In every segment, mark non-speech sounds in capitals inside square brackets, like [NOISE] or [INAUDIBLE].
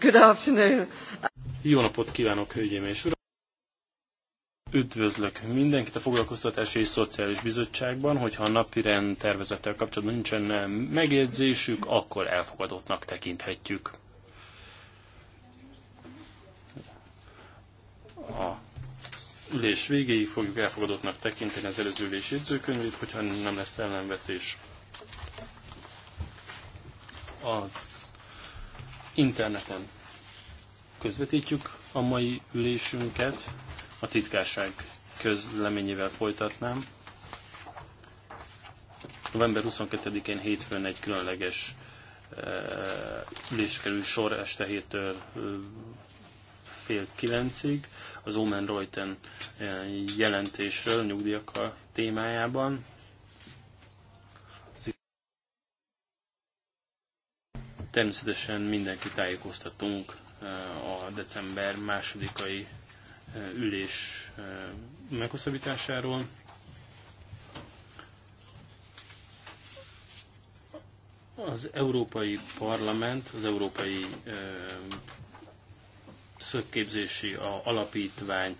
Good afternoon. Jó napot kívánok, hölgyeim és uram! Üdvözlök mindenkit a Foglalkoztatási és Szociális Bizottságban, hogyha a napi rend tervezettel kapcsolatban nincsen eh, megjegyzésük, akkor elfogadottnak tekinthetjük. A ülés végéig fogjuk elfogadottnak tekinteni az előző ülés jegyzőkönyvét, hogyha nem lesz ellenvetés. Az Interneten közvetítjük a mai ülésünket, a titkárság közleményével folytatnám. November 22-én hétfőn egy különleges eh, ülés kerül sor este héttől eh, fél kilencig az Omen Reuten eh, jelentésről nyugdíjakkal témájában. Természetesen mindenki tájékoztatunk a december másodikai ülés meghosszabbításáról. Az Európai Parlament, az Európai Szökképzési Alapítvány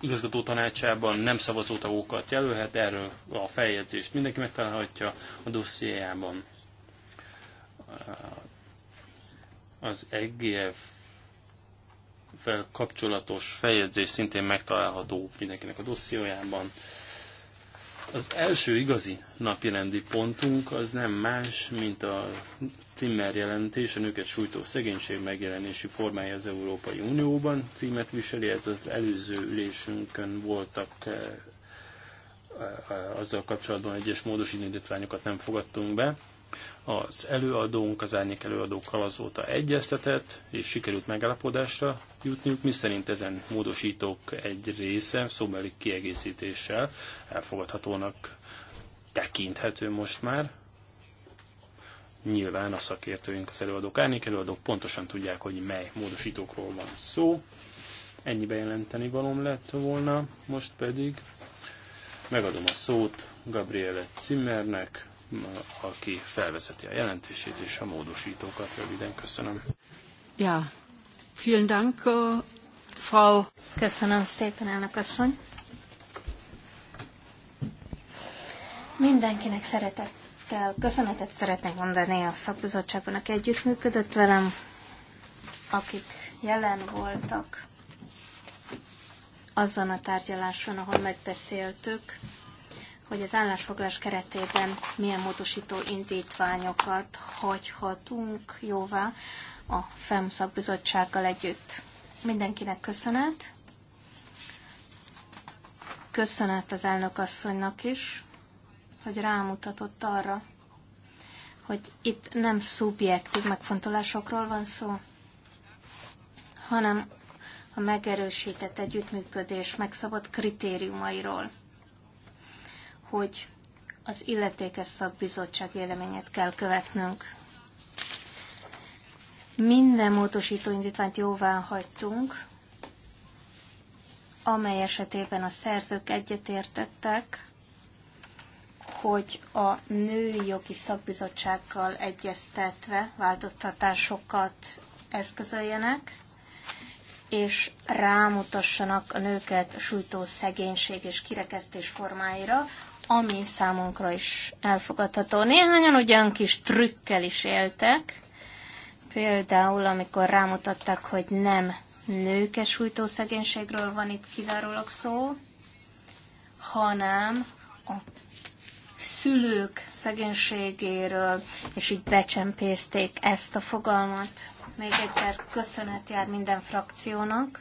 igazgató tanácsában nem szavazó tagokat jelölhet, erről a feljegyzést mindenki megtalálhatja a dossziéjában az EGF fel kapcsolatos feljegyzés szintén megtalálható mindenkinek a dossziójában. Az első igazi napirendi pontunk az nem más, mint a Cimmer jelentés, a nőket sújtó szegénység megjelenési formája az Európai Unióban címet viseli. Ez az előző ülésünkön voltak eh, eh, azzal kapcsolatban egyes módosítványokat nem fogadtunk be. Az előadónk az árnyék előadókkal azóta egyeztetett, és sikerült megállapodásra jutniuk, miszerint ezen módosítók egy része szóbeli kiegészítéssel elfogadhatónak tekinthető most már. Nyilván a szakértőink, az előadók, árnyék előadók pontosan tudják, hogy mely módosítókról van szó. Ennyi bejelenteni valom lett volna, most pedig megadom a szót Gabriele Zimmernek, aki felvezeti a jelentését és a módosítókat. Röviden köszönöm. Ja, vielen Dank, uh, Frau. Köszönöm szépen, elnök asszony. Mindenkinek szeretettel, köszönetet szeretnék mondani a szakbizottságban, aki együttműködött velem, akik jelen voltak azon a tárgyaláson, ahol megbeszéltük, hogy az állásfoglás keretében milyen módosító indítványokat hagyhatunk jóvá a FEM szakbizottsággal együtt. Mindenkinek köszönet. Köszönet az elnökasszonynak is, hogy rámutatott arra, hogy itt nem szubjektív megfontolásokról van szó, hanem a megerősített együttműködés megszabott kritériumairól hogy az illetékes szakbizottság véleményét kell követnünk. Minden módosító indítványt jóvá hagytunk, amely esetében a szerzők egyetértettek, hogy a női jogi szakbizottsággal egyeztetve változtatásokat eszközöljenek, és rámutassanak a nőket sújtó szegénység és kirekesztés formáira, ami számunkra is elfogadható. Néhányan ugyan kis trükkel is éltek, például amikor rámutattak, hogy nem nőkes sújtószegénységről van itt kizárólag szó, hanem a szülők szegénységéről, és így becsempészték ezt a fogalmat. Még egyszer köszönet jár minden frakciónak.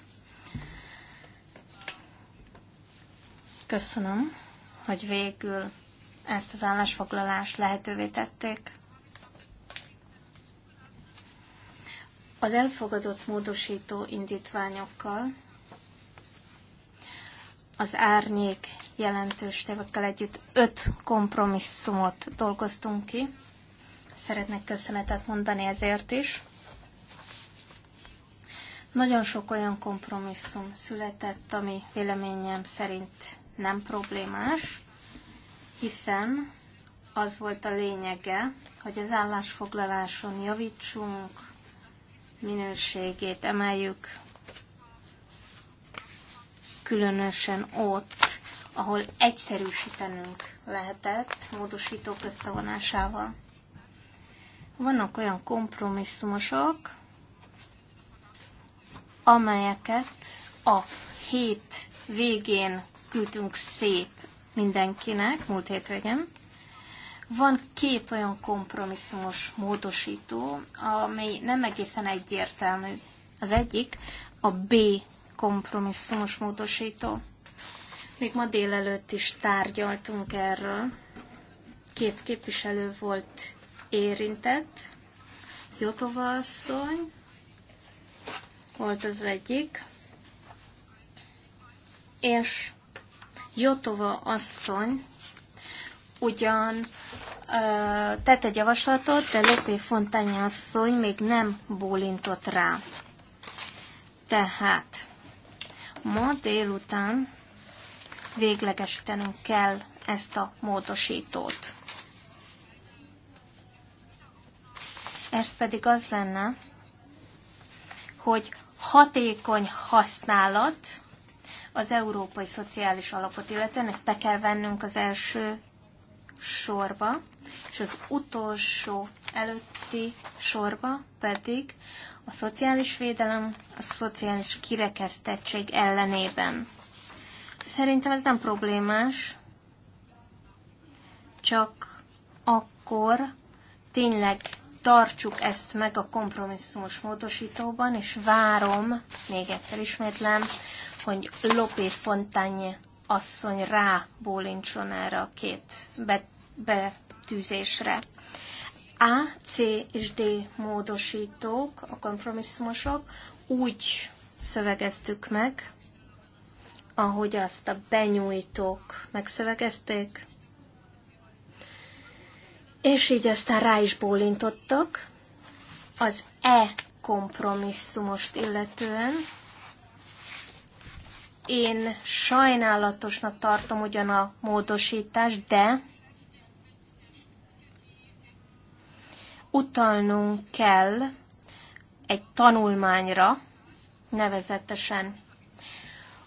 Köszönöm hogy végül ezt az állásfoglalást lehetővé tették. Az elfogadott módosító indítványokkal az árnyék jelentős tevekkel együtt öt kompromisszumot dolgoztunk ki. Szeretnék köszönetet mondani ezért is. Nagyon sok olyan kompromisszum született, ami véleményem szerint nem problémás, hiszen az volt a lényege, hogy az állásfoglaláson javítsunk, minőségét emeljük, különösen ott, ahol egyszerűsítenünk lehetett módosítók összevonásával. Vannak olyan kompromisszumosok, amelyeket a hét végén küldtünk szét mindenkinek múlt hétvégén. Van két olyan kompromisszumos módosító, ami nem egészen egyértelmű. Az egyik a B kompromisszumos módosító. Még ma délelőtt is tárgyaltunk erről. Két képviselő volt érintett. Jotova asszony volt az egyik, és Jotova asszony ugyan tett egy javaslatot, de Lopé Fontány asszony még nem bólintott rá. Tehát ma délután véglegesítenünk kell ezt a módosítót. Ez pedig az lenne, hogy hatékony használat, az európai szociális alapot illetően, ezt be kell vennünk az első sorba, és az utolsó előtti sorba pedig a szociális védelem, a szociális kirekesztettség ellenében. Szerintem ez nem problémás, csak akkor tényleg tartsuk ezt meg a kompromisszumos módosítóban, és várom, még egyszer ismétlem, hogy Lopé Fontány asszony rá bólincson erre a két betűzésre. A, C és D módosítók, a kompromisszumosok úgy szövegeztük meg, ahogy azt a benyújtók megszövegezték, és így aztán rá is bólintottak az E kompromisszumost illetően, én sajnálatosnak tartom ugyan a módosítást, de utalnunk kell egy tanulmányra, nevezetesen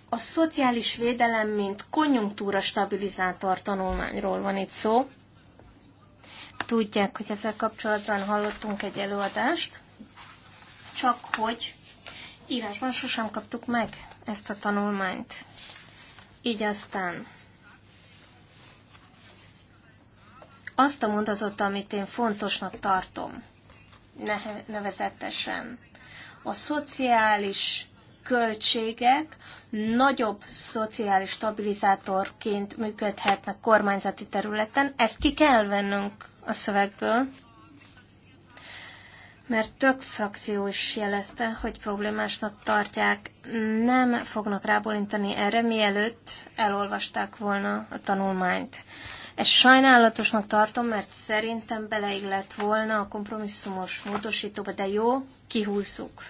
a szociális védelem, mint konjunktúra stabilizátor tanulmányról van itt szó. Tudják, hogy ezzel kapcsolatban hallottunk egy előadást, csak hogy írásban sosem kaptuk meg ezt a tanulmányt. Így aztán azt a mondatot, amit én fontosnak tartom, nevezetesen a szociális költségek nagyobb szociális stabilizátorként működhetnek kormányzati területen. Ezt ki kell vennünk a szövegből, mert több frakció is jelezte, hogy problémásnak tartják, nem fognak rábólintani erre, mielőtt elolvasták volna a tanulmányt. Ezt sajnálatosnak tartom, mert szerintem beleillett volna a kompromisszumos módosítóba, de jó, kihúzzuk.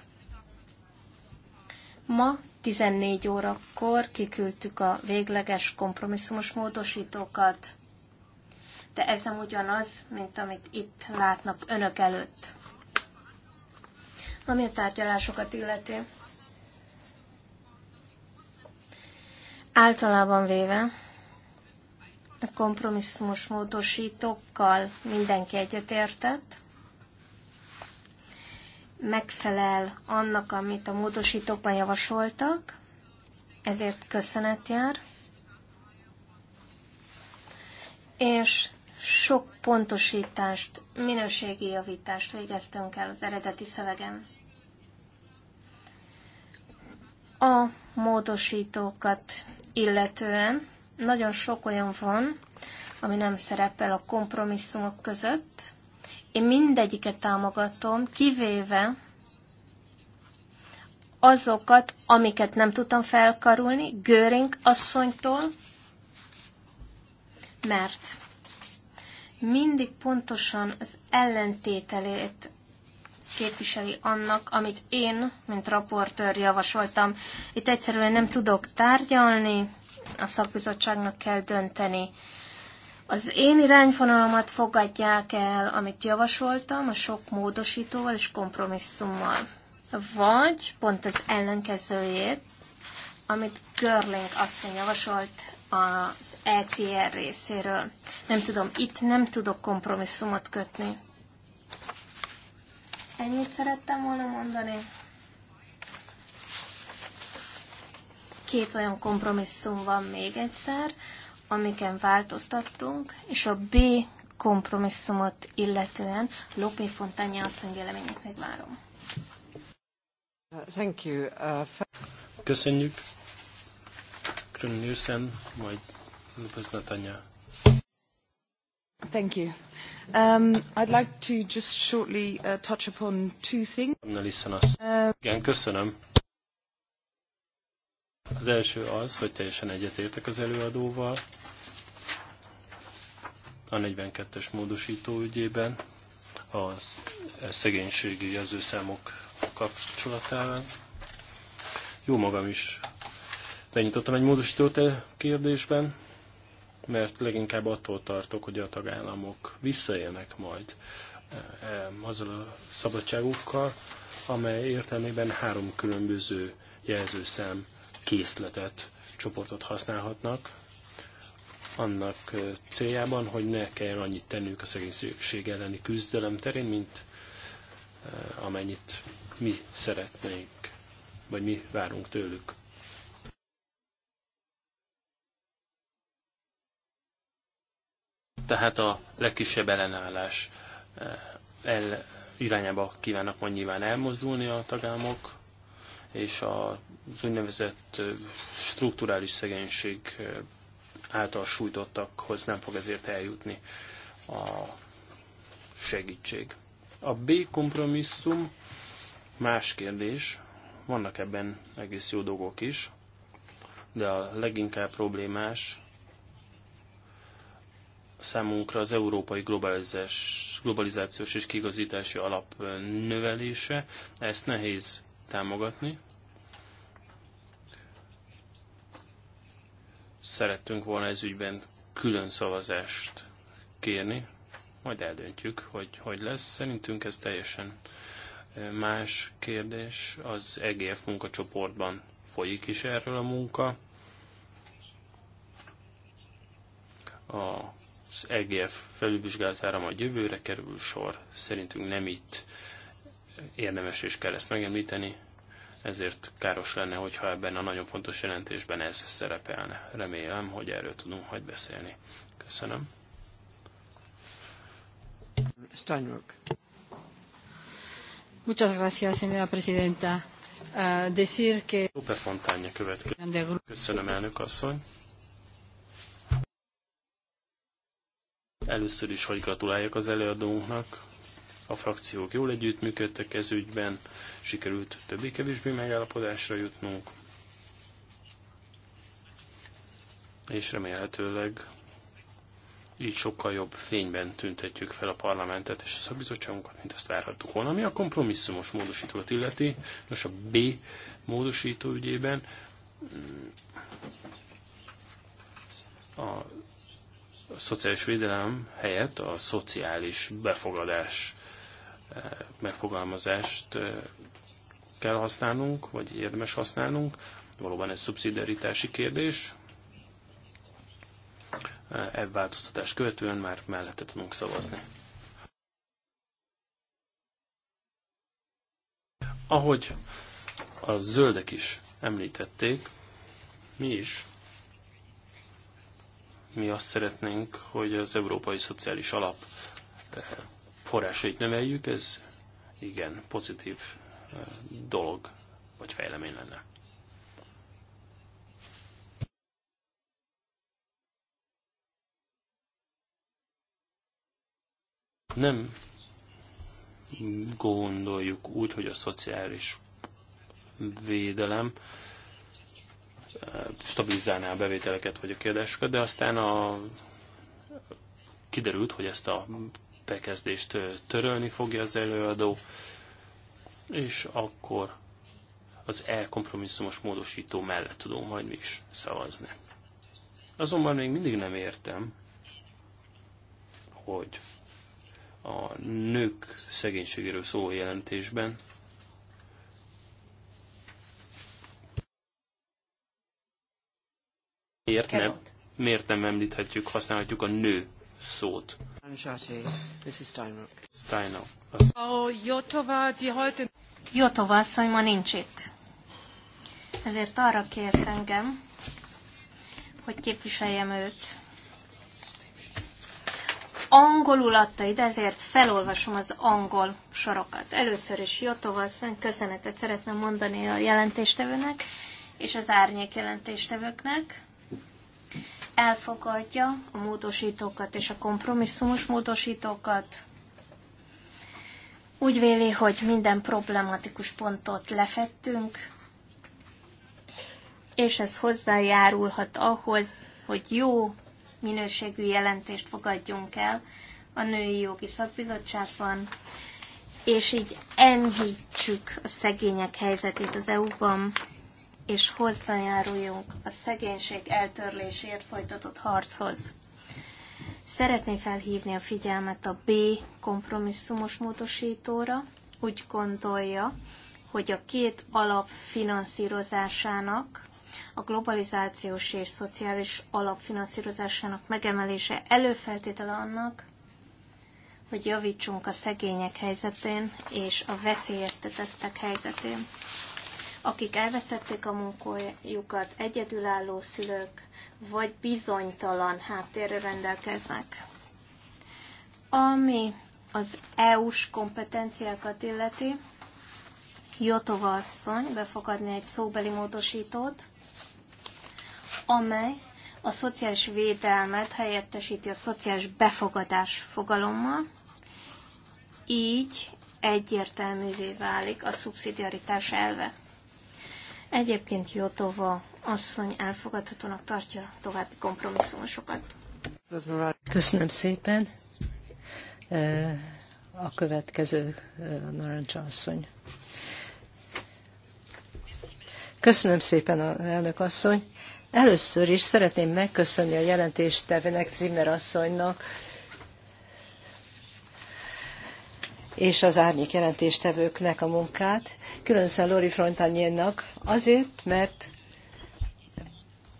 Ma 14 órakor kiküldtük a végleges kompromisszumos módosítókat, de ez nem ugyanaz, mint amit itt látnak önök előtt ami a tárgyalásokat illeti. Általában véve a kompromisszumos módosítókkal mindenki egyetértett, megfelel annak, amit a módosítókban javasoltak, ezért köszönet jár, és sok pontosítást, minőségi javítást végeztünk el az eredeti szövegen. A módosítókat illetően nagyon sok olyan van, ami nem szerepel a kompromisszumok között. Én mindegyiket támogatom, kivéve azokat, amiket nem tudtam felkarulni Göring asszonytól, mert mindig pontosan az ellentételét képviseli annak, amit én, mint raportőr javasoltam. Itt egyszerűen nem tudok tárgyalni, a szakbizottságnak kell dönteni. Az én irányfonalamat fogadják el, amit javasoltam, a sok módosítóval és kompromisszummal. Vagy pont az ellenkezőjét, amit Görling asszony javasolt az ECR részéről. Nem tudom, itt nem tudok kompromisszumot kötni. Ennyit szerettem volna mondani. Két olyan kompromisszum van még egyszer, amiken változtattunk, és a B kompromisszumot illetően Lopé Fontanya asszony véleményét megvárom. Thank you. Uh, Köszönjük. Nielsen majd Lopez Natanya. Thank you. Um, I'd like to just shortly uh, touch upon two things. Uh, Igen, köszönöm. Az első az, hogy teljesen egyetértek az előadóval a 42-es módosító ügyében, a szegénységi jelzőszámok kapcsolatában. Jó magam is benyitottam egy módosítót e kérdésben, mert leginkább attól tartok, hogy a tagállamok visszaélnek majd e, azzal a szabadságukkal, amely értelmében három különböző jelzőszám készletet, csoportot használhatnak, annak e, céljában, hogy ne kelljen annyit tennünk a szegénység elleni küzdelem terén, mint e, amennyit mi szeretnénk, vagy mi várunk tőlük. tehát a legkisebb ellenállás eh, el, irányába kívánnak majd nyilván elmozdulni a tagállamok, és az úgynevezett eh, strukturális szegénység eh, által sújtottakhoz nem fog ezért eljutni a segítség. A B kompromisszum más kérdés, vannak ebben egész jó dolgok is, de a leginkább problémás számunkra az európai globalizációs és kigazítási alap növelése. Ezt nehéz támogatni. Szerettünk volna ez ügyben külön szavazást kérni, majd eldöntjük, hogy hogy lesz. Szerintünk ez teljesen más kérdés. Az EGF munkacsoportban folyik is erről a munka. A az EGF felülvizsgálatára majd jövőre kerül sor. Szerintünk nem itt érdemes és kell ezt megemlíteni, ezért káros lenne, hogyha ebben a nagyon fontos jelentésben ez szerepelne. Remélem, hogy erről tudunk majd beszélni. Köszönöm. Steinberg. Muchas gracias, señora presidenta. Uh, decir que... Köszönöm, elnök asszony. Először is, hogy gratuláljak az előadónknak. A frakciók jól együttműködtek ez ügyben, sikerült többé-kevésbé megállapodásra jutnunk, és remélhetőleg így sokkal jobb fényben tüntetjük fel a parlamentet és a szakbizottságunkat, mint azt várhattuk volna. Ami a kompromisszumos módosítót illeti, nos a B módosító ügyében mm, a a szociális védelem helyett a szociális befogadás eh, megfogalmazást eh, kell használnunk, vagy érdemes használnunk. Valóban ez szubszidiaritási kérdés. Ebb eh, e változtatás követően már mellette tudunk szavazni. Ahogy a zöldek is említették, mi is mi azt szeretnénk, hogy az Európai Szociális Alap eh, forrásait növeljük, ez igen, pozitív eh, dolog, vagy fejlemény lenne. nem gondoljuk úgy, hogy a szociális védelem stabilizálná a bevételeket vagy a kérdéseket, de aztán a, kiderült, hogy ezt a bekezdést törölni fogja az előadó, és akkor az elkompromisszumos módosító mellett tudunk majd mi is szavazni. Azonban még mindig nem értem, hogy a nők szegénységéről szóló jelentésben Miért nem, miért nem említhetjük, használhatjuk a nő szót? Steinrock. Oh, Jotova, asszony ma nincs itt. Ezért arra kért engem, hogy képviseljem őt. Angolul adta ide, ezért felolvasom az angol sorokat. Először is Jotova asszony köszönetet szeretném mondani a jelentéstevőnek és az árnyék jelentéstevőknek elfogadja a módosítókat és a kompromisszumos módosítókat. Úgy véli, hogy minden problematikus pontot lefettünk, és ez hozzájárulhat ahhoz, hogy jó minőségű jelentést fogadjunk el a Női Jogi Szakbizottságban, és így enyhítsük a szegények helyzetét az EU-ban és hozzájáruljunk a szegénység eltörlésért folytatott harchoz. Szeretném felhívni a figyelmet a B kompromisszumos módosítóra. Úgy gondolja, hogy a két alap finanszírozásának, a globalizációs és szociális alapfinanszírozásának megemelése előfeltétele annak, hogy javítsunk a szegények helyzetén és a veszélyeztetettek helyzetén akik elvesztették a munkójukat, egyedülálló szülők, vagy bizonytalan háttérre rendelkeznek. Ami az EU-s kompetenciákat illeti, Jotova asszony befogadni egy szóbeli módosítót, amely a szociális védelmet helyettesíti a szociális befogadás fogalommal, így egyértelművé válik a szubszidiaritás elve. Egyébként Jotova asszony elfogadhatónak tartja további kompromisszumosokat. Köszönöm szépen. E, a következő e, Narancsa asszony. Köszönöm szépen, elnök asszony. Először is szeretném megköszönni a jelentéstevének Zimmer asszonynak és az árnyék jelentéstevőknek a munkát, különösen Lori Frontanyénnak, azért, mert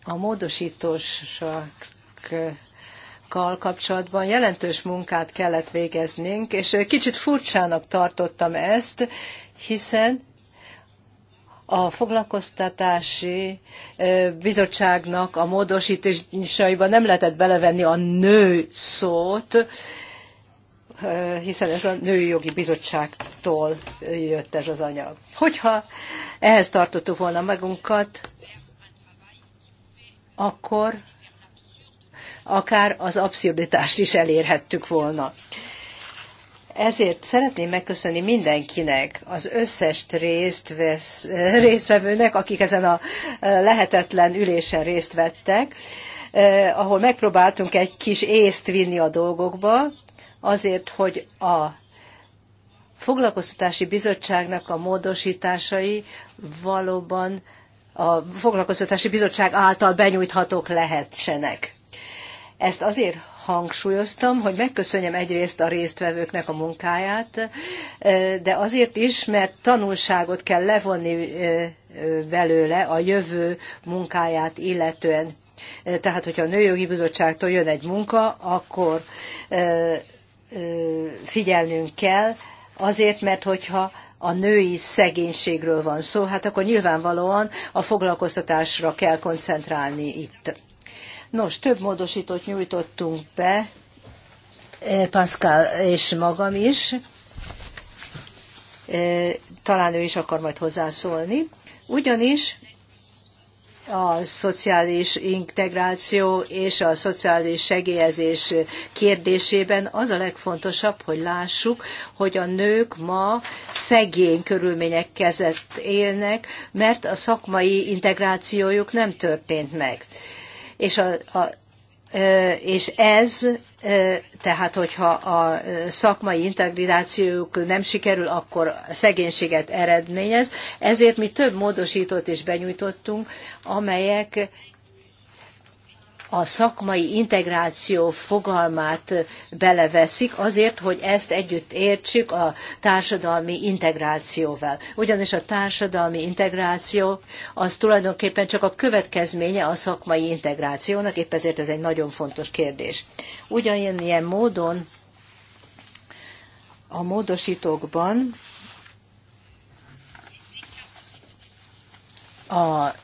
a módosítósakkal kapcsolatban jelentős munkát kellett végeznünk, és kicsit furcsának tartottam ezt, hiszen a foglalkoztatási bizottságnak a módosításaiba nem lehetett belevenni a nő szót, hiszen ez a Női Jogi Bizottságtól jött ez az anyag. Hogyha ehhez tartottuk volna magunkat, akkor akár az abszurditást is elérhettük volna. Ezért szeretném megköszönni mindenkinek, az összes részt vesz, résztvevőnek, akik ezen a lehetetlen ülésen részt vettek, ahol megpróbáltunk egy kis észt vinni a dolgokba, azért, hogy a foglalkoztatási bizottságnak a módosításai valóban a foglalkoztatási bizottság által benyújthatók lehetsenek. Ezt azért hangsúlyoztam, hogy megköszönjem egyrészt a résztvevőknek a munkáját, de azért is, mert tanulságot kell levonni belőle a jövő munkáját illetően. Tehát, hogyha a Nőjogi Bizottságtól jön egy munka, akkor figyelnünk kell, azért, mert hogyha a női szegénységről van szó, hát akkor nyilvánvalóan a foglalkoztatásra kell koncentrálni itt. Nos, több módosítót nyújtottunk be, Pascal és magam is. Talán ő is akar majd hozzászólni. Ugyanis a szociális integráció és a szociális segélyezés kérdésében az a legfontosabb, hogy lássuk, hogy a nők ma szegény körülmények kezett élnek, mert a szakmai integrációjuk nem történt meg. És a, a és ez, tehát hogyha a szakmai integrációk nem sikerül, akkor szegénységet eredményez. Ezért mi több módosítót is benyújtottunk, amelyek a szakmai integráció fogalmát beleveszik azért, hogy ezt együtt értsük a társadalmi integrációval. Ugyanis a társadalmi integráció az tulajdonképpen csak a következménye a szakmai integrációnak, épp ezért ez egy nagyon fontos kérdés. Ugyanilyen módon a módosítókban a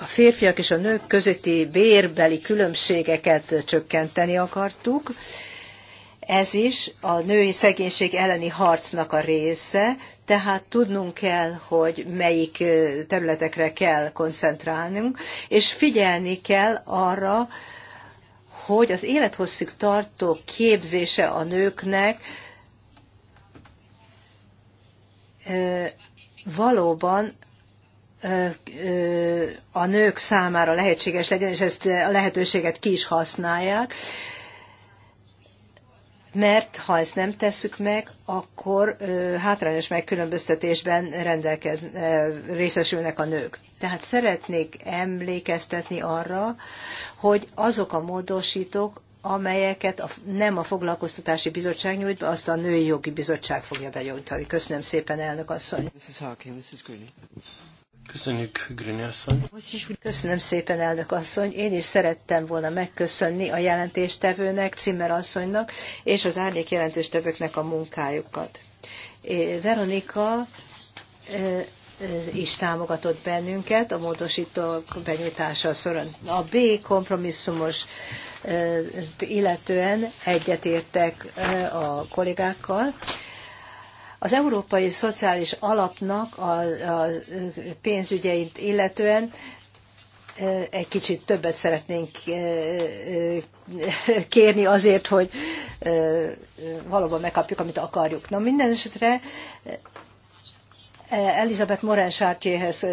a férfiak és a nők közötti bérbeli különbségeket csökkenteni akartuk. Ez is a női szegénység elleni harcnak a része, tehát tudnunk kell, hogy melyik területekre kell koncentrálnunk, és figyelni kell arra, hogy az élethosszig tartó képzése a nőknek valóban a nők számára lehetséges legyen, és ezt a lehetőséget ki is használják. Mert ha ezt nem tesszük meg, akkor hátrányos megkülönböztetésben rendelkez, részesülnek a nők. Tehát szeretnék emlékeztetni arra, hogy azok a módosítók, amelyeket a, nem a foglalkoztatási bizottság nyújt be, azt a női jogi bizottság fogja benyújtani. Köszönöm szépen, elnök asszony. Mrs. Mrs. Köszönjük, Grüni asszony. Köszönöm szépen, elnök asszony. Én is szerettem volna megköszönni a jelentéstevőnek, Cimmer asszonynak és az árnyék jelentéstevőknek a munkájukat. Veronika is támogatott bennünket a módosítók benyújtása során. A B kompromisszumos illetően egyetértek a kollégákkal, az Európai Szociális Alapnak a, a pénzügyeit illetően egy kicsit többet szeretnénk kérni azért, hogy valóban megkapjuk, amit akarjuk. Na minden esetre Elizabeth Morán Sártyéhez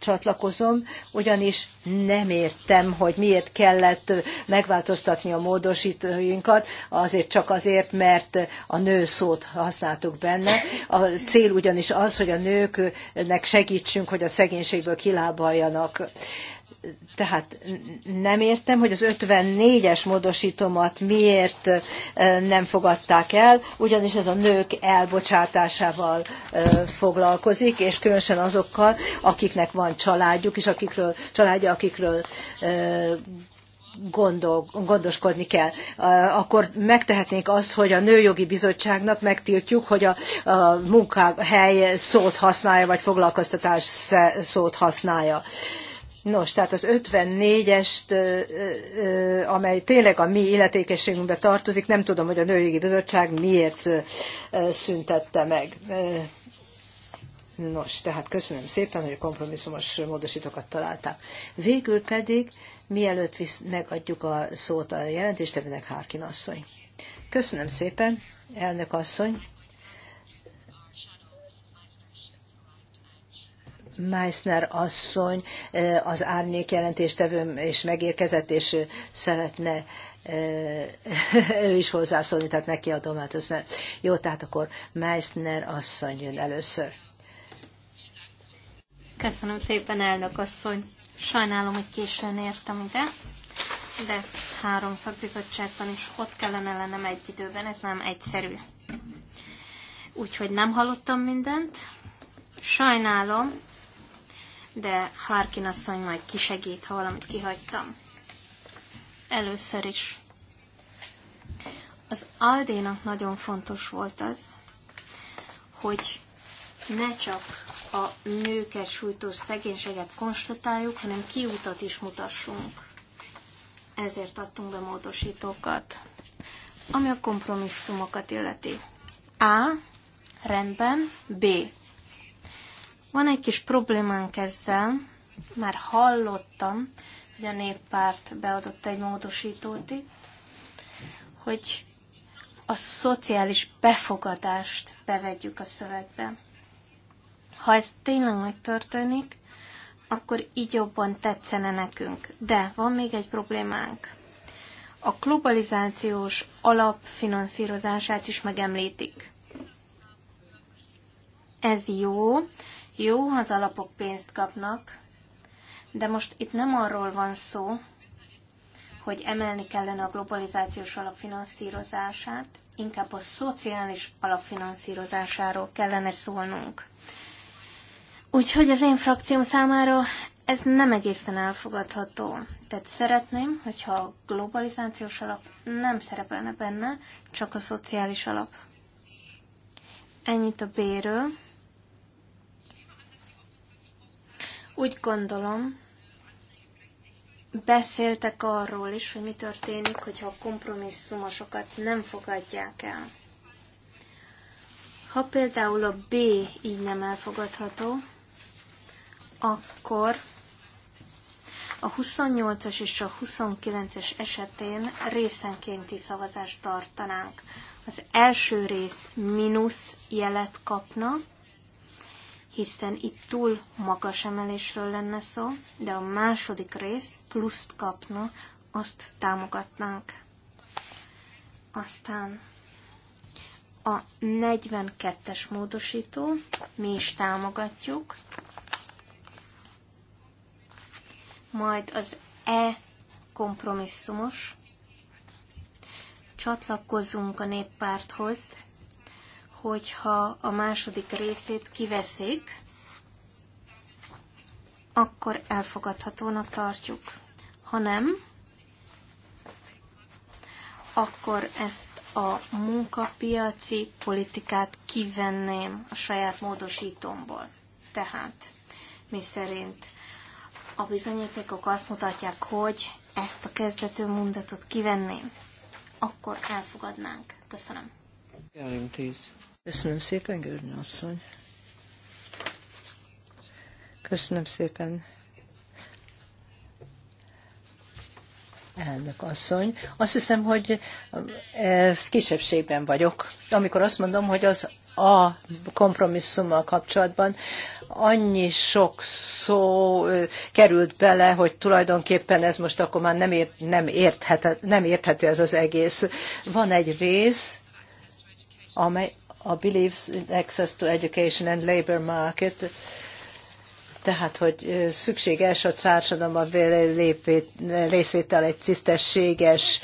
csatlakozom, ugyanis nem értem, hogy miért kellett megváltoztatni a módosítóinkat, azért csak azért, mert a nő szót használtuk benne. A cél ugyanis az, hogy a nőknek segítsünk, hogy a szegénységből kilábaljanak tehát nem értem, hogy az 54-es módosítomat miért nem fogadták el, ugyanis ez a nők elbocsátásával foglalkozik, és különösen azokkal, akiknek van családjuk, és akikről, családja, akikről gondol, gondoskodni kell. Akkor megtehetnénk azt, hogy a Nőjogi Bizottságnak megtiltjuk, hogy a, a munkahely szót használja, vagy foglalkoztatás szót használja. Ö, Nos, tehát az 54-est, amely tényleg a mi illetékességünkbe tartozik, nem tudom, hogy a Nőjogi Bizottság miért szüntette meg. Nos, tehát köszönöm szépen, hogy a kompromisszumos módosítókat találták. Végül pedig, mielőtt visz, megadjuk a szót a jelentéstevőnek, Hárkin asszony. Köszönöm szépen, elnök asszony. Meissner asszony, az árnyék jelentéstevőm és megérkezett, és szeretne [LAUGHS] ő is hozzászólni, tehát neki adom át. az. nem. Jó, tehát akkor Meissner asszony jön először. Köszönöm szépen, elnök asszony. Sajnálom, hogy későn értem ide, de három szakbizottságban is ott kellene lennem egy időben, ez nem egyszerű. Úgyhogy nem hallottam mindent. Sajnálom, de Harkin asszony majd kisegít, ha valamit kihagytam. Először is. Az Aldénak nagyon fontos volt az, hogy ne csak a nőket sújtó szegénységet konstatáljuk, hanem kiutat is mutassunk. Ezért adtunk be módosítókat. Ami a kompromisszumokat illeti. A. Rendben. B. Van egy kis problémánk ezzel, már hallottam, hogy a néppárt beadott egy módosítót itt, hogy a szociális befogadást bevegyük a szövegbe. Ha ez tényleg megtörténik, akkor így jobban tetszene nekünk. De van még egy problémánk. A globalizációs alapfinanszírozását is megemlítik. Ez jó, jó, ha az alapok pénzt kapnak, de most itt nem arról van szó, hogy emelni kellene a globalizációs alapfinanszírozását, inkább a szociális alapfinanszírozásáról kellene szólnunk. Úgyhogy az én frakcióm számára ez nem egészen elfogadható. Tehát szeretném, hogyha a globalizációs alap nem szerepelne benne, csak a szociális alap. Ennyit a béről. Úgy gondolom, beszéltek arról is, hogy mi történik, hogyha a kompromisszumosokat nem fogadják el. Ha például a B így nem elfogadható, akkor a 28-as és a 29-es esetén részenkénti szavazást tartanánk. Az első rész mínusz jelet kapna, hiszen itt túl magas emelésről lenne szó, de a második rész pluszt kapna, azt támogatnánk. Aztán a 42-es módosító, mi is támogatjuk, majd az E kompromisszumos, csatlakozunk a néppárthoz, hogyha a második részét kiveszik, akkor elfogadhatónak tartjuk. Ha nem, akkor ezt a munkapiaci politikát kivenném a saját módosítomból. Tehát, mi szerint a bizonyítékok azt mutatják, hogy ezt a kezdető mondatot kivenném, akkor elfogadnánk. Köszönöm. Jelen, Köszönöm szépen, Görny asszony. Köszönöm szépen, elnök asszony. Azt hiszem, hogy um, kisebbségben vagyok, amikor azt mondom, hogy az a kompromisszummal kapcsolatban annyi sok szó került bele, hogy tulajdonképpen ez most akkor már nem, ért, nem, érthető, nem érthető ez az egész. Van egy rész, amely a Beliefs in Access to Education and Labor Market, tehát, hogy szükséges a a részvétel egy tisztességes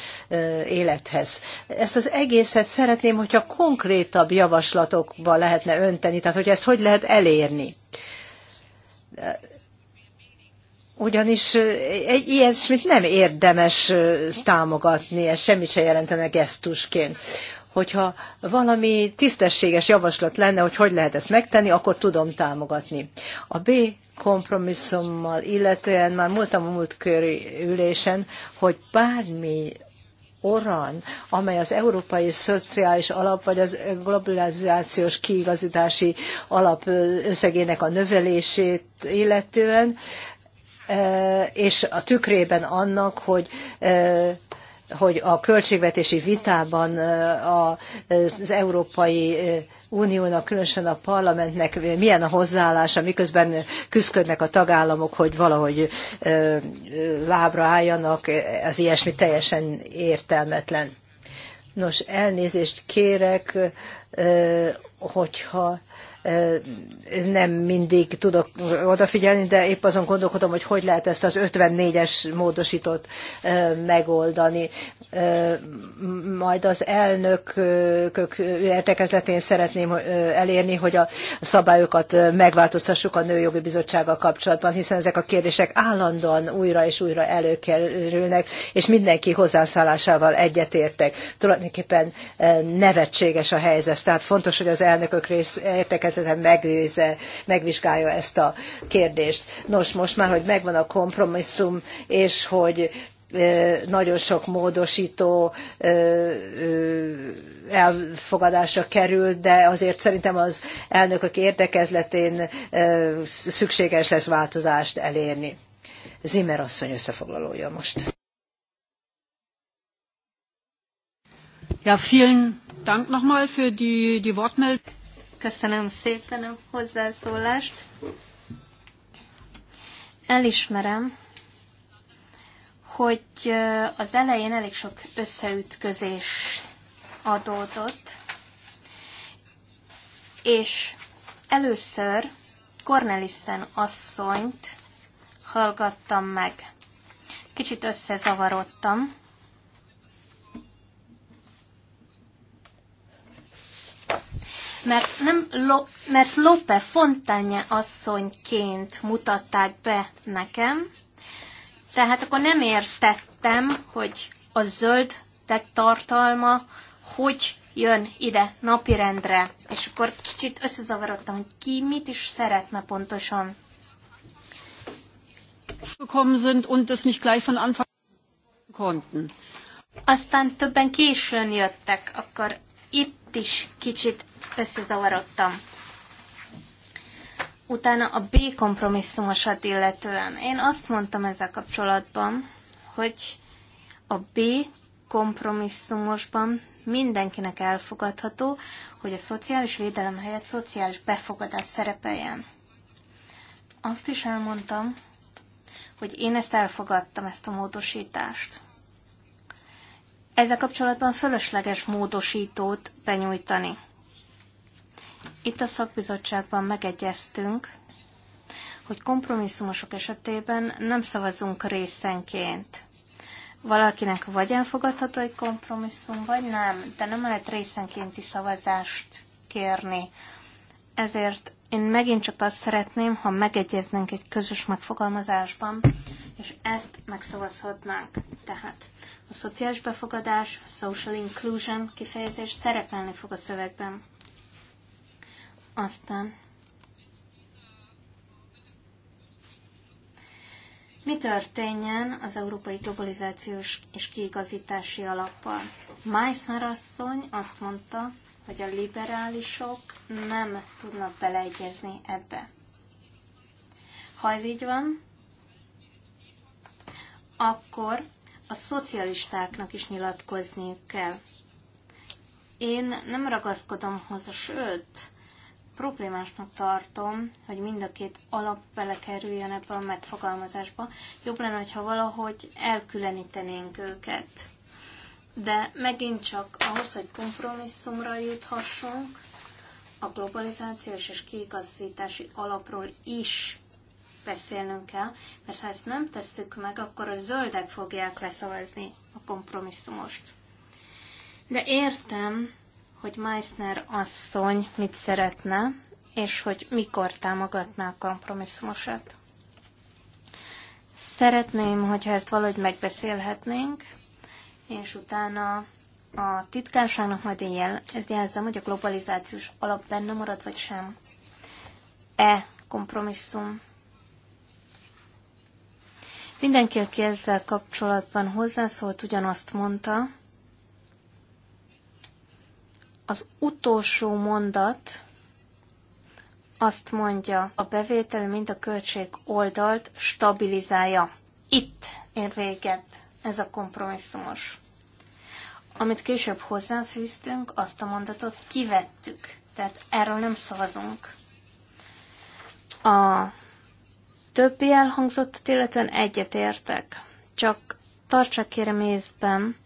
élethez. Ezt az egészet szeretném, hogyha konkrétabb javaslatokba lehetne önteni, tehát hogy ezt hogy lehet elérni. Ugyanis egy ilyesmit nem érdemes támogatni, ez semmit se jelentene gesztusként hogyha valami tisztességes javaslat lenne, hogy hogy lehet ezt megtenni, akkor tudom támogatni. A B kompromisszummal, illetően már múltam a múlt köri ülésen, hogy bármi orran, amely az Európai Szociális Alap vagy az globalizációs kiigazítási alap összegének a növelését illetően, eh, és a tükrében annak, hogy eh, hogy a költségvetési vitában az Európai Uniónak, különösen a parlamentnek milyen a hozzáállása, miközben küzdködnek a tagállamok, hogy valahogy lábra álljanak, az ilyesmi teljesen értelmetlen. Nos, elnézést kérek, hogyha nem mindig tudok odafigyelni, de épp azon gondolkodom, hogy hogy lehet ezt az 54-es módosítót megoldani majd az elnökök értekezletén szeretném elérni, hogy a szabályokat megváltoztassuk a Nőjogi Bizottsággal kapcsolatban, hiszen ezek a kérdések állandóan újra és újra előkerülnek, és mindenki hozzászállásával egyetértek. Tulajdonképpen nevetséges a helyzet, tehát fontos, hogy az elnökök rész értekezleten megnézze, megvizsgálja ezt a kérdést. Nos, most már, hogy megvan a kompromisszum, és hogy nagyon sok módosító elfogadásra került, de azért szerintem az elnökök érdekezletén szükséges lesz változást elérni. Zimmer asszony összefoglalója most. Ja, vielen Dank nochmal für die, die Wortmeldung. Köszönöm szépen a hozzászólást. Elismerem, hogy az elején elég sok összeütközés adódott, és először Cornelissen asszonyt hallgattam meg. Kicsit összezavarodtam. Mert, nem Lo- mert Lope Fontanye asszonyként mutatták be nekem, tehát akkor nem értettem, hogy a zöld tartalma hogy jön ide napirendre. És akkor kicsit összezavarodtam, hogy ki mit is szeretne pontosan. sind und nicht gleich von Anfang Aztán többen későn jöttek, akkor itt is kicsit összezavarodtam. Utána a B kompromisszumosat illetően. Én azt mondtam ezzel kapcsolatban, hogy a B kompromisszumosban mindenkinek elfogadható, hogy a szociális védelem helyett szociális befogadás szerepeljen. Azt is elmondtam, hogy én ezt elfogadtam, ezt a módosítást. Ezzel kapcsolatban fölösleges módosítót benyújtani. Itt a szakbizottságban megegyeztünk, hogy kompromisszumosok esetében nem szavazunk részenként. Valakinek vagy elfogadható egy kompromisszum, vagy nem, de nem lehet részenkénti szavazást kérni. Ezért én megint csak azt szeretném, ha megegyeznénk egy közös megfogalmazásban, és ezt megszavazhatnánk. Tehát a szociális befogadás, a social inclusion kifejezés szerepelni fog a szövegben. Aztán Mi történjen az európai globalizációs és kiigazítási alappal? Meissner asszony azt mondta, hogy a liberálisok nem tudnak beleegyezni ebbe. Ha ez így van, akkor a szocialistáknak is nyilatkozniuk kell. Én nem ragaszkodom hozzá, sőt, problémásnak tartom, hogy mind a két alap belekerüljön ebbe a megfogalmazásba. Jobb lenne, ha valahogy elkülönítenénk őket. De megint csak ahhoz, hogy kompromisszumra juthassunk, a globalizációs és kiigazítási alapról is beszélnünk kell, mert ha ezt nem tesszük meg, akkor a zöldek fogják leszavazni a kompromisszumost. De értem, hogy Meissner asszony mit szeretne, és hogy mikor támogatná a kompromisszumosat. Szeretném, hogyha ezt valahogy megbeszélhetnénk, és utána a titkárságnak majd én jel, ez jelzem, hogy a globalizációs alap benne marad, vagy sem. E kompromisszum. Mindenki, aki ezzel kapcsolatban hozzászólt, ugyanazt mondta, az utolsó mondat azt mondja, a bevétel, mint a költség oldalt stabilizálja. Itt ér véget ez a kompromisszumos. Amit később hozzáfűztünk, azt a mondatot kivettük. Tehát erről nem szavazunk. A többi elhangzott illetően egyetértek. Csak tartsa kérem észben,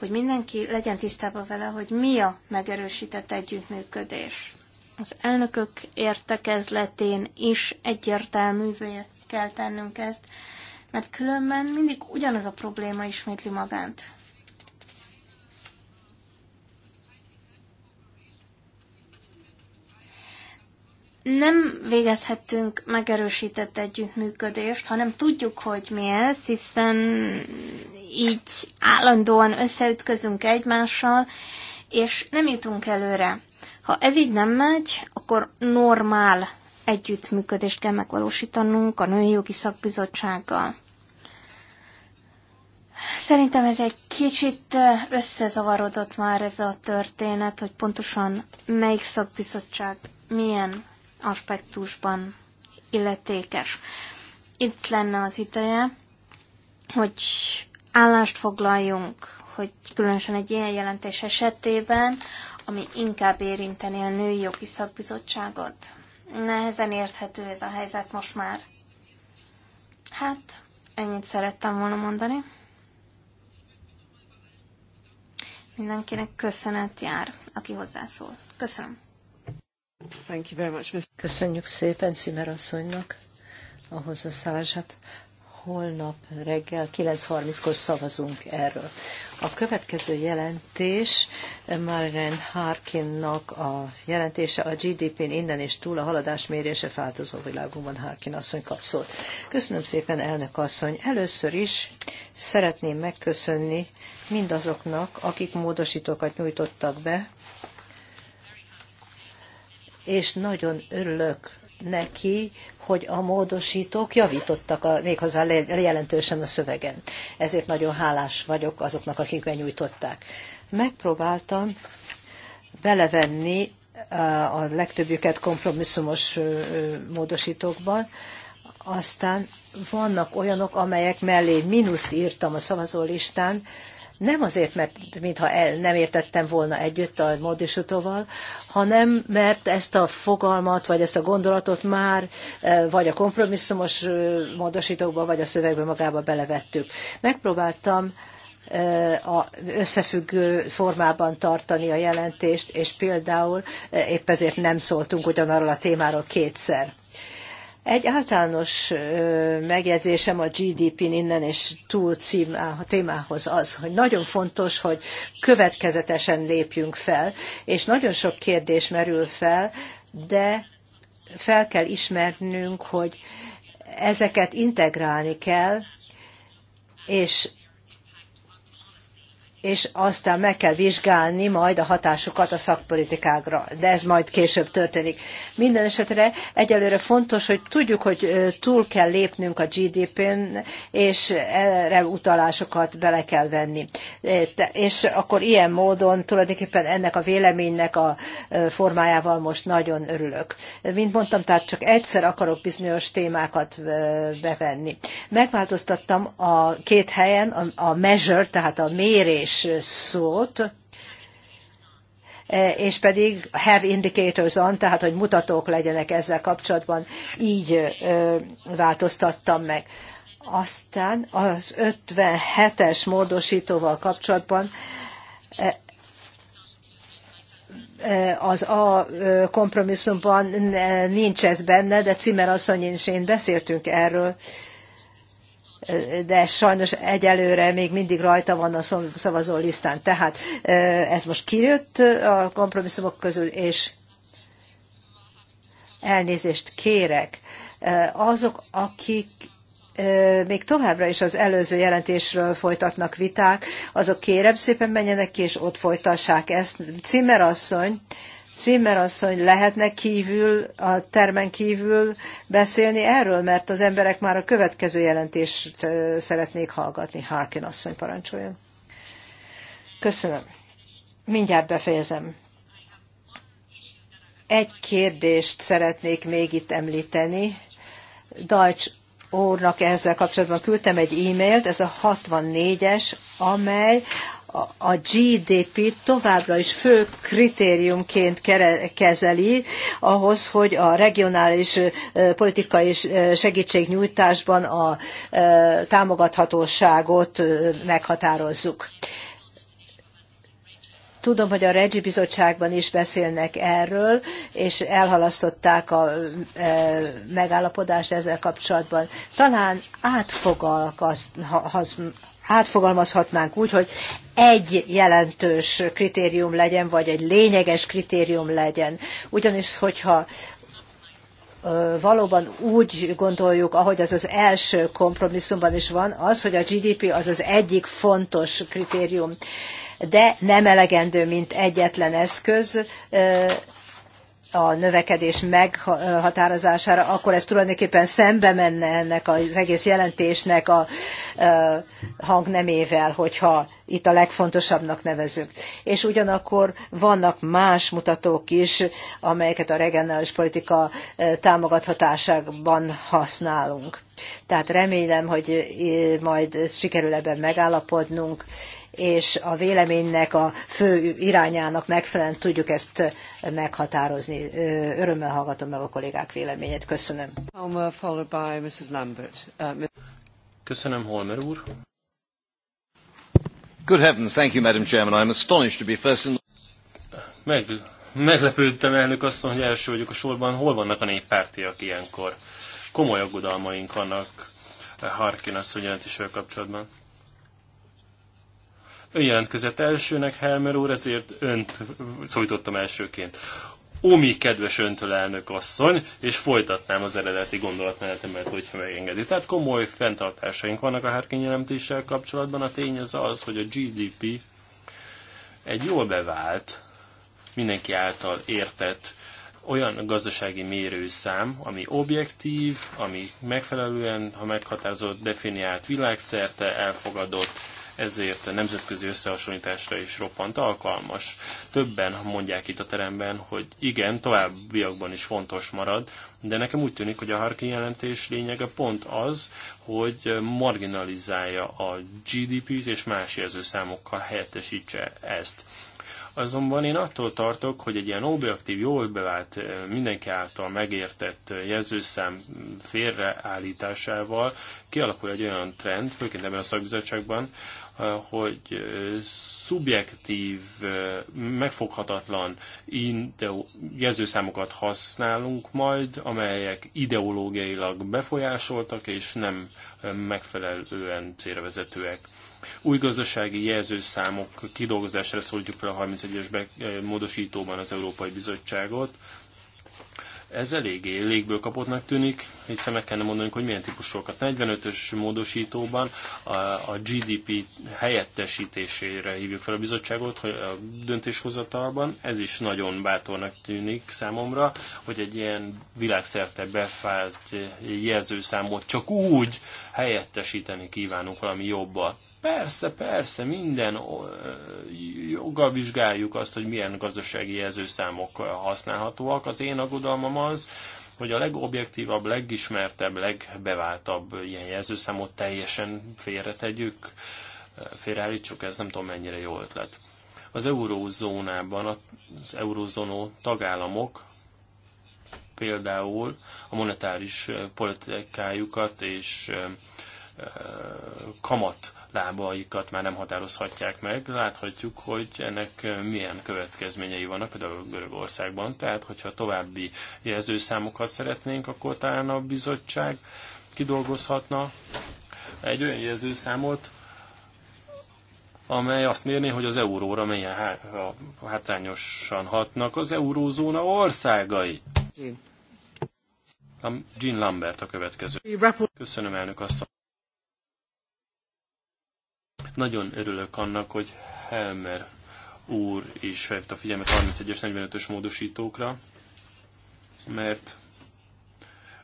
hogy mindenki legyen tisztában vele, hogy mi a megerősített együttműködés. Az elnökök értekezletén is egyértelművé kell tennünk ezt, mert különben mindig ugyanaz a probléma ismétli magát. nem végezhetünk megerősített együttműködést, hanem tudjuk, hogy mi ez, hiszen így állandóan összeütközünk egymással, és nem jutunk előre. Ha ez így nem megy, akkor normál együttműködést kell megvalósítanunk a Női Jogi Szakbizottsággal. Szerintem ez egy kicsit összezavarodott már ez a történet, hogy pontosan melyik szakbizottság milyen aspektusban illetékes. Itt lenne az ideje, hogy állást foglaljunk, hogy különösen egy ilyen jelentés esetében, ami inkább érinteni a női jogi szakbizottságot. Nehezen érthető ez a helyzet most már. Hát, ennyit szerettem volna mondani. Mindenkinek köszönet jár, aki hozzászól. Köszönöm. Thank you very much, Köszönjük szépen Cimer asszonynak a hozzászállását holnap reggel 9.30-kor szavazunk erről. A következő jelentés Marilyn Harkinnak a jelentése a GDP-n innen és túl a haladás mérése változó világunkban Harkin asszony kap szót. Köszönöm szépen, elnök asszony. Először is szeretném megköszönni mindazoknak, akik módosítókat nyújtottak be, és nagyon örülök neki, hogy a módosítók javítottak a, méghozzá jelentősen a szövegen. Ezért nagyon hálás vagyok azoknak, akik benyújtották. Megpróbáltam belevenni eh, a legtöbbüket kompromisszumos eh, módosítókban, aztán vannak olyanok, amelyek mellé mínuszt írtam a szavazólistán, nem azért, mert mintha el, nem értettem volna együtt a Modisutóval, hanem mert ezt a fogalmat, vagy ezt a gondolatot már e, vagy a kompromisszumos e, módosítókba, vagy a szövegbe magába belevettük. Megpróbáltam e, a összefüggő formában tartani a jelentést, és például épp ezért nem szóltunk ugyanarról a témáról kétszer. Egy általános megjegyzésem a GDP-n innen és túl témához az, hogy nagyon fontos, hogy következetesen lépjünk fel, és nagyon sok kérdés merül fel, de fel kell ismernünk, hogy ezeket integrálni kell, és és aztán meg kell vizsgálni majd a hatásukat a szakpolitikákra, de ez majd később történik. Minden esetre egyelőre fontos, hogy tudjuk, hogy túl kell lépnünk a GDP-n, és erre utalásokat bele kell venni. És akkor ilyen módon tulajdonképpen ennek a véleménynek a formájával most nagyon örülök. Mint mondtam, tehát csak egyszer akarok bizonyos témákat bevenni. Megváltoztattam a két helyen a measure, tehát a mérés is szót, e, és pedig have indicators on, tehát hogy mutatók legyenek ezzel kapcsolatban, így e, változtattam meg. Aztán az 57-es módosítóval kapcsolatban e, az A kompromisszumban nincs ez benne, de Cimer asszony és én beszéltünk erről, de sajnos egyelőre még mindig rajta van a szavazó listán. Tehát ez most kijött a kompromisszumok közül, és elnézést kérek. Azok, akik még továbbra is az előző jelentésről folytatnak viták, azok kérem szépen menjenek ki, és ott folytassák ezt. Cimmer asszony, Címer asszony lehetne kívül, a termen kívül beszélni erről, mert az emberek már a következő jelentést szeretnék hallgatni. Harkin asszony parancsoljon. Köszönöm. Mindjárt befejezem. Egy kérdést szeretnék még itt említeni. Deutsch úrnak ezzel kapcsolatban küldtem egy e-mailt, ez a 64-es, amely a GDP-t továbbra is fő kritériumként kezeli ahhoz, hogy a regionális politikai segítségnyújtásban a támogathatóságot meghatározzuk. Tudom, hogy a Regi Bizottságban is beszélnek erről, és elhalasztották a megállapodást ezzel kapcsolatban. Talán átfogalmazhatnánk fogalmazhatnánk úgy, hogy egy jelentős kritérium legyen, vagy egy lényeges kritérium legyen. Ugyanis, hogyha valóban úgy gondoljuk, ahogy az az első kompromisszumban is van, az, hogy a GDP az az egyik fontos kritérium, de nem elegendő, mint egyetlen eszköz, a növekedés meghatározására, akkor ez tulajdonképpen szembe menne ennek az egész jelentésnek a hangnemével, hogyha itt a legfontosabbnak nevezünk. És ugyanakkor vannak más mutatók is, amelyeket a regionális politika támogathatásában használunk. Tehát remélem, hogy majd sikerül ebben megállapodnunk, és a véleménynek a fő irányának megfelelően tudjuk ezt meghatározni. Örömmel hallgatom meg a kollégák véleményét. Köszönöm. Uh, Köszönöm, Holmer úr. Good heavens, thank you, Madam Chairman. I'm astonished to be first in Meg, meglepődtem, elnök azt, hogy első vagyok a sorban. Hol vannak a néppártiak ilyenkor? Komoly aggodalmaink vannak Harkin is jelentésével kapcsolatban. Ön jelentkezett elsőnek, Helmer úr, ezért önt szólítottam elsőként. Omi kedves öntől elnök asszony, és folytatnám az eredeti gondolatmenetemet, hogyha megengedi. Tehát komoly fenntartásaink vannak a hárkényelemtéssel kapcsolatban. A tény az az, hogy a GDP egy jól bevált, mindenki által értett olyan gazdasági mérőszám, ami objektív, ami megfelelően, ha meghatározott, definiált világszerte elfogadott, ezért a nemzetközi összehasonlításra is roppant alkalmas. Többen mondják itt a teremben, hogy igen, továbbiakban is fontos marad, de nekem úgy tűnik, hogy a Harkin jelentés lényege pont az, hogy marginalizálja a GDP-t és más jelzőszámokkal helyettesítse ezt. Azonban én attól tartok, hogy egy ilyen objektív, jól bevált, eh, mindenki által megértett eh, jelzőszám félreállításával kialakul egy olyan trend, főként ebben a szakbizottságban, eh, hogy szubjektív, megfoghatatlan jelzőszámokat használunk majd, amelyek ideológiailag befolyásoltak és nem megfelelően célvezetőek. Új gazdasági jelzőszámok kidolgozására szólítjuk fel a 31-es eh, módosítóban az Európai Bizottságot. Ez eléggé légből kapottnak tűnik, hiszen meg kellene mondanunk, hogy milyen típusokat. 45-ös módosítóban a, a GDP helyettesítésére hívjuk fel a bizottságot, hogy a döntéshozatalban ez is nagyon bátornak tűnik számomra, hogy egy ilyen világszerte befált jelzőszámot csak úgy helyettesíteni kívánunk valami jobbat. Persze, persze, minden joggal vizsgáljuk azt, hogy milyen gazdasági jelzőszámok használhatóak. Az én aggodalmam az, hogy a legobjektívabb, legismertebb, legbeváltabb ilyen jelzőszámot teljesen félretegyük, félreállítsuk, ez nem tudom mennyire jó ötlet. Az eurózónában az eurózónó tagállamok például a monetáris politikájukat és kamat lábaikat már nem határozhatják meg. Láthatjuk, hogy ennek milyen következményei vannak, például Görögországban. Tehát, hogyha további jelzőszámokat szeretnénk, akkor talán a bizottság kidolgozhatna egy olyan jelzőszámot, amely azt mérné, hogy az euróra milyen hátrányosan hatnak az eurózóna országai. Jean Lambert a következő. Köszönöm elnök azt. Nagyon örülök annak, hogy Helmer úr is felhívta a figyelmet 31-es, 45-ös módosítókra, mert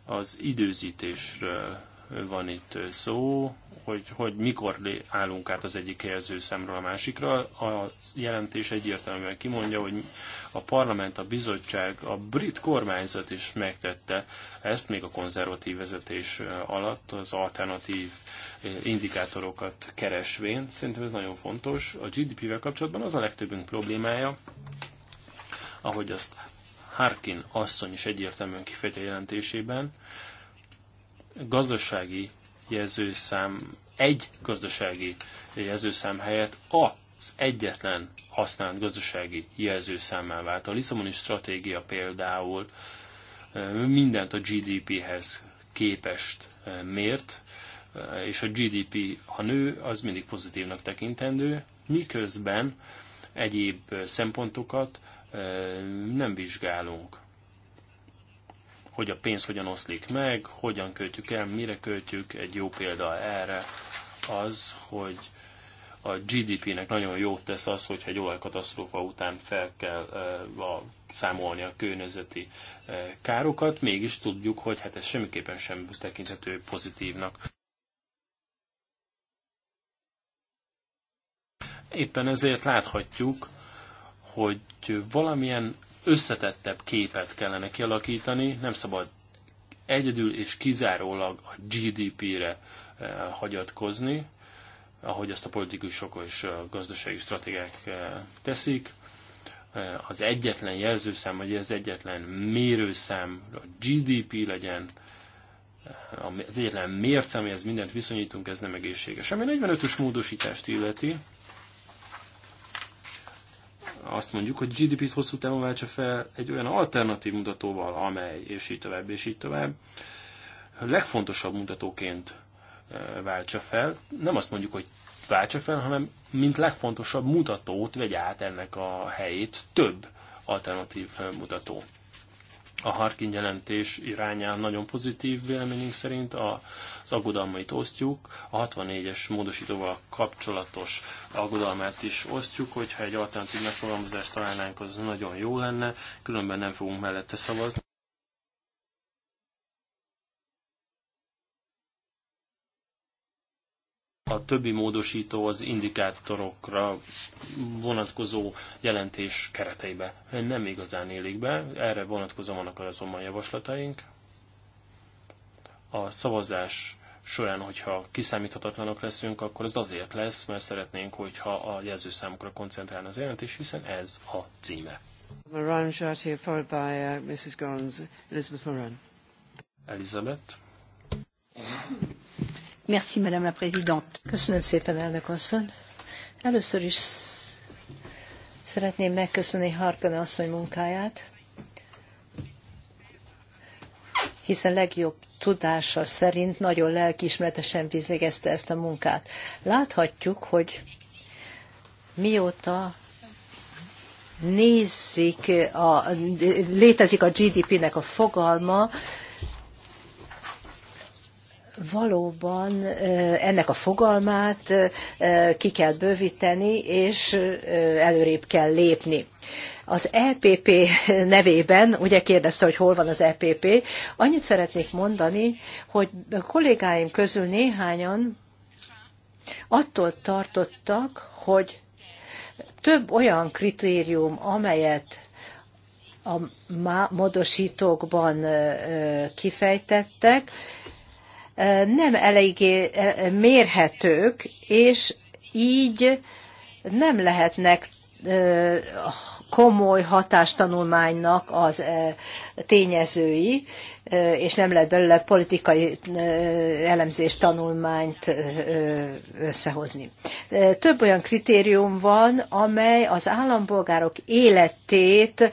az időzítésről van itt szó, hogy, hogy mikor állunk át az egyik jelzőszámról a másikra. A jelentés egyértelműen kimondja, hogy a parlament, a bizottság, a brit kormányzat is megtette ezt még a konzervatív vezetés alatt, az alternatív indikátorokat keresvén. Szerintem ez nagyon fontos. A GDP-vel kapcsolatban az a legtöbbünk problémája, ahogy azt Harkin asszony is egyértelműen kifejti a jelentésében, gazdasági jelzőszám, egy gazdasági jelzőszám helyett az egyetlen használt gazdasági jelzőszámmal vált. A Lisszaboni stratégia például mindent a GDP-hez képest mért, és a GDP, ha nő, az mindig pozitívnak tekintendő, miközben egyéb szempontokat nem vizsgálunk hogy a pénz hogyan oszlik meg, hogyan költjük el, mire költjük. Egy jó példa erre az, hogy a GDP-nek nagyon jót tesz az, hogyha egy olajkatasztrófa után fel kell uh, a, számolni a környezeti uh, károkat, mégis tudjuk, hogy hát ez semmiképpen sem tekinthető pozitívnak. Éppen ezért láthatjuk, hogy valamilyen összetettebb képet kellene kialakítani, nem szabad egyedül és kizárólag a GDP-re eh, hagyatkozni, ahogy azt a politikusok és a gazdasági stratégiák eh, teszik. Eh, az egyetlen jelzőszám, vagy az egyetlen mérőszám a GDP legyen, az egyetlen mérce, amihez mindent viszonyítunk, ez nem egészséges. Ami 45-ös módosítást illeti, azt mondjuk, hogy GDP-t hosszú távon váltsa fel egy olyan alternatív mutatóval, amely, és így tovább, és így tovább, legfontosabb mutatóként váltsa fel. Nem azt mondjuk, hogy váltsa fel, hanem mint legfontosabb mutatót vegy át ennek a helyét több alternatív mutató a Harkin jelentés irányán nagyon pozitív véleményünk szerint, a, az aggodalmait osztjuk, a 64-es módosítóval kapcsolatos aggodalmát is osztjuk, hogyha egy alternatív megfogalmazást találnánk, az nagyon jó lenne, különben nem fogunk mellette szavazni. A többi módosító az indikátorokra vonatkozó jelentés kereteibe nem igazán élik be, erre vonatkozóan vannak azonban javaslataink. A szavazás során, hogyha kiszámíthatatlanok leszünk, akkor ez azért lesz, mert szeretnénk, hogyha a jelzőszámokra koncentrálna az jelentés, hiszen ez a címe. Uh, Mrs. Gons, Elizabeth Elizabeth. Merci, Madame la Présidente. Köszönöm szépen, elnök asszony. Először is szeretném megköszönni Harpen asszony munkáját, hiszen legjobb tudása szerint nagyon lelkiismeretesen végezte ezt a munkát. Láthatjuk, hogy mióta nézzük a, létezik a GDP-nek a fogalma, valóban ennek a fogalmát ki kell bővíteni, és előrébb kell lépni. Az EPP nevében, ugye kérdezte, hogy hol van az EPP, annyit szeretnék mondani, hogy kollégáim közül néhányan attól tartottak, hogy több olyan kritérium, amelyet a módosítókban kifejtettek, nem eléggé e, e, mérhetők, és így nem lehetnek e, komoly hatástanulmánynak az tényezői, és nem lehet belőle politikai elemzés tanulmányt összehozni. Több olyan kritérium van, amely az állampolgárok életét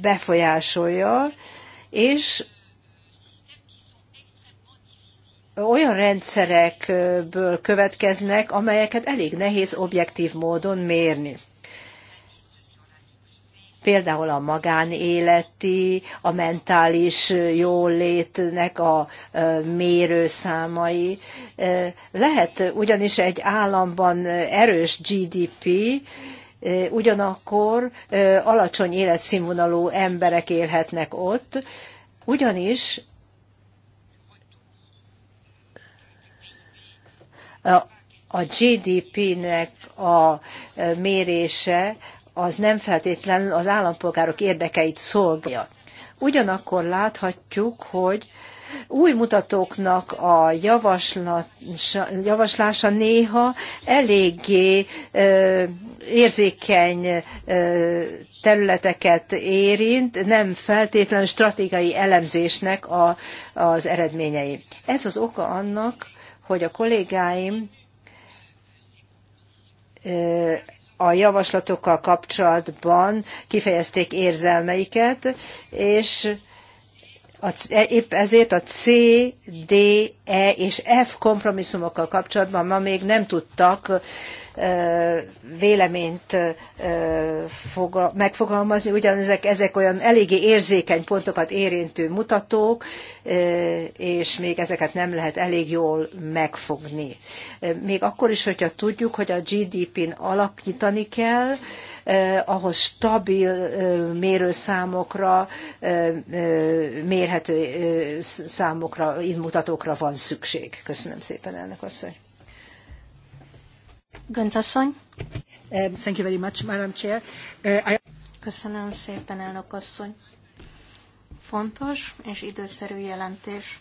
befolyásolja, és olyan rendszerekből következnek, amelyeket elég nehéz objektív módon mérni. Például a magánéleti, a mentális jólétnek a mérőszámai. Lehet ugyanis egy államban erős GDP, ugyanakkor alacsony életszínvonalú emberek élhetnek ott, ugyanis a GDP-nek a e, mérése az nem feltétlenül az állampolgárok érdekeit szolgálja. Ugyanakkor láthatjuk, hogy új mutatóknak a javaslása néha eléggé e, érzékeny e, területeket érint, nem feltétlenül stratégiai elemzésnek a, az eredményei. Ez az oka annak, hogy a kollégáim a javaslatokkal kapcsolatban kifejezték érzelmeiket, és E- épp ezért a C, D, E és F kompromisszumokkal kapcsolatban ma még nem tudtak véleményt megfogalmazni, ugyanezek ezek olyan eléggé érzékeny pontokat érintő mutatók, és még ezeket nem lehet elég jól megfogni. Még akkor is, hogyha tudjuk, hogy a GDP-n alakítani kell, Eh, ahhoz stabil eh, mérőszámokra, eh, mérhető számokra, mutatókra van szükség. Köszönöm szépen, elnök asszony. Gönc asszony. Thank you very much, Madam Chair. Köszönöm szépen, elnök asszony. Fontos és időszerű jelentés.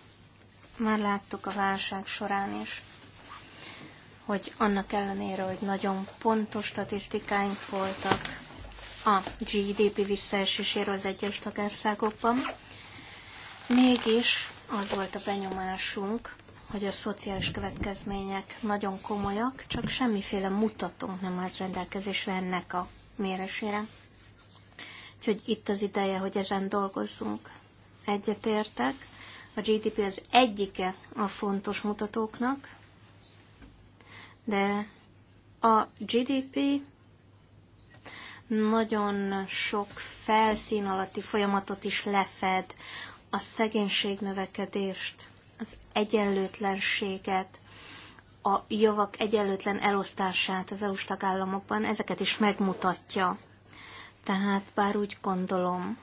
Már láttuk a válság során is hogy annak ellenére, hogy nagyon pontos statisztikáink voltak a GDP visszaeséséről az egyes tagországokban, mégis az volt a benyomásunk, hogy a szociális következmények nagyon komolyak, csak semmiféle mutatónk nem állt rendelkezésre ennek a mérésére. Úgyhogy itt az ideje, hogy ezen dolgozzunk. Egyetértek. A GDP az egyike a fontos mutatóknak, de a GDP nagyon sok felszín alatti folyamatot is lefed, a szegénység növekedést, az egyenlőtlenséget, a javak egyenlőtlen elosztását az EU-s tagállamokban, ezeket is megmutatja. Tehát bár úgy gondolom,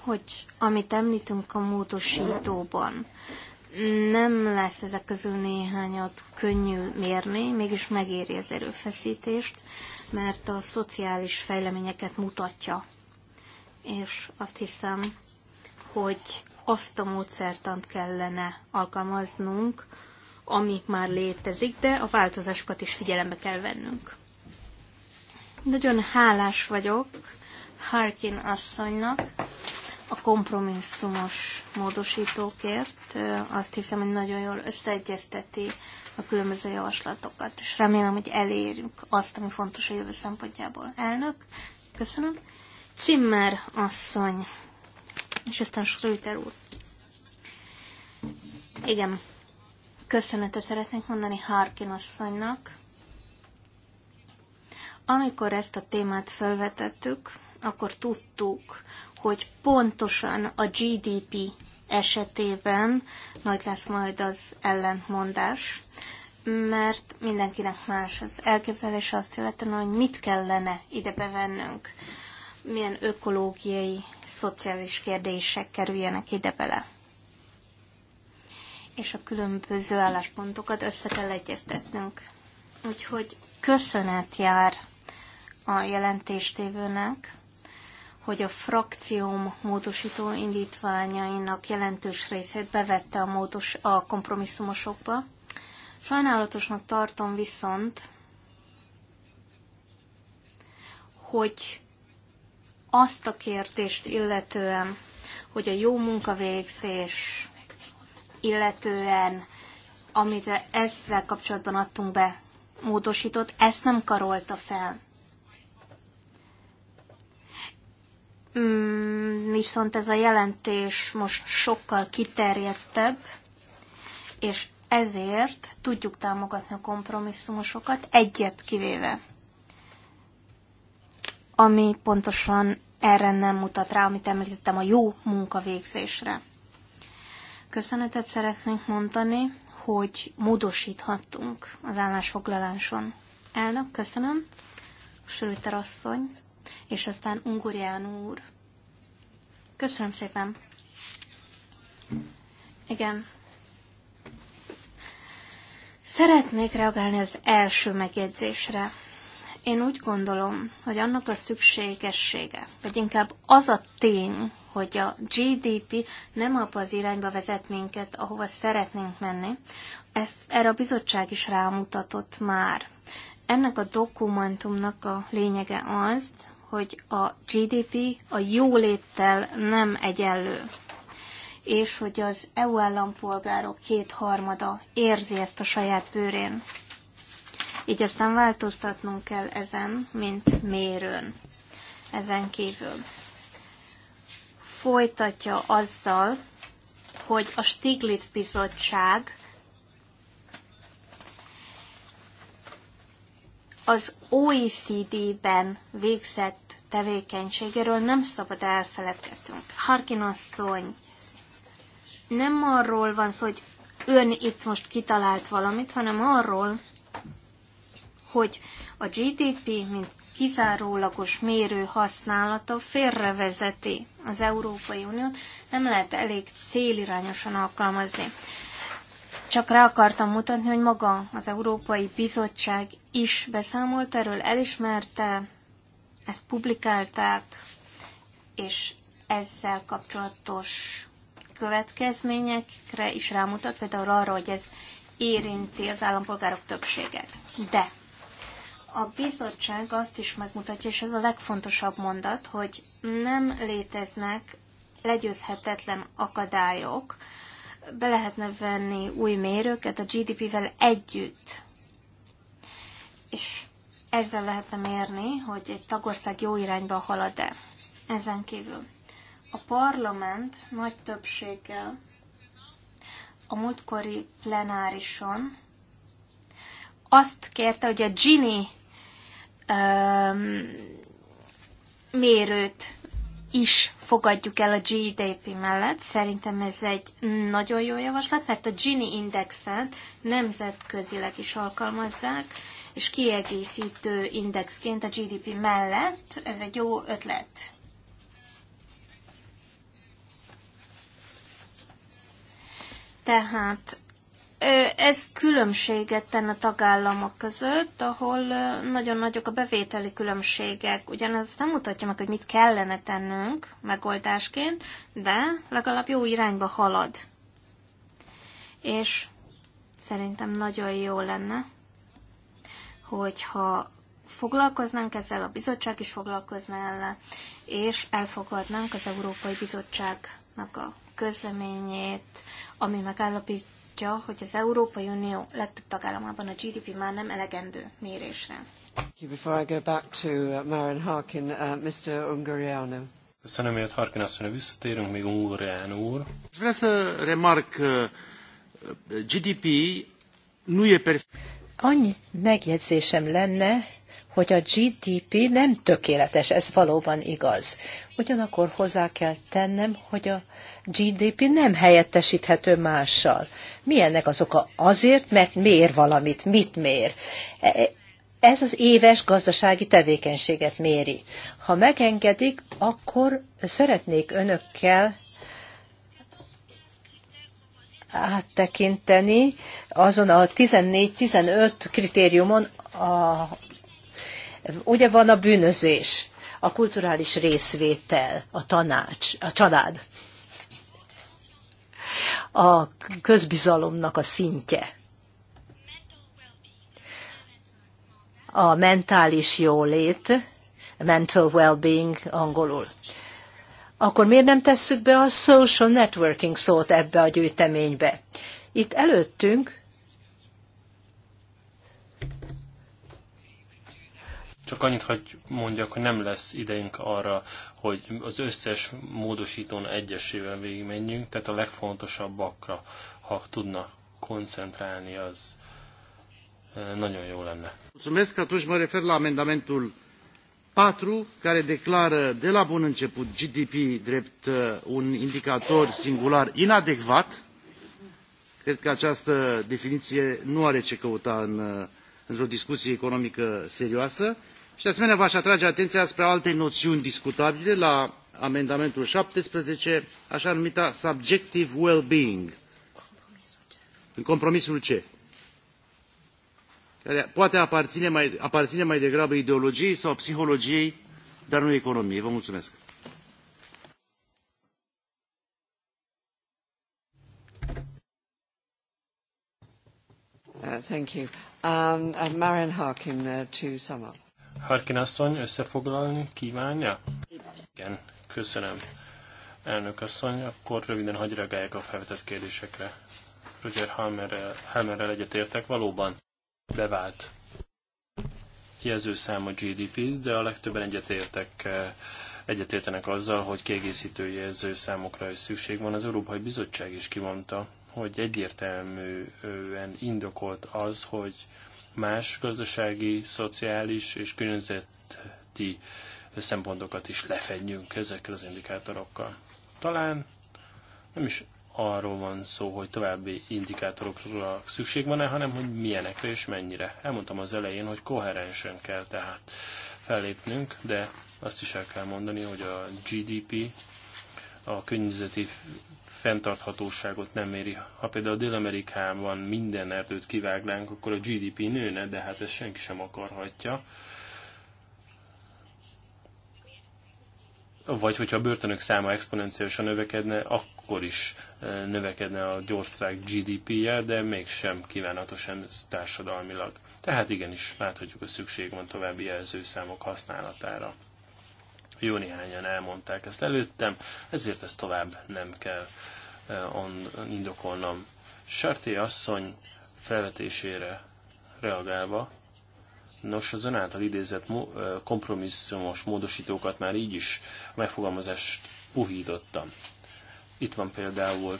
hogy amit említünk a módosítóban, nem lesz ezek közül néhányat könnyű mérni, mégis megéri az erőfeszítést, mert a szociális fejleményeket mutatja. És azt hiszem, hogy azt a módszertant kellene alkalmaznunk, ami már létezik, de a változásokat is figyelembe kell vennünk. Nagyon hálás vagyok Harkin asszonynak, a kompromisszumos módosítókért. Azt hiszem, hogy nagyon jól összeegyezteti a különböző javaslatokat, és remélem, hogy elérjük azt, ami fontos a jövő szempontjából. Elnök, köszönöm. Cimmer asszony, és aztán Schröter úr. Igen, köszönetet szeretnék mondani Harkin asszonynak. Amikor ezt a témát felvetettük, akkor tudtuk, hogy pontosan a GDP esetében nagy lesz majd az ellentmondás, mert mindenkinek más az elképzelése azt illetően, hogy mit kellene ide bevennünk, milyen ökológiai, szociális kérdések kerüljenek ide bele. És a különböző álláspontokat össze kell egyeztetnünk. Úgyhogy köszönet jár a jelentéstévőnek, hogy a frakcióm módosító indítványainak jelentős részét bevette a, módos, a kompromisszumosokba. Sajnálatosnak tartom viszont, hogy azt a kérdést illetően, hogy a jó munkavégzés illetően, amit ezzel kapcsolatban adtunk be, módosított, ezt nem karolta fel. Mm, viszont ez a jelentés most sokkal kiterjedtebb, és ezért tudjuk támogatni a kompromisszumosokat, egyet kivéve, ami pontosan erre nem mutat rá, amit említettem, a jó munkavégzésre. Köszönetet szeretnénk mondani, hogy módosíthattunk az állásfoglaláson. Elnök, köszönöm. Sülüter asszony és aztán Ungurján úr. Köszönöm szépen. Igen. Szeretnék reagálni az első megjegyzésre. Én úgy gondolom, hogy annak a szükségessége, vagy inkább az a tény, hogy a GDP nem abba az irányba vezet minket, ahova szeretnénk menni, ezt erre a bizottság is rámutatott már. Ennek a dokumentumnak a lényege az, hogy a GDP a jóléttel nem egyenlő, és hogy az EU állampolgárok kétharmada érzi ezt a saját bőrén. Így aztán változtatnunk kell ezen, mint mérőn. Ezen kívül folytatja azzal, hogy a Stiglitz bizottság az OECD-ben végzett tevékenységéről nem szabad elfeledkeznünk. Harkin asszony, nem arról van szó, hogy ön itt most kitalált valamit, hanem arról, hogy a GDP, mint kizárólagos mérő használata félrevezeti az Európai Uniót, nem lehet elég célirányosan alkalmazni. Csak rá akartam mutatni, hogy maga az Európai Bizottság is beszámolt erről, elismerte, ezt publikálták, és ezzel kapcsolatos következményekre is rámutat, például arra, hogy ez érinti az állampolgárok többséget. De a bizottság azt is megmutatja, és ez a legfontosabb mondat, hogy nem léteznek legyőzhetetlen akadályok be lehetne venni új mérőket a GDP-vel együtt. És ezzel lehetne mérni, hogy egy tagország jó irányba halad-e. Ezen kívül a parlament nagy többséggel a múltkori plenárison azt kérte, hogy a Gini um, mérőt is fogadjuk el a GDP mellett. Szerintem ez egy nagyon jó javaslat, mert a Gini indexet nemzetközileg is alkalmazzák, és kiegészítő indexként a GDP mellett. Ez egy jó ötlet. Tehát ez különbséget tenne a tagállamok között, ahol nagyon nagyok a bevételi különbségek. Ugyanaz nem mutatja meg, hogy mit kellene tennünk megoldásként, de legalább jó irányba halad. És szerintem nagyon jó lenne, hogyha foglalkoznánk ezzel, a bizottság is foglalkozna ezzel, és elfogadnánk az Európai Bizottságnak a közleményét, ami megállapít mutatja, hogy az Európai Unió legtöbb tagállamában a GDP már nem elegendő mérésre. Before I go back to uh, Marin Harkin, uh, Mr. Ungariano. Köszönöm, miért Harkin asszonyra visszatérünk, még Ungorián úr. Vreau să remarc uh, GDP nu e perfect. Annyi megjegyzésem lenne, hogy a GDP nem tökéletes, ez valóban igaz. Ugyanakkor hozzá kell tennem, hogy a GDP nem helyettesíthető mással. Milyennek az oka? Azért, mert mér valamit. Mit mér? E, e, ez az éves gazdasági tevékenységet méri. Ha megengedik, akkor szeretnék önökkel áttekinteni azon a 14-15 kritériumon, a, Ugye van a bűnözés, a kulturális részvétel, a tanács, a család, a közbizalomnak a szintje, a mentális jólét, mental well-being angolul akkor miért nem tesszük be a social networking szót ebbe a gyűjteménybe? Itt előttünk Csak annyit, hogy mondjak, hogy nem lesz idejünk arra, hogy az összes módosítón egyesével végigmenjünk, tehát a legfontosabbakra, ha tudna koncentrálni, az e, nagyon jó lenne. Mulțumesc, atunci mă refer la amendamentul 4, care declară de la bun început GDP drept e, un indicator singular inadecvat. Cred că această definiție nu are ce căuta în, e, într-o discuție economică serioasă de asemenea v-aș atrage atenția asupra altei noțiuni discutabile la amendamentul 17, așa numita subjective well-being, în compromisul C, care poate aparține mai, aparține mai degrabă ideologiei sau psihologiei, dar nu economiei. Vă mulțumesc. Uh, thank you. Um, uh, Harkin uh, to sum up. Harkin asszony összefoglalni kívánja? Igen, köszönöm. Elnök asszony, akkor röviden hagyj reagálják a felvetett kérdésekre. Roger Halmerrel, Halmerrel egyetértek, valóban bevált jelzőszám a GDP, de a legtöbben egyetértek egyetértenek azzal, hogy kiegészítő jelzőszámokra is szükség van. Az Európai Bizottság is kimondta, hogy egyértelműen indokolt az, hogy más gazdasági, szociális és környezeti szempontokat is lefedjünk ezekkel az indikátorokkal. Talán nem is arról van szó, hogy további indikátorokra szükség van-e, hanem hogy milyenekre és mennyire. Elmondtam az elején, hogy koherensen kell tehát fellépnünk, de azt is el kell mondani, hogy a GDP, a környezeti fenntarthatóságot nem éri. Ha például Dél-Amerikában minden erdőt kivágnánk, akkor a GDP nőne, de hát ezt senki sem akarhatja. Vagy hogyha a börtönök száma exponenciálisan növekedne, akkor is eh, növekedne a ország GDP-je, de mégsem kívánatosan társadalmilag. Tehát igenis láthatjuk, hogy szükség van további jelzőszámok használatára. Jó néhányan elmondták ezt előttem, ezért ezt tovább nem kell eh, indokolnom. Sarté asszony felvetésére reagálva, nos, az ön által idézett eh, kompromisszumos módosítókat már így is a megfogalmazást puhítottam. Itt van például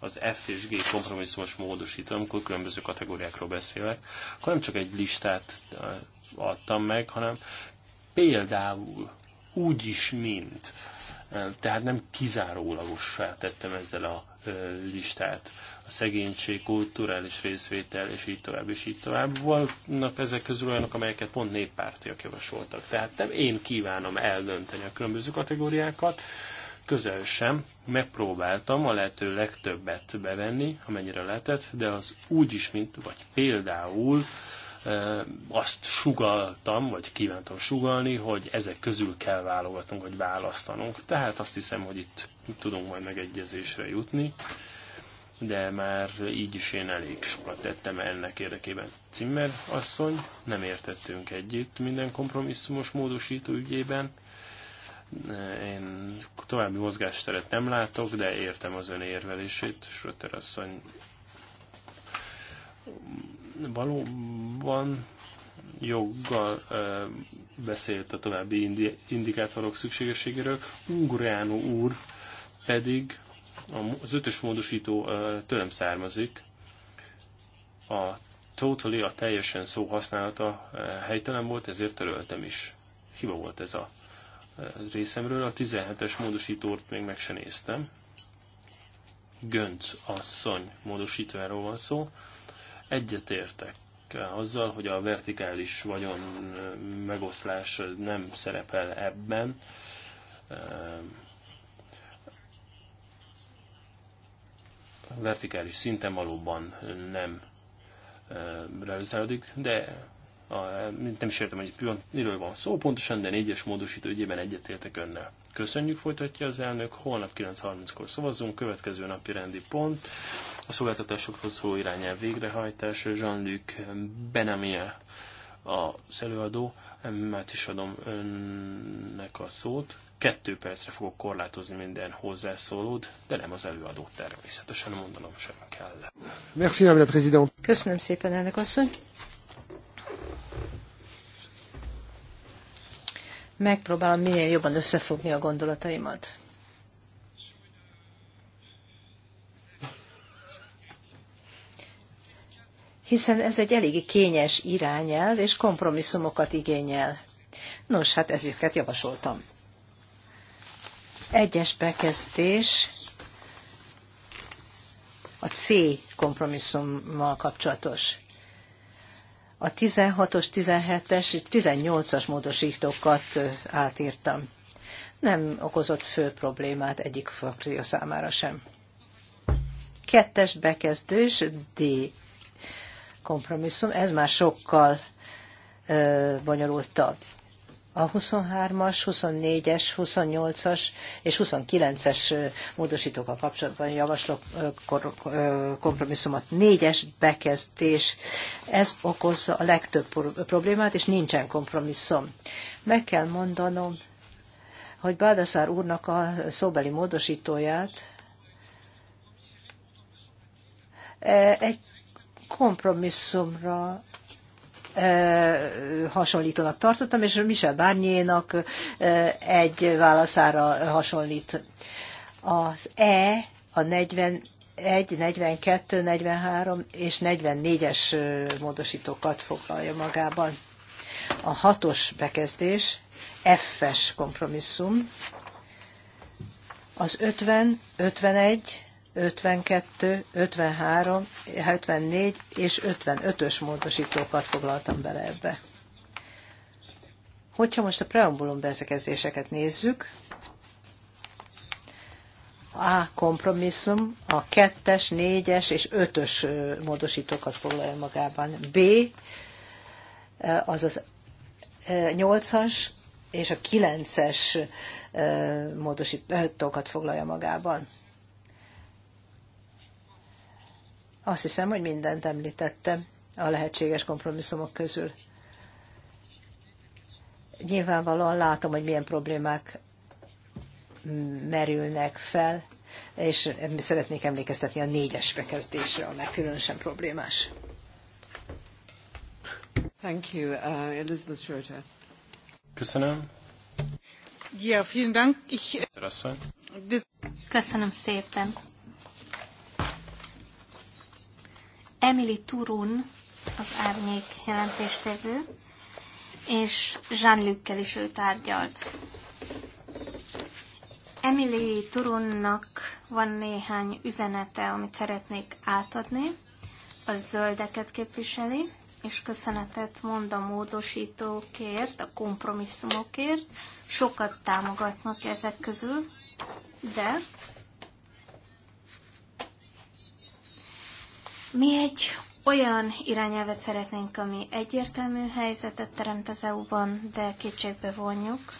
az F és G kompromisszumos módosító, amikor különböző kategóriákról beszélek, akkor nem csak egy listát eh, adtam meg, hanem például úgy is, mint. Tehát nem kizárólagossá tettem ezzel a listát. A szegénység, kulturális részvétel, és így tovább, és így tovább. Vannak ezek közül olyanok, amelyeket pont néppártiak javasoltak. Tehát nem én kívánom eldönteni a különböző kategóriákat, közel sem. Megpróbáltam a lehető legtöbbet bevenni, amennyire lehetett, de az úgy is, mint vagy például azt sugaltam, vagy kívántam sugalni, hogy ezek közül kell válogatnunk, vagy választanunk. Tehát azt hiszem, hogy itt tudunk majd megegyezésre jutni, de már így is én elég sokat tettem ennek érdekében. Cimmer asszony, nem értettünk együtt minden kompromisszumos módosító ügyében. Én további mozgásteret nem látok, de értem az ön érvelését. Schröter asszony valóban joggal ö, beszélt a további indi, indikátorok szükségességéről. Ungureanu úr pedig az ötös módosító ö, tőlem származik. A totally, a teljesen szó használata ö, helytelen volt, ezért töröltem is. Hiba volt ez a ö, részemről. A 17-es módosítót még meg sem néztem. Gönc asszony módosítójáról van szó. Ö, Egyetértek azzal, hogy a vertikális vagyon megoszlás nem szerepel ebben. A vertikális szinten valóban nem realizálódik, de a, nem is értem, hogy miről van szó pontosan, de négyes módosító ügyében egyetértek önnel. Köszönjük, folytatja az elnök. Holnap 9.30-kor szavazzunk. Következő napi rendi pont. A szolgáltatásokhoz szóló irányelv végrehajtása. Jean-Luc Benamia az előadó. Mert is adom önnek a szót. Kettő percre fogok korlátozni minden hozzászólód, de nem az előadó természetesen mondanom sem kell. Merci, Köszönöm szépen, elnök asszony. megpróbálom minél jobban összefogni a gondolataimat. Hiszen ez egy eléggé kényes irányelv, és kompromisszumokat igényel. Nos, hát ezeket javasoltam. Egyes bekezdés a C kompromisszummal kapcsolatos. A 16-os, 17-es és 18-as módosítókat átírtam. Nem okozott fő problémát egyik frakció számára sem. Kettes bekezdős D kompromisszum, ez már sokkal ö, bonyolultabb. A 23-as, 24-es, 28-as és 29-es módosítókkal kapcsolatban javaslok kompromisszumot. es bekezdés, ez okozza a legtöbb problémát, és nincsen kompromisszum. Meg kell mondanom, hogy Bádászár úrnak a szóbeli módosítóját egy kompromisszumra hasonlítónak tartottam, és Michel Barnier-nak egy válaszára hasonlít. Az E a 40 42, 43 és 44-es módosítókat foglalja magában. A hatos bekezdés, F-es kompromisszum, az 50, 51, 52, 53, 74 és 55-ös módosítókat foglaltam bele ebbe. Hogyha most a preambulum bezekezéseket nézzük, a kompromisszum a kettes, négyes és ötös módosítókat foglalja magában. B, azaz nyolcas és a kilences módosítókat foglalja magában. Azt hiszem, hogy mindent említettem a lehetséges kompromisszumok közül. Nyilvánvalóan látom, hogy milyen problémák merülnek fel, és szeretnék emlékeztetni a négyes bekezdésre, amely különösen problémás. Thank you, uh, Elizabeth Schroeder. Köszönöm. Ja, vielen Dank. Ich... Köszönöm szépen. Emily Turun az árnyék jelentéstevő, és Jean-Luckel is ő tárgyalt. Emily Turunnak van néhány üzenete, amit szeretnék átadni. A zöldeket képviseli, és köszönetet mond a módosítókért, a kompromisszumokért. Sokat támogatnak ezek közül, de Mi egy olyan irányelvet szeretnénk, ami egyértelmű helyzetet teremt az EU-ban, de kétségbe vonjuk,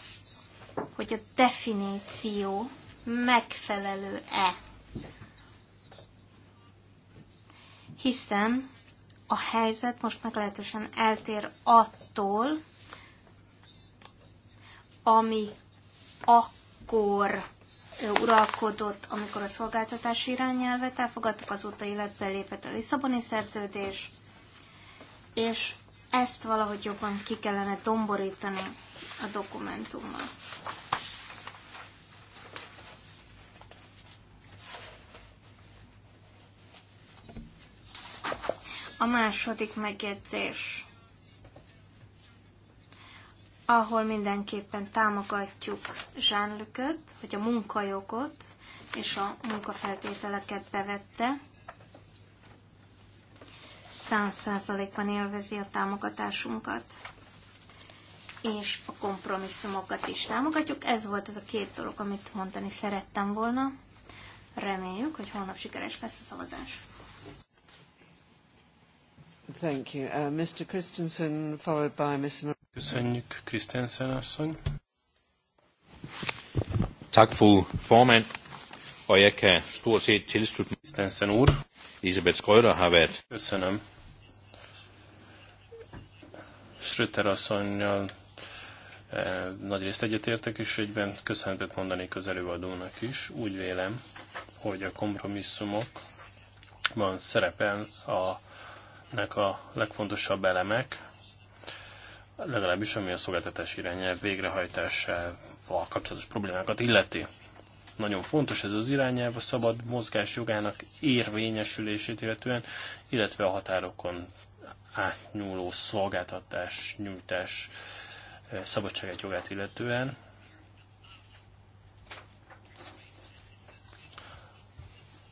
hogy a definíció megfelelő-e. Hiszen a helyzet most meglehetősen eltér attól, ami akkor uralkodott, amikor a szolgáltatási irányelvet elfogadtuk, azóta életbe lépett a Lisszaboni szerződés, és ezt valahogy jobban ki kellene domborítani a dokumentummal. A második megjegyzés ahol mindenképpen támogatjuk Zsánlököt, hogy a munkajogot és a munkafeltételeket bevette. 100%-ban élvezi a támogatásunkat. És a kompromisszumokat is támogatjuk. Ez volt az a két dolog, amit mondani szerettem volna. Reméljük, hogy holnap sikeres lesz a szavazás. Thank you. Uh, Mr. Christensen, followed by Mr. Köszönjük, Krisztensen asszony. Tak, fru formand, og jeg kan stort set tilslutte mig. Kristensen úr. Elisabeth Skrøder har været. Köszönöm. Schröter asszonynal eh, nagyrészt egyetértek, és egyben köszönetet mondanék az előadónak is. Úgy vélem, hogy a kompromisszumokban szerepel a nek a legfontosabb elemek, legalábbis ami a szolgáltatás irányelv végrehajtásával kapcsolatos problémákat illeti. Nagyon fontos ez az irányelv a szabad mozgás jogának érvényesülését illetően, illetve a határokon átnyúló szolgáltatás, nyújtás eh, szabadságát jogát illetően.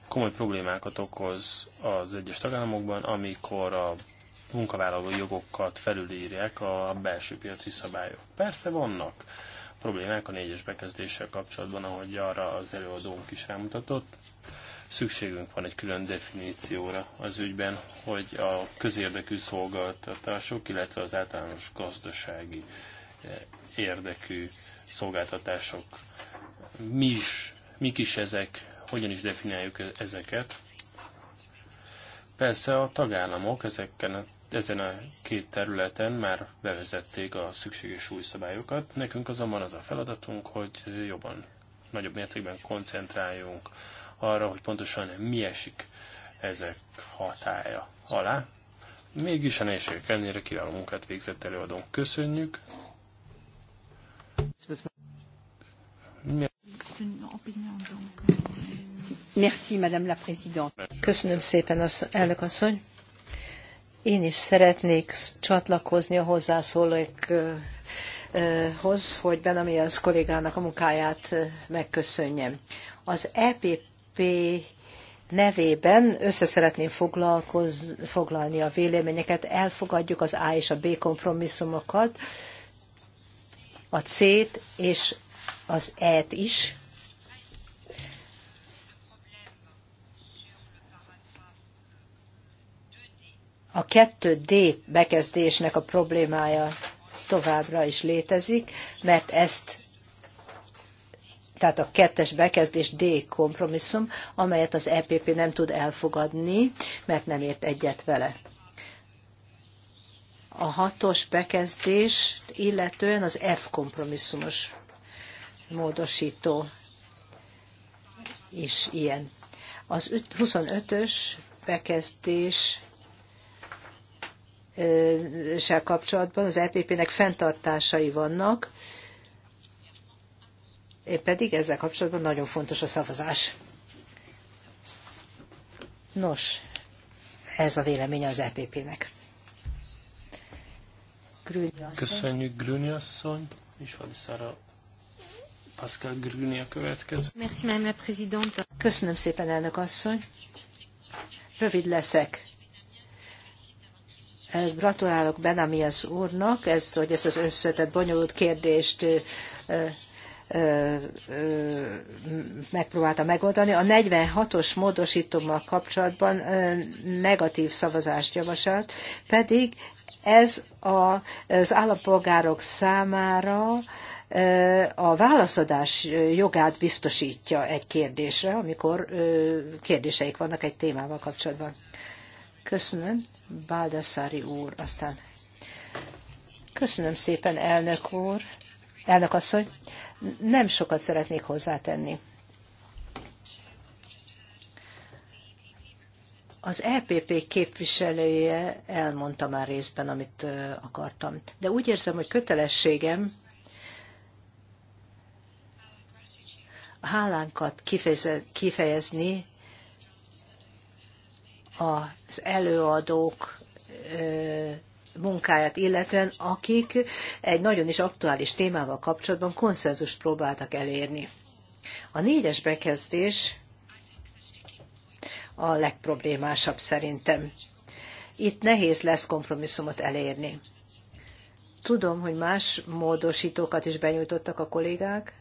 komoly problémákat okoz az egyes tagállamokban, amikor a munkavállalói jogokat felülírják a belső piaci szabályok. Persze vannak problémák a négyes bekezdéssel kapcsolatban, ahogy arra az előadónk is rámutatott. Szükségünk van egy külön definícióra az ügyben, hogy a közérdekű szolgáltatások, illetve az általános gazdasági eh, érdekű szolgáltatások mi is, mik is ezek, hogyan is definiáljuk e-, ezeket. Persze a tagállamok ezeken ezen a két területen már bevezették a szükséges új szabályokat. Nekünk azonban az a feladatunk, hogy jobban, nagyobb mértékben koncentráljunk arra, hogy pontosan mi esik ezek hatája alá. Mégis a nehézségek ellenére kiváló munkát végzett előadónk. Köszönjük! Merci, Madame la Présidente. Köszönöm szépen, elnök asszony! Én is szeretnék csatlakozni a hozzászólókhoz, hogy Benami az kollégának a munkáját megköszönjem. Az EPP nevében össze szeretném foglalni a véleményeket, elfogadjuk az A és a B kompromisszumokat, a C-t és az E-t is, A 2D bekezdésnek a problémája továbbra is létezik, mert ezt tehát a kettes bekezdés D kompromisszum, amelyet az EPP nem tud elfogadni, mert nem ért egyet vele. A hatos bekezdés illetően az F kompromisszumos módosító is ilyen. Az 25-ös bekezdés sel kapcsolatban az EPP-nek fenntartásai vannak, én pedig ezzel kapcsolatban nagyon fontos a szavazás. Nos, ez a véleménye az EPP-nek. Köszönjük Grüni asszony, és Vadiszára Pascal Grüni a következő. Merci, Köszönöm szépen, elnök asszony. Rövid leszek Eh, gratulálok Benamias úrnak, ezt, hogy ezt az összetett, bonyolult kérdést eh, eh, megpróbálta megoldani. A 46-os módosítómmal kapcsolatban negatív szavazást javasolt, pedig ez a, az állampolgárok számára a válaszadás jogát biztosítja egy kérdésre, amikor kérdéseik vannak egy témával kapcsolatban. Köszönöm, Baldassari úr, aztán. Köszönöm szépen, elnök úr, elnök asszony. Nem sokat szeretnék hozzátenni. Az EPP képviselője elmondta már részben, amit akartam. De úgy érzem, hogy kötelességem hálánkat kifejezni az előadók munkáját illetően, akik egy nagyon is aktuális témával kapcsolatban konszenzust próbáltak elérni. A négyes bekezdés a legproblémásabb szerintem. Itt nehéz lesz kompromisszumot elérni. Tudom, hogy más módosítókat is benyújtottak a kollégák,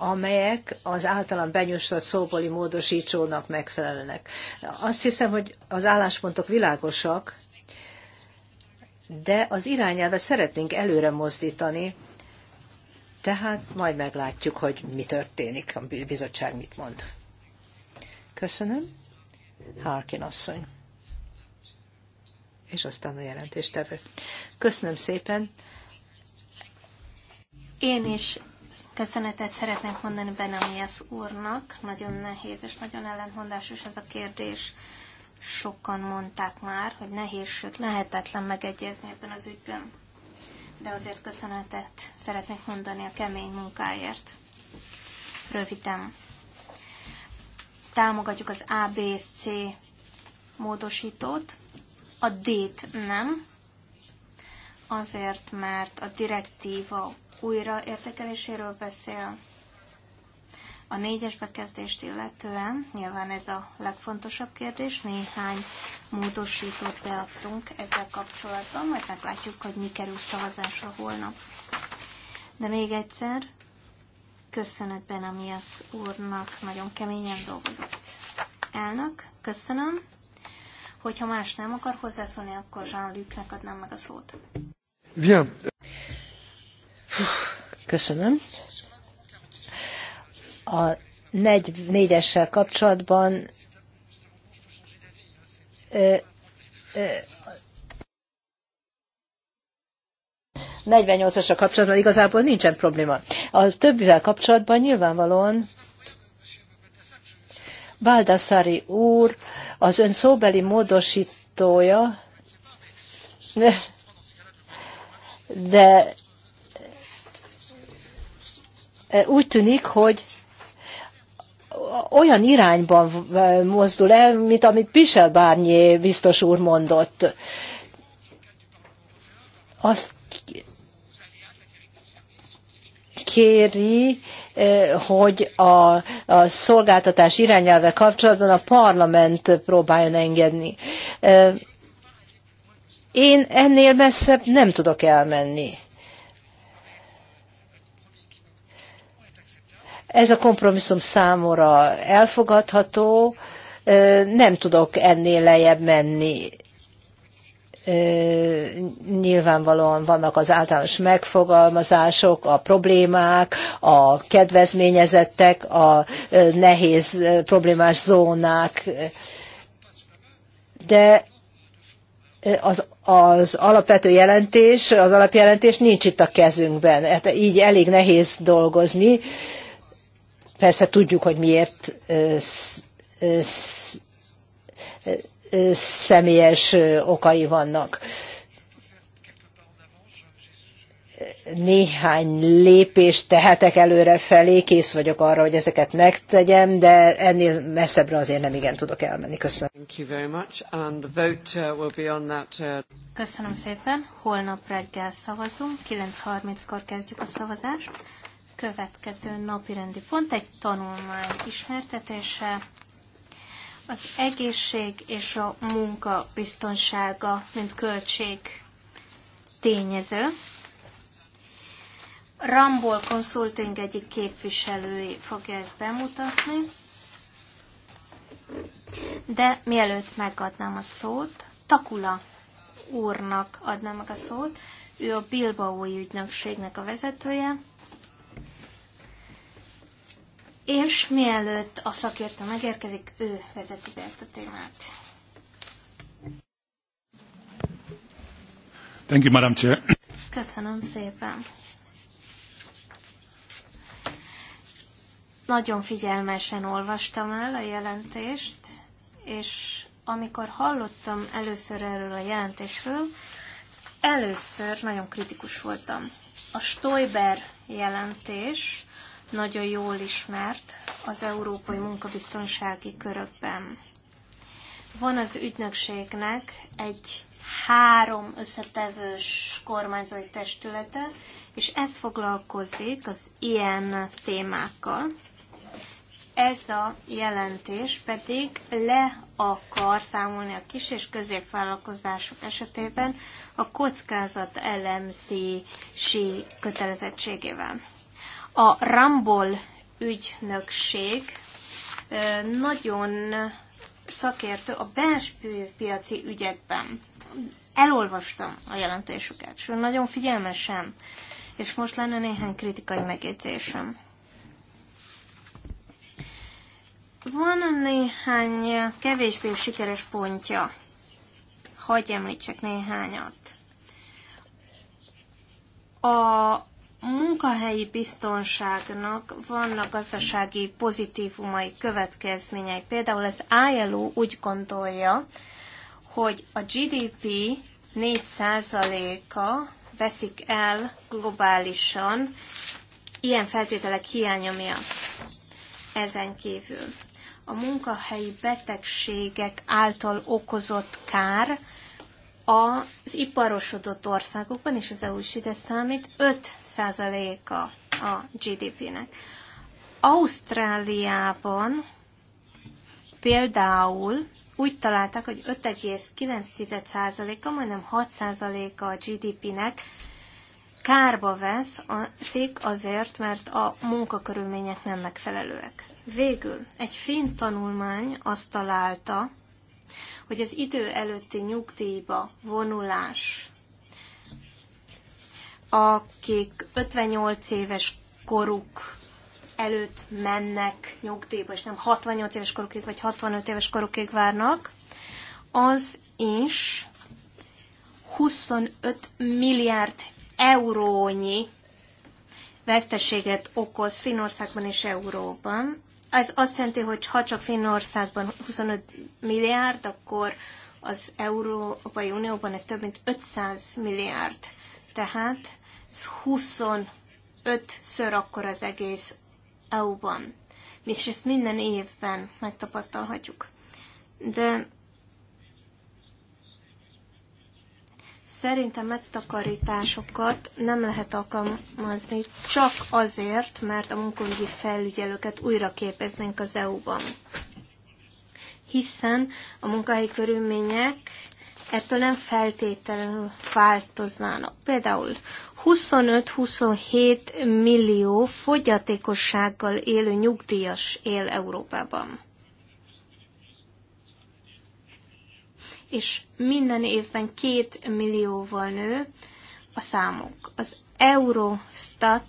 amelyek az általán benyújtott szóbeli módosítsónak megfelelnek. Azt hiszem, hogy az álláspontok világosak, de az irányelvet szeretnénk előre mozdítani, tehát majd meglátjuk, hogy mi történik, a bizottság mit mond. Köszönöm. Harkin asszony. És aztán a jelentéstevő. Köszönöm szépen. Én is Köszönetet szeretnék mondani Benamias úrnak. Nagyon nehéz és nagyon ellentmondásos ez a kérdés. Sokan mondták már, hogy nehéz, sőt lehetetlen megegyezni ebben az ügyben. De azért köszönetet szeretnék mondani a kemény munkáért. Röviden. Támogatjuk az ABSC módosítót, a D-t nem, azért, mert a direktíva újraértékeléséről értékeléséről beszél. A négyes bekezdést illetően nyilván ez a legfontosabb kérdés. Néhány módosítót beadtunk ezzel kapcsolatban, majd meglátjuk, hogy mi kerül szavazásra holnap. De még egyszer, köszönetben ami az úrnak nagyon keményen dolgozott. Elnök, köszönöm. Hogyha más nem akar hozzászólni, akkor Jean-Lucnek adnám meg a szót. Bien. Köszönöm. A negy, négyessel kapcsolatban ö, ö, 48-asra kapcsolatban igazából nincsen probléma. A többivel kapcsolatban nyilvánvalóan Baldassari úr, az ön szóbeli módosítója, de úgy tűnik, hogy olyan irányban mozdul el, mint amit Michel Barnier biztos úr mondott. Azt kéri, hogy a, a szolgáltatás irányelve kapcsolatban a parlament próbáljon engedni. Én ennél messzebb nem tudok elmenni. Ez a kompromisszum számomra elfogadható, nem tudok ennél lejjebb menni. Nyilvánvalóan vannak az általános megfogalmazások, a problémák, a kedvezményezettek, a nehéz problémás zónák, de az, az alapvető jelentés, az alapjelentés nincs itt a kezünkben. Hát így elég nehéz dolgozni Persze tudjuk, hogy miért személyes okai vannak. Néhány lépést tehetek előre felé, kész vagyok arra, hogy ezeket megtegyem, de ennél messzebbre azért nem igen tudok elmenni. Köszönöm. Köszönöm szépen. Holnap reggel szavazunk, 9.30-kor kezdjük a szavazást következő napi rendi pont egy tanulmány ismertetése. Az egészség és a munka biztonsága, mint költség tényező. Rambol Consulting egyik képviselői fogja ezt bemutatni. De mielőtt megadnám a szót, Takula úrnak adnám meg a szót. Ő a Bilbaói ügynökségnek a vezetője, és mielőtt a szakértő megérkezik, ő vezeti be ezt a témát. Thank you, Madam Chair. Köszönöm szépen. Nagyon figyelmesen olvastam el a jelentést, és amikor hallottam először erről a jelentésről, először nagyon kritikus voltam. A Stoiber jelentés nagyon jól ismert az európai munkabiztonsági körökben. Van az ügynökségnek egy három összetevős kormányzói testülete, és ez foglalkozik az ilyen témákkal. Ez a jelentés pedig le akar számolni a kis és középvállalkozások esetében a kockázat elemzési kötelezettségével. A Rambol ügynökség nagyon szakértő a belső piaci ügyekben. Elolvastam a jelentésüket, és nagyon figyelmesen. És most lenne néhány kritikai megjegyzésem. Van néhány kevésbé sikeres pontja. Hagyj említsek néhányat. A munkahelyi biztonságnak vannak gazdasági pozitívumai, következményei. Például az ILO úgy gondolja, hogy a GDP 4%-a veszik el globálisan ilyen feltételek hiánya miatt. Ezen kívül a munkahelyi betegségek által okozott kár az iparosodott országokban, és az EU is ide számít, 5 százaléka a GDP-nek. Ausztráliában például úgy találták, hogy 5,9%-a, majdnem 6%-a a GDP-nek kárba vesz a szik azért, mert a munkakörülmények nem megfelelőek. Végül egy finn tanulmány azt találta, hogy az idő előtti nyugdíjba vonulás akik 58 éves koruk előtt mennek nyugdíjba, és nem 68 éves korukig, vagy 65 éves korukig várnak, az is 25 milliárd eurónyi veszteséget okoz Finnországban és Euróban. Ez azt jelenti, hogy ha csak Finnországban 25 milliárd, akkor az Európai Unióban ez több mint 500 milliárd tehát 25 ször akkor az egész EU-ban. És ezt minden évben megtapasztalhatjuk. De Szerintem megtakarításokat nem lehet alkalmazni csak azért, mert a munkahogyi felügyelőket újra képeznénk az EU-ban. Hiszen a munkahelyi körülmények ettől nem feltétlenül változnának. Például 25-27 millió fogyatékossággal élő nyugdíjas él Európában. És minden évben két millióval nő a számuk. Az Eurostat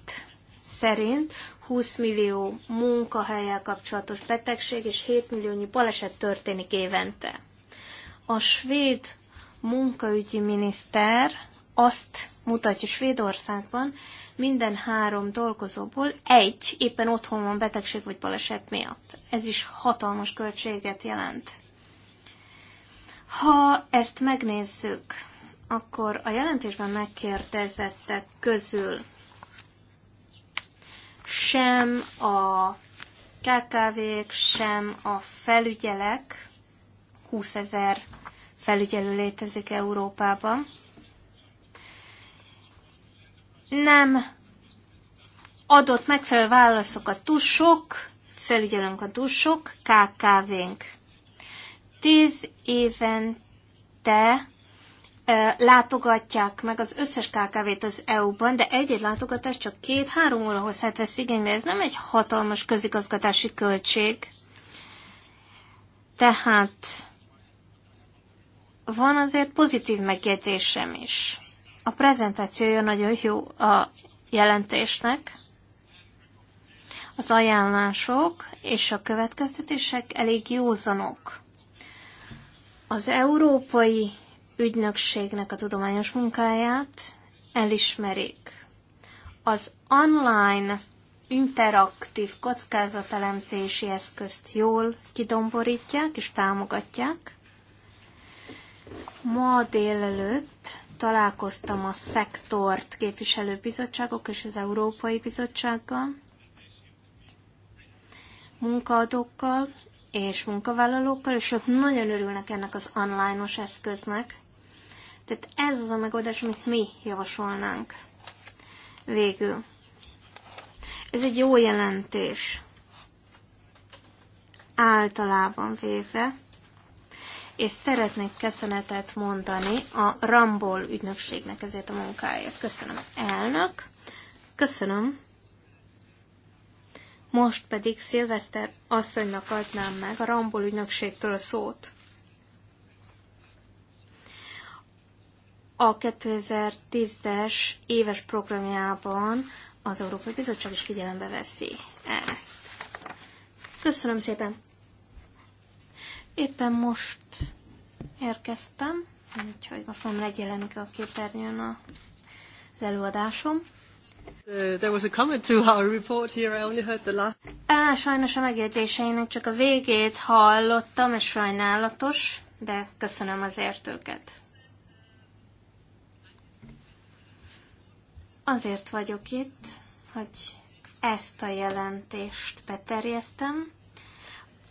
szerint 20 millió munkahelyel kapcsolatos betegség és 7 milliónyi baleset történik évente. A svéd munkaügyi miniszter azt mutatja Svédországban, minden három dolgozóból egy éppen otthon van betegség vagy baleset miatt. Ez is hatalmas költséget jelent. Ha ezt megnézzük, akkor a jelentésben megkérdezettek közül sem a KKV-k, sem a felügyelek 20 ezer felügyelő létezik Európában. Nem adott megfelelő válaszokat túl sok, felügyelőnk a túl sok KKV-nk. Tíz évente látogatják meg az összes KKV-t az EU-ban, de egy-egy látogatás csak két-három óra hosszát vesz igénybe. Ez nem egy hatalmas közigazgatási költség. Tehát van azért pozitív megjegyzésem is. A prezentációja nagyon jó a jelentésnek, az ajánlások és a következtetések elég józanok. Az Európai Ügynökségnek a tudományos munkáját elismerik. Az online interaktív kockázatelemzési eszközt jól kidomborítják és támogatják. Ma délelőtt találkoztam a szektort képviselő bizottságok és az Európai Bizottsággal, munkaadókkal és munkavállalókkal, és ők nagyon örülnek ennek az online-os eszköznek. Tehát ez az a megoldás, amit mi javasolnánk. Végül. Ez egy jó jelentés. Általában véve és szeretnék köszönetet mondani a Rambol ügynökségnek ezért a munkáért. Köszönöm, elnök. Köszönöm. Most pedig Szilveszter asszonynak adnám meg a Rambol ügynökségtől a szót. A 2010-es éves programjában az Európai Bizottság is figyelembe veszi ezt. Köszönöm szépen. Éppen most érkeztem, úgyhogy most már megjelenik a képernyőn a, az előadásom. Uh, there was a comment to our report here, I only heard the last... Á, sajnos a megjegyzéseinek csak a végét hallottam, és sajnálatos, de köszönöm az értőket. Azért vagyok itt, hogy ezt a jelentést beterjesztem,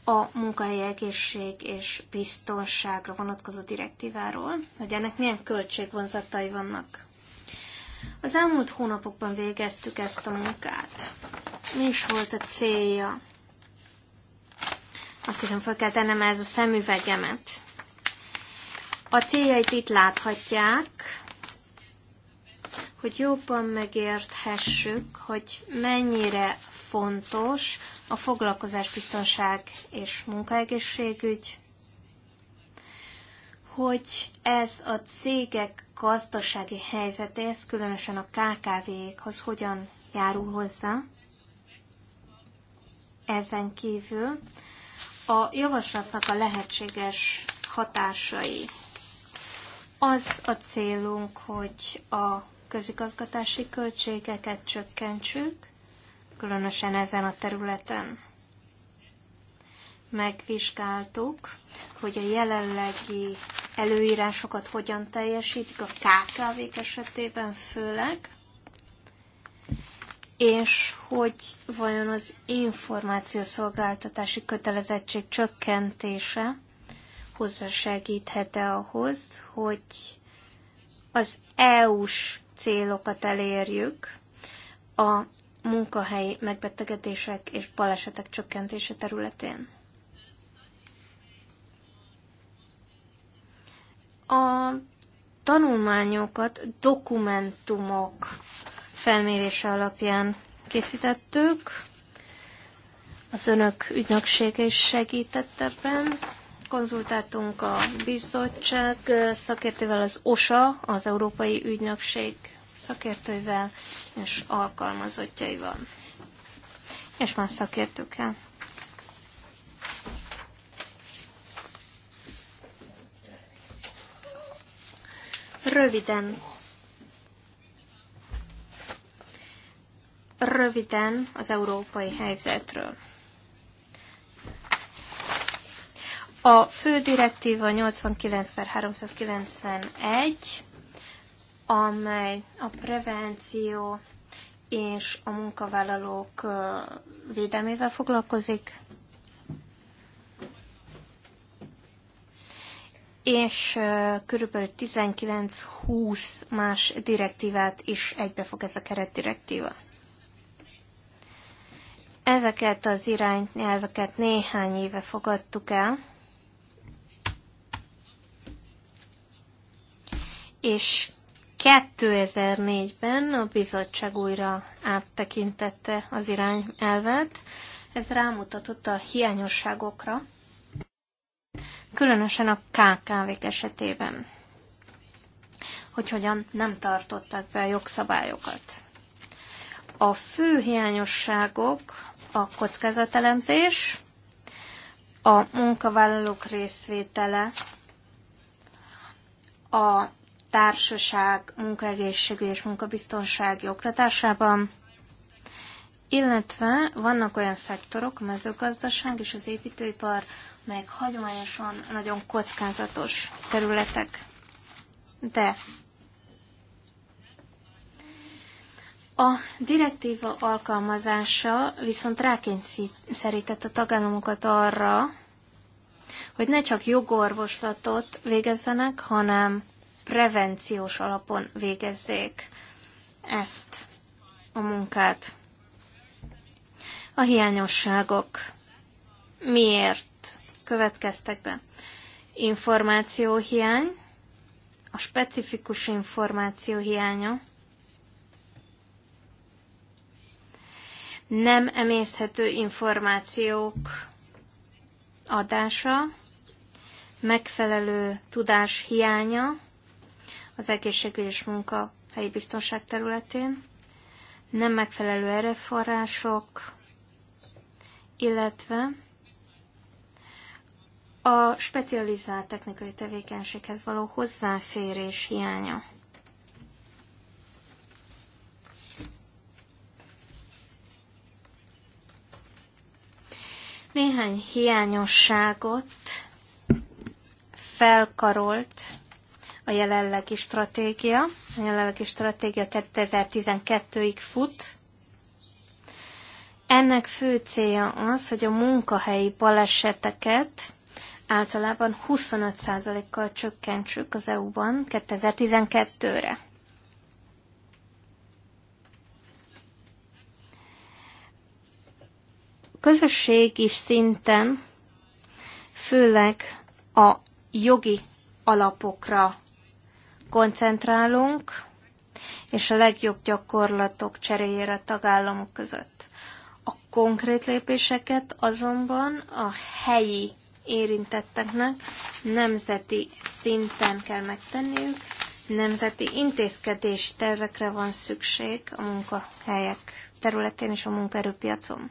a munkahelyi egészség és biztonságra vonatkozó direktíváról, hogy ennek milyen költségvonzatai vannak. Az elmúlt hónapokban végeztük ezt a munkát. Mi is volt a célja? Azt hiszem, fel kell tennem ez a szemüvegemet. A céljait itt láthatják, hogy jobban megérthessük, hogy mennyire fontos a foglalkozásbiztonság és munkaegészségügy, hogy ez a cégek gazdasági helyzetéhez, különösen a KKV-khoz hogyan járul hozzá. Ezen kívül a javaslatnak a lehetséges hatásai. Az a célunk, hogy a közigazgatási költségeket csökkentsük, különösen ezen a területen. Megvizsgáltuk, hogy a jelenlegi előírásokat hogyan teljesítik, a kkv esetében főleg, és hogy vajon az információszolgáltatási kötelezettség csökkentése hozzásegíthet-e ahhoz, hogy az EU-s célokat elérjük a munkahelyi megbetegedések és balesetek csökkentése területén. A tanulmányokat dokumentumok felmérése alapján készítettük. Az önök ügynöksége is segített ebben. Konzultáltunk a bizottság szakértővel, az OSA, az Európai Ügynökség szakértőivel, és alkalmazottjai van. És szakértők el. Röviden. Röviden az európai helyzetről. A fő direktíva 89 per 391 amely a prevenció és a munkavállalók védelmével foglalkozik. és körülbelül 19-20 más direktívát is egybefog ez a keretdirektíva. Ezeket az irányelveket néhány éve fogadtuk el, és 2004-ben a bizottság újra áttekintette az irányelvet. Ez rámutatott a hiányosságokra, különösen a KKV-k esetében, hogy hogyan nem tartották be a jogszabályokat. A fő hiányosságok a kockázatelemzés, a munkavállalók részvétele, a társaság munkaegészségű és munkabiztonsági oktatásában, illetve vannak olyan szektorok, a mezőgazdaság és az építőipar, melyek hagyományosan nagyon kockázatos területek. De a direktíva alkalmazása viszont rákényszerített a tagállamokat arra, hogy ne csak jogorvoslatot végezzenek, hanem prevenciós alapon végezzék ezt a munkát. A hiányosságok miért következtek be? Információhiány, a specifikus információ hiánya, nem emészthető információk adása, megfelelő tudás hiánya, az egészségügy és munkahelyi biztonság területén, nem megfelelő erőforrások, illetve a specializált technikai tevékenységhez való hozzáférés hiánya. Néhány hiányosságot felkarolt a jelenlegi stratégia. A jelenlegi stratégia 2012-ig fut. Ennek fő célja az, hogy a munkahelyi baleseteket általában 25%-kal csökkentsük az EU-ban 2012-re. Közösségi szinten főleg a jogi alapokra koncentrálunk, és a legjobb gyakorlatok cseréjére a tagállamok között. A konkrét lépéseket azonban a helyi érintetteknek nemzeti szinten kell megtenniük, nemzeti intézkedés tervekre van szükség a munkahelyek területén és a munkaerőpiacon.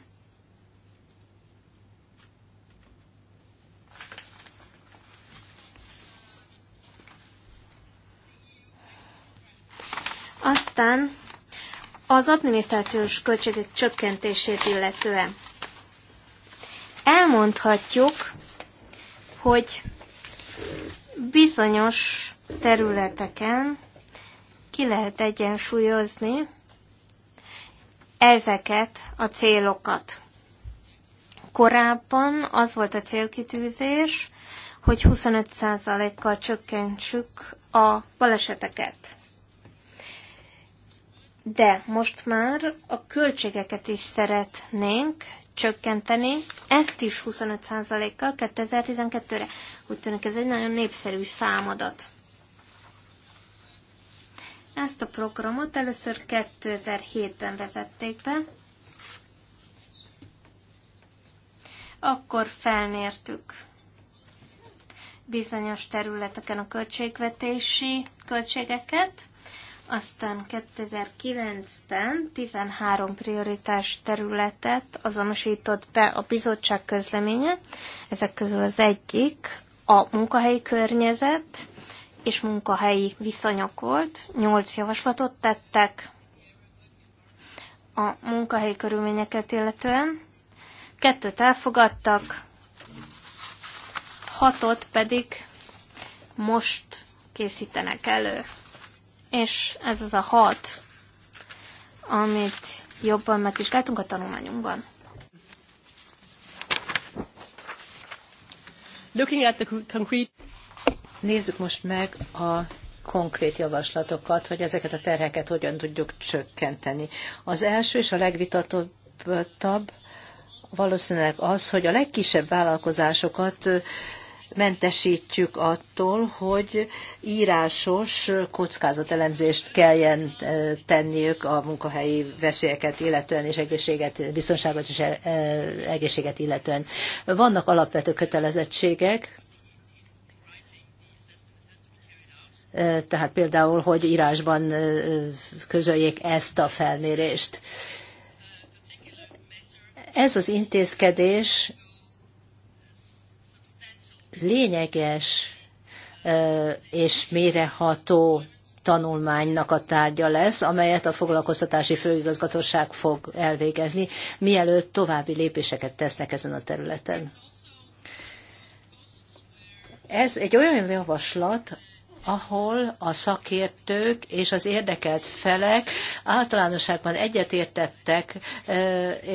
Aztán az adminisztrációs költségek csökkentését illetően elmondhatjuk, hogy bizonyos területeken ki lehet egyensúlyozni ezeket a célokat. Korábban az volt a célkitűzés, hogy 25%-kal csökkentsük a baleseteket. De most már a költségeket is szeretnénk csökkenteni, ezt is 25%-kal 2012-re. Úgy tűnik ez egy nagyon népszerű számadat. Ezt a programot először 2007-ben vezették be, akkor felmértük bizonyos területeken a költségvetési költségeket, aztán 2009-ben 13 prioritás területet azonosított be a bizottság közleménye. Ezek közül az egyik a munkahelyi környezet és munkahelyi viszonyok volt. Nyolc javaslatot tettek a munkahelyi körülményeket illetően. Kettőt elfogadtak, hatot pedig most készítenek elő és ez az a hat, amit jobban megvizsgáltunk a tanulmányunkban. Looking at the concrete... Nézzük most meg a konkrét javaslatokat, hogy ezeket a terheket hogyan tudjuk csökkenteni. Az első és a legvitatottabb valószínűleg az, hogy a legkisebb vállalkozásokat mentesítjük attól, hogy írásos kockázatelemzést kelljen e, tenniük a munkahelyi veszélyeket illetően és egészséget, biztonságot és e, e, egészséget illetően. Vannak alapvető kötelezettségek, tehát például, hogy írásban közöljék ezt a felmérést. Ez az intézkedés lényeges és méreható tanulmánynak a tárgya lesz, amelyet a foglalkoztatási főigazgatóság fog elvégezni, mielőtt további lépéseket tesznek ezen a területen. Ez egy olyan javaslat, ahol a szakértők és az érdekelt felek általánosságban egyetértettek,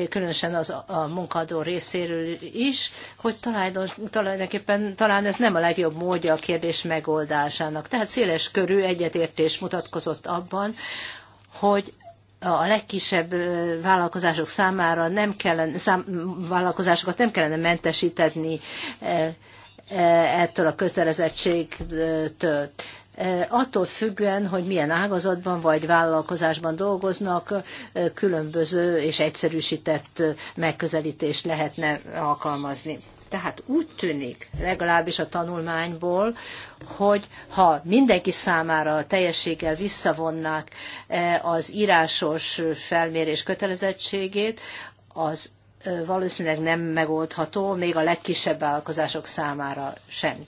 különösen az, a munkadó részéről is, hogy tulajdonképpen talán ez nem a legjobb módja a kérdés megoldásának. Tehát széles körű egyetértés mutatkozott abban, hogy a legkisebb vállalkozások számára nem kellene, szám, vállalkozásokat nem kellene mentesíteni Eh, ettől a kötelezettségtől. Eh, attól függően, hogy milyen ágazatban vagy vállalkozásban dolgoznak, eh, különböző és egyszerűsített megközelítést lehetne alkalmazni. Tehát úgy tűnik, legalábbis a tanulmányból, hogy ha mindenki számára teljességgel visszavonnák az írásos felmérés kötelezettségét, az valószínűleg nem megoldható, még a legkisebb vállalkozások számára sem.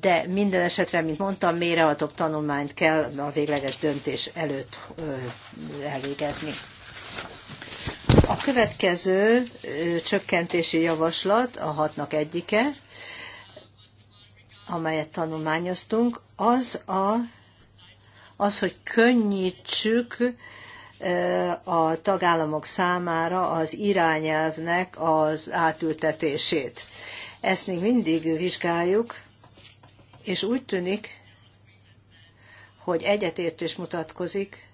De minden esetre, mint mondtam, mérehatóbb tanulmányt kell a végleges döntés előtt elvégezni. A következő csökkentési javaslat, a hatnak egyike, amelyet tanulmányoztunk, az, a, az hogy könnyítsük a tagállamok számára az irányelvnek az átültetését. Ezt még mindig vizsgáljuk, és úgy tűnik, hogy egyetértés mutatkozik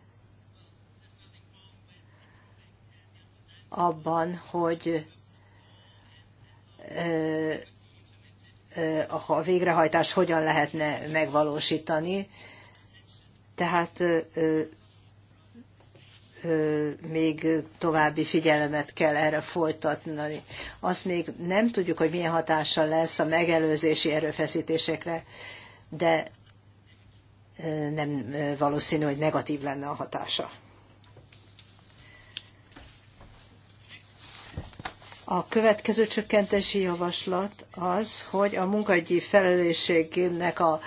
abban, hogy a végrehajtás hogyan lehetne megvalósítani. Tehát még további figyelemet kell erre folytatni. Azt még nem tudjuk, hogy milyen hatással lesz a megelőzési erőfeszítésekre, de nem valószínű, hogy negatív lenne a hatása. A következő csökkentési javaslat az, hogy a munkahogyi felelősségnek a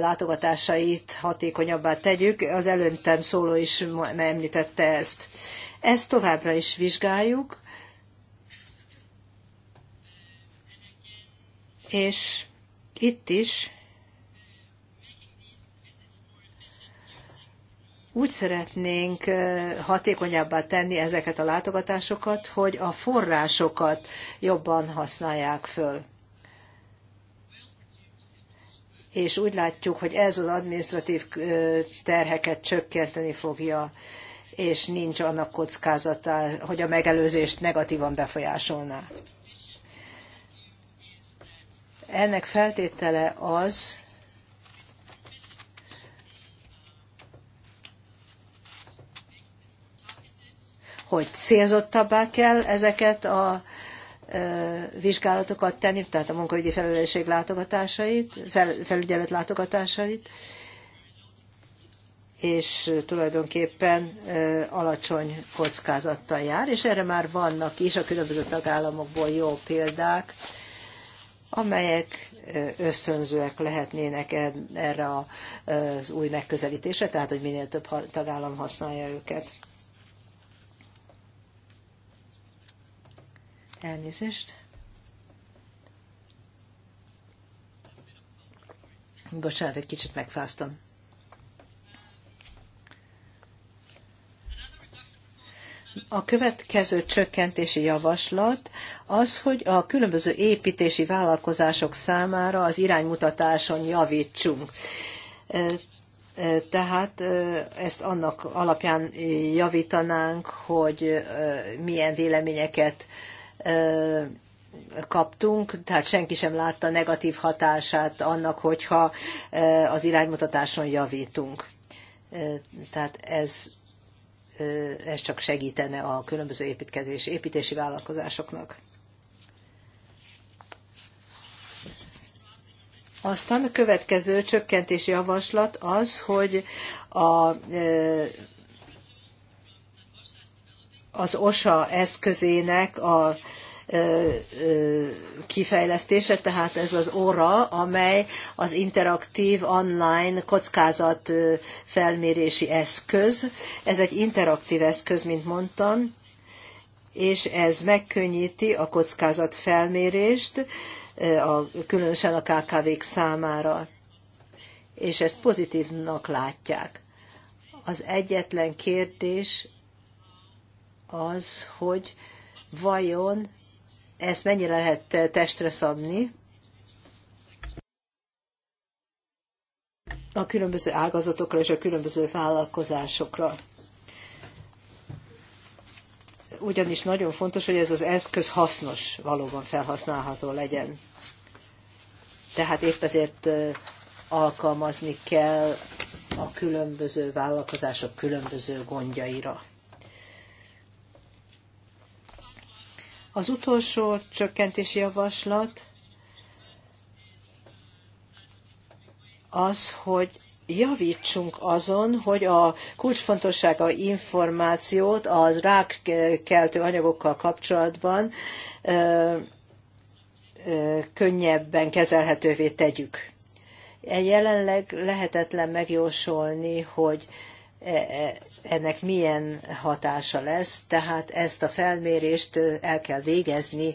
látogatásait hatékonyabbá tegyük. Az előttem szóló is említette ezt. Ezt továbbra is vizsgáljuk, és itt is úgy szeretnénk hatékonyabbá tenni ezeket a látogatásokat, hogy a forrásokat jobban használják föl és úgy látjuk, hogy ez az administratív terheket csökkenteni fogja, és nincs annak kockázata, hogy a megelőzést negatívan befolyásolná. Ennek feltétele az, hogy célzottabbá kell ezeket a vizsgálatokat tenni, tehát a munkaügyi felelősség látogatásait, fel, felügyelet látogatásait, és tulajdonképpen alacsony kockázattal jár, és erre már vannak is a különböző tagállamokból jó példák, amelyek ösztönzőek lehetnének erre az új megközelítésre, tehát hogy minél több tagállam használja őket. Elnézést. Bocsánat, egy kicsit megfáztam. A következő csökkentési javaslat az, hogy a különböző építési vállalkozások számára az iránymutatáson javítsunk. Tehát ezt annak alapján javítanánk, hogy milyen véleményeket kaptunk, tehát senki sem látta negatív hatását annak, hogyha az iránymutatáson javítunk. Tehát ez, ez csak segítene a különböző építkezés, építési vállalkozásoknak. Aztán a következő csökkentési javaslat az, hogy a az OSA eszközének a kifejlesztése, tehát ez az óra, amely az interaktív online kockázat felmérési eszköz. Ez egy interaktív eszköz, mint mondtam, és ez megkönnyíti a kockázat felmérést, a, különösen a KKV-k számára. És ezt pozitívnak látják. Az egyetlen kérdés az, hogy vajon ezt mennyire lehet testre szabni a különböző ágazatokra és a különböző vállalkozásokra. Ugyanis nagyon fontos, hogy ez az eszköz hasznos, valóban felhasználható legyen. Tehát épp ezért alkalmazni kell a különböző vállalkozások különböző gondjaira. Az utolsó csökkentési javaslat az, hogy javítsunk azon, hogy a kulcsfontossága információt a rákkeltő anyagokkal kapcsolatban könnyebben kezelhetővé tegyük. Jelenleg lehetetlen megjósolni, hogy e, e, ennek milyen hatása lesz, tehát ezt a felmérést el kell végezni,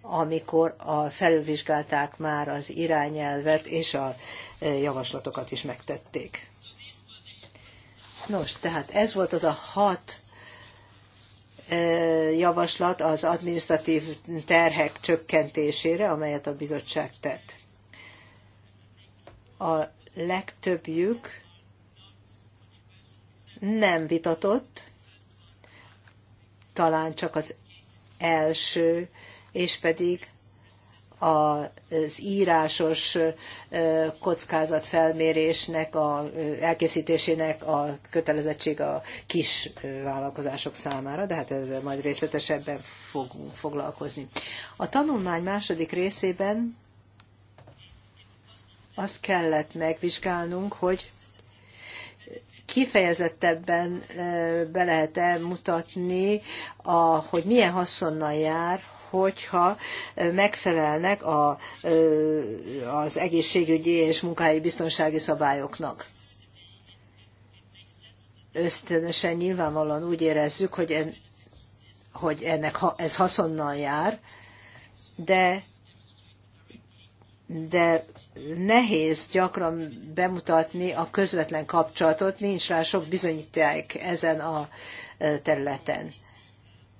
amikor a felülvizsgálták már az irányelvet, és a javaslatokat is megtették. Nos, tehát ez volt az a hat javaslat az administratív terhek csökkentésére, amelyet a bizottság tett. A legtöbbjük nem vitatott, talán csak az első, és pedig az írásos kockázatfelmérésnek, a, elkészítésének a kötelezettség a kis vállalkozások számára, de hát ezzel majd részletesebben fogunk foglalkozni. A tanulmány második részében azt kellett megvizsgálnunk, hogy kifejezettebben be lehet mutatni, a, hogy milyen haszonnal jár, hogyha megfelelnek a, az egészségügyi és munkahelyi biztonsági szabályoknak. Ösztönösen nyilvánvalóan úgy érezzük, hogy, en, hogy ennek, ez haszonnal jár, de de nehéz gyakran bemutatni a közvetlen kapcsolatot, nincs rá sok bizonyíték ezen a e, területen.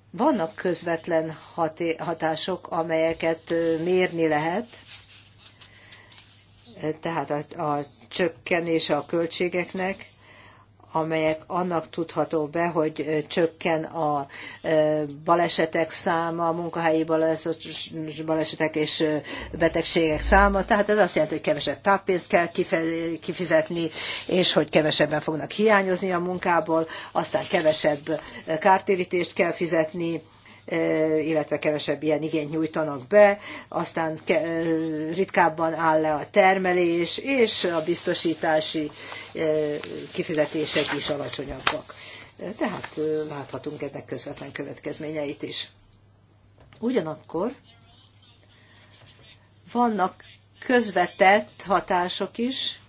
Vannak közvetlen hatások, amelyeket e, mérni lehet, e, tehát a, a csökkenése a költségeknek, amelyek annak tudható be, hogy csökken a balesetek száma, a munkahelyi balesetek és betegségek száma. Tehát ez azt jelenti, hogy kevesebb táppénzt kell kifizetni, és hogy kevesebben fognak hiányozni a munkából, aztán kevesebb kártérítést kell fizetni, illetve kevesebb ilyen igényt nyújtanak be, aztán ritkábban áll le a termelés, és a biztosítási kifizetések is alacsonyabbak. Tehát láthatunk ennek közvetlen következményeit is. Ugyanakkor vannak közvetett hatások is,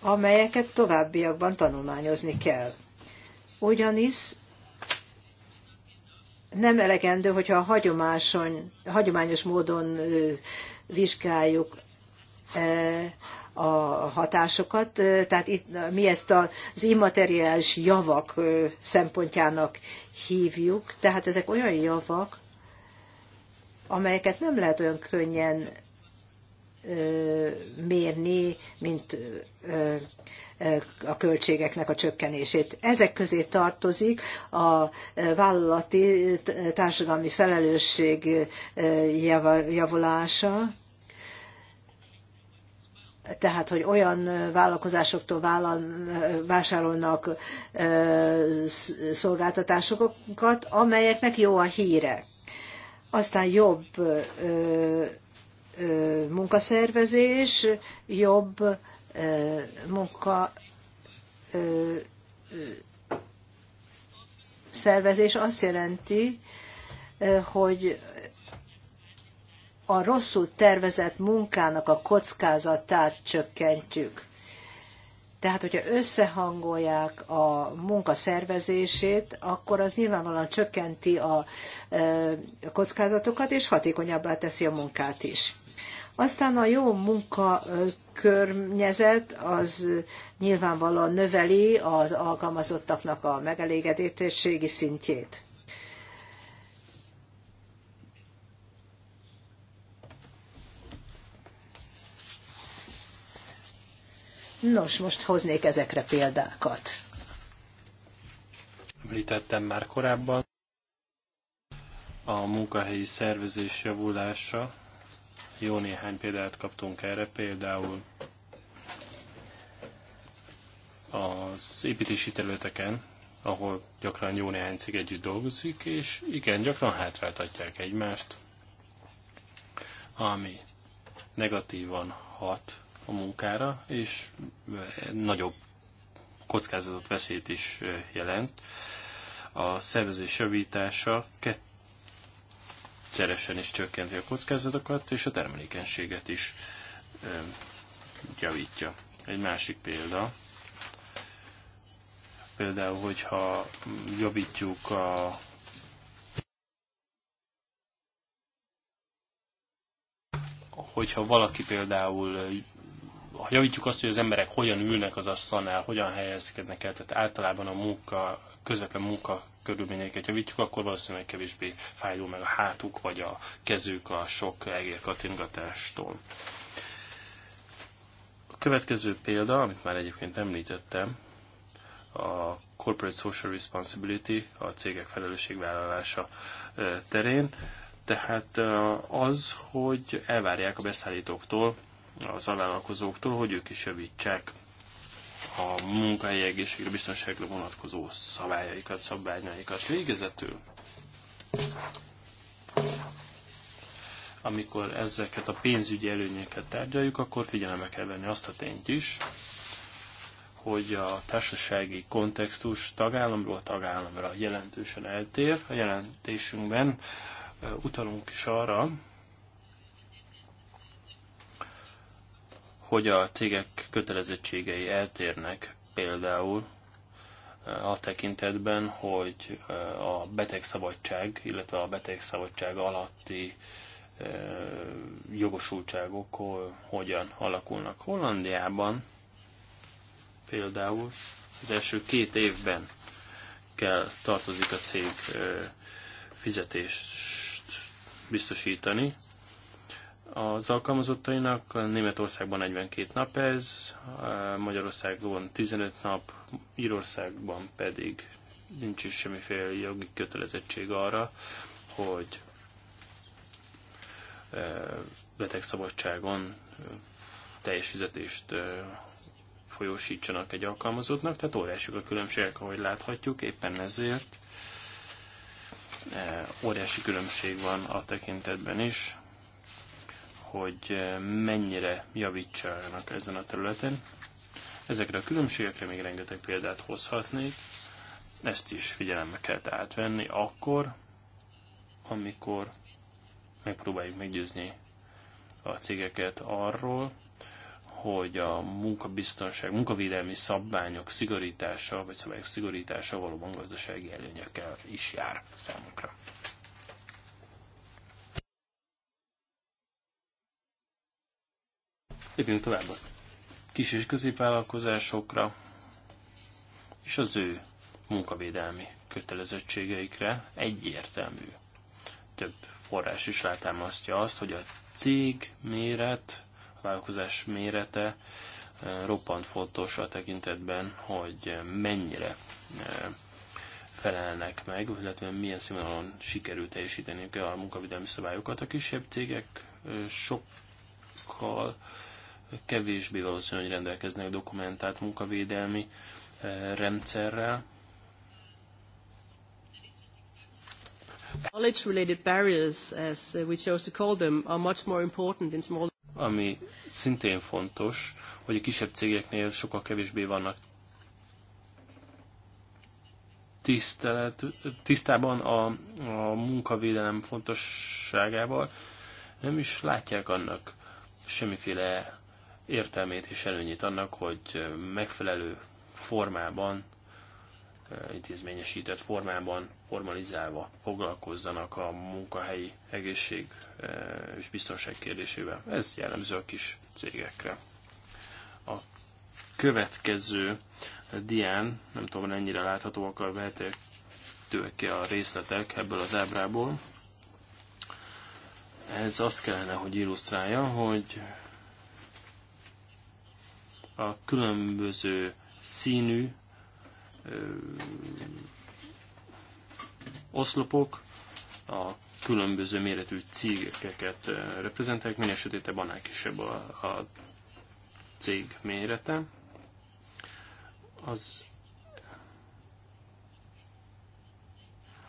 amelyeket továbbiakban tanulmányozni kell. Ugyanis nem elegendő, hogyha a hagyományos módon vizsgáljuk a hatásokat, tehát itt mi ezt az immateriális javak szempontjának hívjuk, tehát ezek olyan javak, amelyeket nem lehet olyan könnyen mérni, mint a költségeknek a csökkenését. Ezek közé tartozik a e, vállalati e, társadalmi felelősség e, javulása, tehát, hogy olyan vállalkozásoktól vállal, vásárolnak ö, szolgáltatásokat, amelyeknek jó a híre. Aztán jobb ö, ö, munkaszervezés, jobb munka szervezés azt jelenti, hogy a rosszul tervezett munkának a kockázatát csökkentjük. Tehát, hogyha összehangolják a munka szervezését, akkor az nyilvánvalóan csökkenti a kockázatokat, és hatékonyabbá teszi a munkát is. Aztán a jó munka környezet az nyilvánvalóan növeli az alkalmazottaknak a megelégedettségi szintjét. Nos, most hoznék ezekre példákat. Említettem már korábban a munkahelyi szervezés javulása, jó néhány példát kaptunk erre, például az építési területeken, ahol gyakran jó néhány cég együtt dolgozik, és igen, gyakran hátráltatják egymást, ami negatívan hat a munkára, és nagyobb kockázatot, veszélyt is jelent. A szervezés javítása egyszeresen is csökkenti a kockázatokat, és a termelékenységet is javítja. Egy másik példa, például, hogyha javítjuk a hogyha valaki például ha javítjuk azt, hogy az emberek hogyan ülnek az asszalnál, hogyan helyezkednek el, tehát általában a munka közvetlen munka körülményeket javítjuk, akkor valószínűleg kevésbé fájul meg a hátuk vagy a kezük a sok egérkatingatástól. A következő példa, amit már egyébként említettem, a Corporate Social Responsibility, a cégek felelősségvállalása terén, tehát az, hogy elvárják a beszállítóktól, az alvállalkozóktól, hogy ők is javítsák a munkahelyi egészségre, biztonságra vonatkozó szabályaikat, szabványaikat végezetül. Amikor ezeket a pénzügyi előnyeket tárgyaljuk, akkor figyelembe kell venni azt a tényt is, hogy a társasági kontextus tagállamról tagállamra jelentősen eltér. A jelentésünkben utalunk is arra, hogy a cégek kötelezettségei eltérnek például eh, a tekintetben, hogy eh, a betegszabadság, illetve a betegszabadság alatti eh, jogosultságok hogyan alakulnak. Hollandiában például az első két évben kell tartozik a cég fizetést biztosítani, az alkalmazottainak. Németországban 42 nap ez, Magyarországon 15 nap, Írországban pedig nincs is semmiféle jogi kötelezettség arra, hogy betegszabadságon teljes fizetést folyósítsanak egy alkalmazottnak, tehát óriásik a különbségek, ahogy láthatjuk, éppen ezért óriási különbség van a tekintetben is, hogy mennyire javítsanak ezen a területen. Ezekre a különbségekre még rengeteg példát hozhatnék, ezt is figyelembe kell tehát venni akkor, amikor megpróbáljuk meggyőzni a cégeket arról, hogy a munkabiztonság, munkavédelmi szabványok szigorítása, vagy szabályok szigorítása valóban gazdasági előnyekkel is jár számunkra. Lépjünk tovább a kis és középvállalkozásokra és az ő munkavédelmi kötelezettségeikre egyértelmű. Több forrás is látámasztja azt, hogy a cég méret, a vállalkozás mérete eh, roppant fontos a tekintetben, hogy mennyire eh, felelnek meg, illetve milyen színvonalon sikerül teljesíteni a munkavédelmi szabályokat. A kisebb cégek eh, sokkal kevésbé valószínű, hogy rendelkeznek dokumentált munkavédelmi eh, rendszerrel. Knowledge-related barriers, as uh, we chose to call them, are much more important in small... Ami szintén fontos, hogy a kisebb cégeknél sokkal kevésbé vannak tisztelet, tisztában a, a munkavédelem fontosságával, nem is látják annak semmiféle értelmét és előnyét annak, hogy megfelelő formában, eh, intézményesített formában, formalizálva foglalkozzanak a munkahelyi egészség eh, és biztonság kérdésével. Ez jellemző a kis cégekre. A következő dián, nem tudom, ennyire láthatóak a vehetők a részletek ebből az ábrából. Ez azt kellene, hogy illusztrálja, hogy a különböző színű oszlopok, a különböző méretű cégeket reprezentálják, minél sötétebb, annál kisebb a, a cég mérete. Az,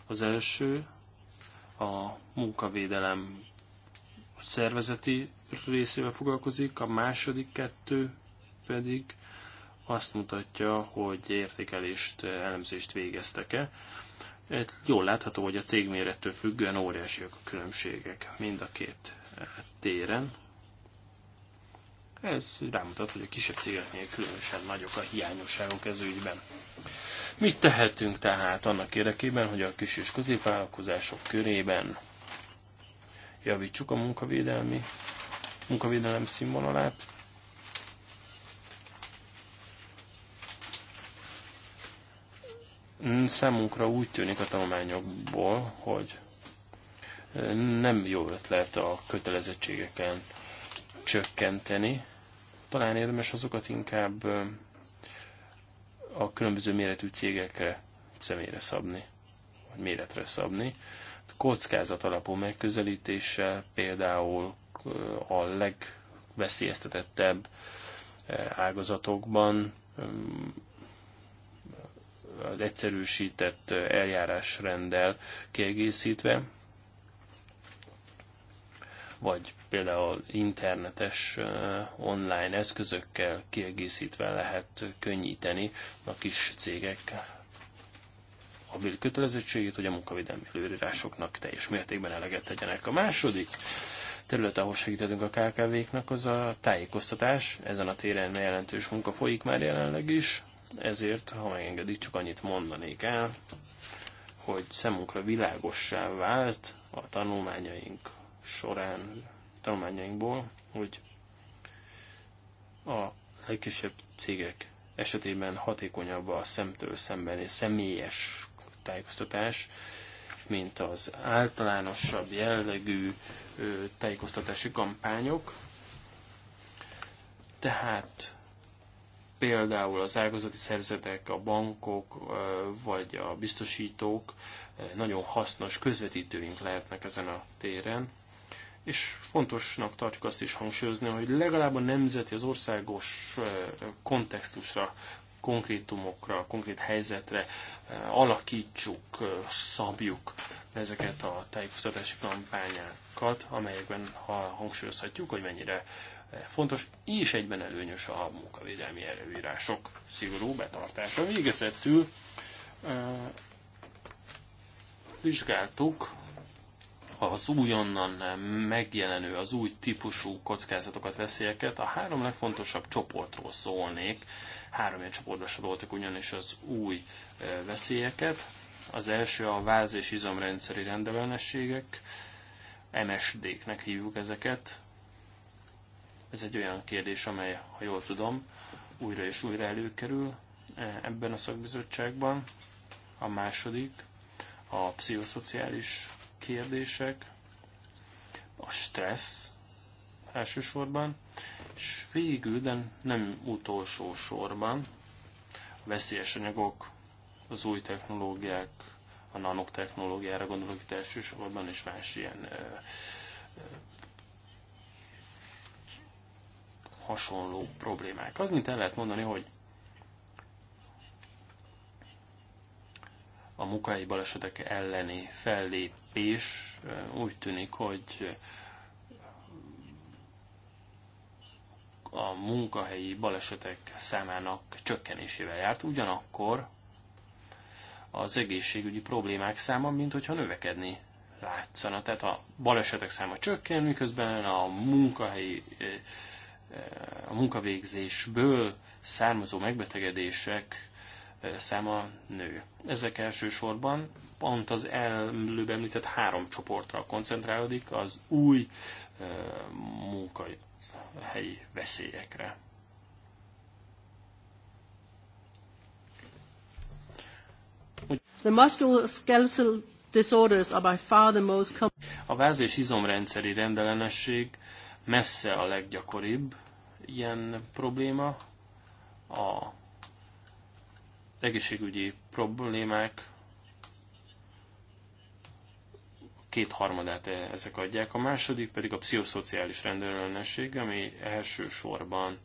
az első a munkavédelem szervezeti részével foglalkozik, a második kettő pedig azt mutatja, hogy értékelést, elemzést végeztek-e. Jól látható, hogy a cég mérettől függően óriásiak a különbségek mind a két eh, téren. Ez rámutat, hogy a kisebb cégeknél különösen nagyok a hiányosságok ez ügyben. Mit tehetünk tehát annak érdekében, hogy a kis és középvállalkozások körében javítsuk a munkavédelmi, munkavédelem színvonalát, Számunkra úgy tűnik a tanulmányokból, hogy nem jó ötlet a kötelezettségeken csökkenteni. Talán érdemes azokat inkább a különböző méretű cégekre, személyre szabni, vagy méretre szabni. Kockázat alapú megközelítéssel például a legveszélyeztetettebb ágazatokban az egyszerűsített eljárásrenddel kiegészítve, vagy például internetes eh, online eszközökkel kiegészítve lehet könnyíteni a kis cégek a kötelezettségét, hogy a munkavédelmi előírásoknak teljes mértékben eleget tegyenek. A második terület, ahol segítettünk a KKV-knak, az a tájékoztatás. Ezen a téren jelentős munka folyik már jelenleg is ezért, ha megengedik, csak annyit mondanék el, hogy szemunkra világossá vált a tanulmányaink során, tanulmányainkból, hogy a legkisebb cégek esetében hatékonyabb a szemtől szemben és személyes tájékoztatás, mint az általánosabb jellegű tájékoztatási kampányok. Tehát például az ágazati szerzetek, a bankok vagy a biztosítók nagyon hasznos közvetítőink lehetnek ezen a téren, és fontosnak tartjuk azt is hangsúlyozni, hogy legalább a nemzeti, az országos kontextusra, konkrétumokra, konkrét helyzetre alakítsuk, szabjuk ezeket a tájékoztatási kampányákat, amelyekben ha hangsúlyozhatjuk, hogy mennyire fontos és egyben előnyös a munkavédelmi előírások szigorú betartása. Végezetül vizsgáltuk az újonnan megjelenő, az új típusú kockázatokat, veszélyeket. A három legfontosabb csoportról szólnék. Három ilyen csoportra soroltuk ugyanis az új veszélyeket. Az első a váz- és izomrendszeri rendellenességek, MSD-knek hívjuk ezeket, ez egy olyan kérdés, amely, ha jól tudom, újra és újra előkerül eh, ebben a szakbizottságban. A második a pszichoszociális kérdések, a stressz elsősorban, és végül, de nem utolsó sorban, a veszélyes anyagok, az új technológiák, a nanotechnológiára gondolok itt elsősorban, és más ilyen eh, hasonló problémák. Az, mint el lehet mondani, hogy a munkahelyi balesetek elleni fellépés úgy tűnik, hogy a munkahelyi balesetek számának csökkenésével járt, ugyanakkor az egészségügyi problémák száma, mint hogyha növekedni látszana. Tehát a balesetek száma csökken, miközben a munkahelyi a munkavégzésből származó megbetegedések eh, száma nő. Ezek elsősorban pont az előbb említett három csoportra koncentrálódik, az új eh, munkahelyi veszélyekre. The musculoskeletal disorders are by far the most common. A váz és izomrendszeri rendellenesség messze a leggyakoribb, ilyen probléma, a egészségügyi problémák kétharmadát ezek adják. A második pedig a pszichoszociális rendellenesség, ami elsősorban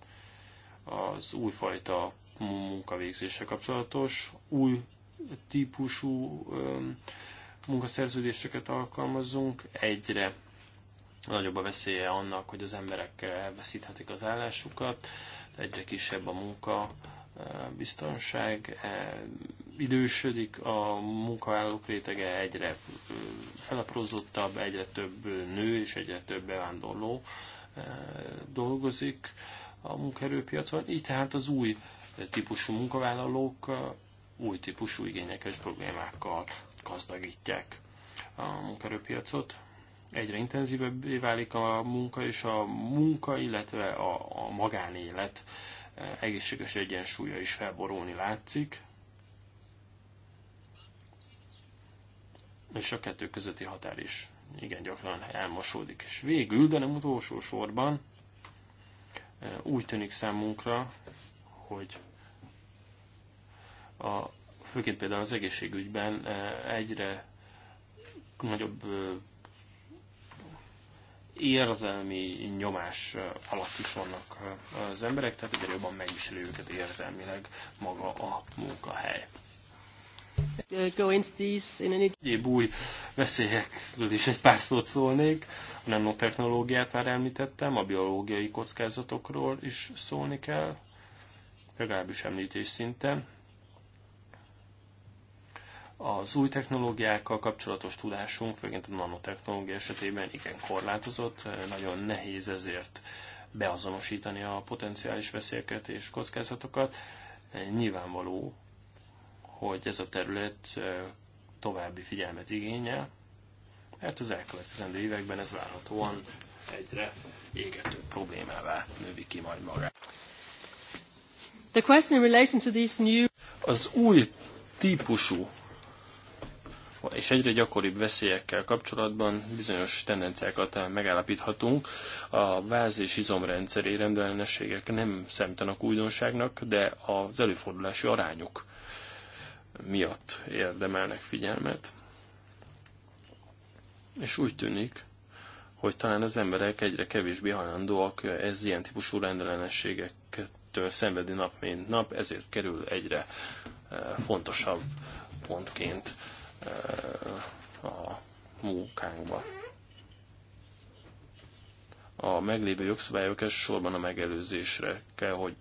az újfajta munkavégzése kapcsolatos, új típusú munkaszerződéseket alkalmazunk, egyre nagyobb a veszélye annak, hogy az emberek elveszíthetik az állásukat, egyre kisebb a munka, eh, biztonság, eh, idősödik, a munkavállalók rétege egyre eh, felaprózottabb, egyre több nő és egyre több bevándorló dolgozik a munkaerőpiacon, így tehát az új típusú munkavállalók új típusú igényekes problémákkal gazdagítják a munkaerőpiacot egyre intenzívebbé válik a munka, és a munka, illetve a, a magánélet e, egészséges egyensúlya is felborulni látszik. És a kettő közötti határ is igen gyakran elmosódik. És végül, de nem utolsó sorban, e, úgy tűnik számunkra, hogy a, főként például az egészségügyben e, egyre nagyobb érzelmi nyomás alatt is vannak az emberek, tehát egyre jobban megviseli őket érzelmileg maga a munkahely. Egyéb új veszélyekről is egy pár szót szólnék. A nanotechnológiát már említettem, a biológiai kockázatokról is szólni kell, legalábbis említés szinten az új technológiákkal kapcsolatos tudásunk, főként a nanotechnológia esetében igen korlátozott, nagyon nehéz ezért beazonosítani a potenciális veszélyeket és kockázatokat. Nyilvánvaló, hogy ez a terület további figyelmet igényel, mert az elkövetkezendő években ez várhatóan egyre égető problémává növi ki majd magát. The question in relation to these new... Az új típusú és egyre gyakoribb veszélyekkel kapcsolatban bizonyos tendenciákat megállapíthatunk. A váz és izomrendszeri rendellenességek nem szemtanak újdonságnak, de az előfordulási arányuk miatt érdemelnek figyelmet. És úgy tűnik, hogy talán az emberek egyre kevésbé hajlandóak ez ilyen típusú rendellenességektől szenvedni nap mint nap, ezért kerül egyre eh, fontosabb pontként a munkánkba. A meglévő jogszabályok elsősorban a megelőzésre kell, hogy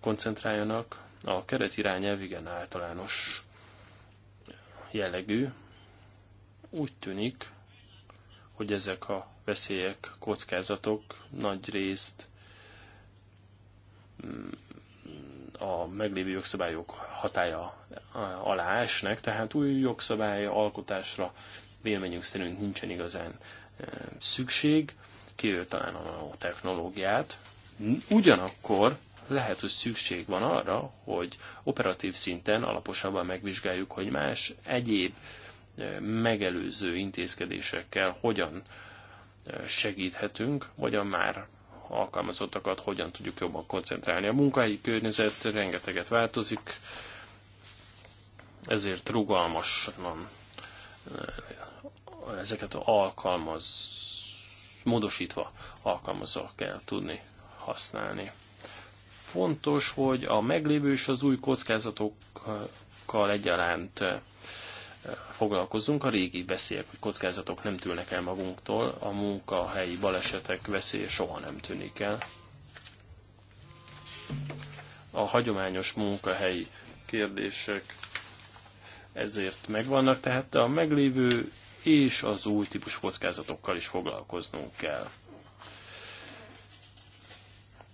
koncentráljanak. A keretirányelv igen általános jellegű. Úgy tűnik, hogy ezek a veszélyek, kockázatok nagy részt mm, a meglévő jogszabályok hatája alá esnek, tehát új jogszabály alkotásra véleményünk szerint nincsen igazán e, szükség, kívül talán a technológiát. Ugyanakkor lehet, hogy szükség van arra, hogy operatív szinten alaposabban megvizsgáljuk, hogy más egyéb e, megelőző intézkedésekkel hogyan e, segíthetünk, hogyan már alkalmazottakat hogyan tudjuk jobban koncentrálni. A munkahelyi környezet rengeteget változik, ezért rugalmasan eh, ezeket alkalmaz, módosítva alkalmazva kell tudni használni. Fontos, hogy a meglévő és az új kockázatokkal egyaránt eh, foglalkozzunk. A régi veszélyek hogy kockázatok nem tűnnek el magunktól, a munkahelyi balesetek veszélye soha nem tűnik el. A hagyományos munkahelyi kérdések ezért megvannak, tehát a meglévő és az új típus kockázatokkal is foglalkoznunk kell.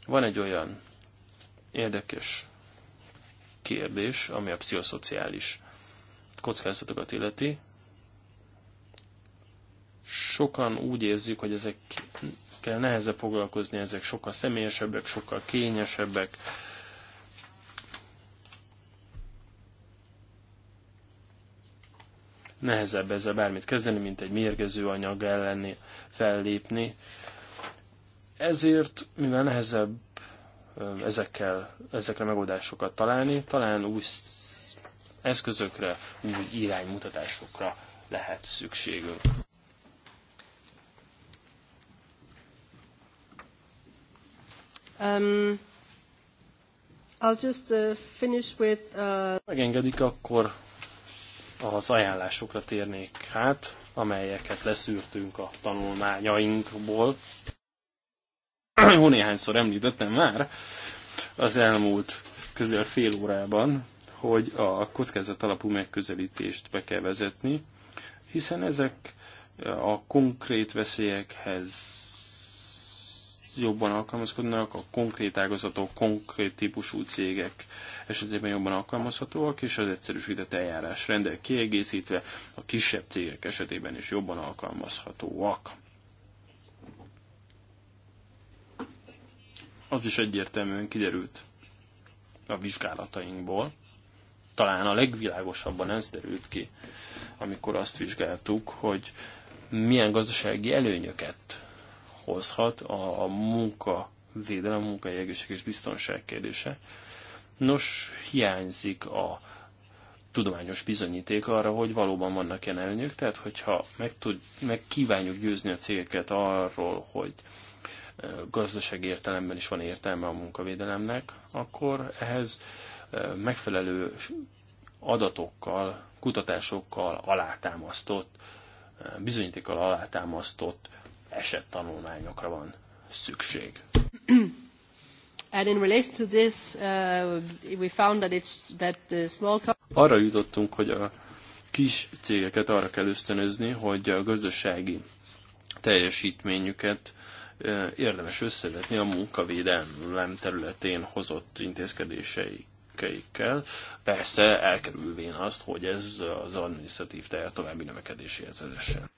Van egy olyan érdekes kérdés, ami a pszichoszociális kockázatokat illeti, sokan úgy érzik, hogy ezekkel nehezebb foglalkozni, ezek sokkal személyesebbek, sokkal kényesebbek. Nehezebb ezzel bármit kezdeni, mint egy mérgező anyag elleni fellépni. Ezért, mivel nehezebb ezekkel, ezekre megoldásokat találni, talán új eszközökre, új iránymutatásokra lehet szükségünk. Um, I'll just uh, finish with, uh... Megengedik, akkor az ajánlásokra térnék hát, amelyeket leszűrtünk a tanulmányainkból. Jó néhányszor említettem már az elmúlt közel fél órában, hogy a kockázat alapú megközelítést be kell vezetni, hiszen ezek a konkrét veszélyekhez jobban alkalmazkodnak, a konkrét ágazatok, konkrét típusú cégek esetében jobban alkalmazhatóak, és az egyszerűsített eljárás rendel kiegészítve a kisebb cégek esetében is jobban alkalmazhatóak. Az is egyértelműen kiderült a vizsgálatainkból, talán a legvilágosabban ez derült ki, amikor azt vizsgáltuk, hogy milyen gazdasági előnyöket hozhat a, a munkavédelem, egészség és biztonság kérdése. Nos, hiányzik a tudományos bizonyíték arra, hogy valóban vannak ilyen előnyök, tehát hogyha meg, tud, meg kívánjuk győzni a cégeket arról, hogy eh, gazdaság értelemben is van értelme a munkavédelemnek, akkor ehhez megfelelő adatokkal, kutatásokkal alátámasztott, bizonyítékkal alátámasztott esettanulmányokra van szükség. And in relation to this, uh, we found that it's that the uh, small arra jutottunk, hogy a kis cégeket arra kell ösztönözni, hogy a gazdasági teljesítményüket érdemes összevetni a munkavédelem területén hozott intézkedéseik érdekeikkel, persze elkerülvén azt, hogy ez az administratív teher további növekedéséhez vezessen.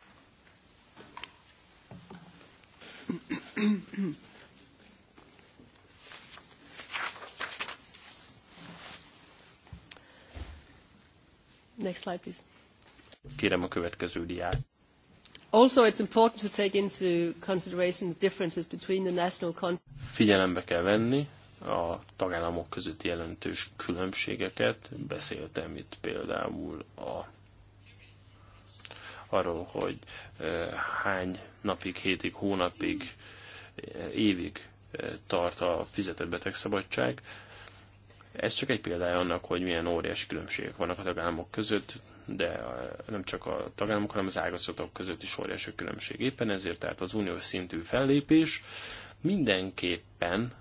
Next slide, please. Kérem a következő diát. Also, it's important to take into consideration the differences between the national Figyelembe kell venni a tagállamok között jelentős különbségeket. Beszéltem itt például a, arról, hogy eh, hány napig, hétig, hónapig, eh, évig eh, tart a fizetett betegszabadság. Ez csak egy példája annak, hogy milyen óriási különbségek vannak a tagállamok között, de nem csak a tagállamok, hanem az ágazatok között is óriási különbség. Éppen ezért tehát az uniós szintű fellépés mindenképpen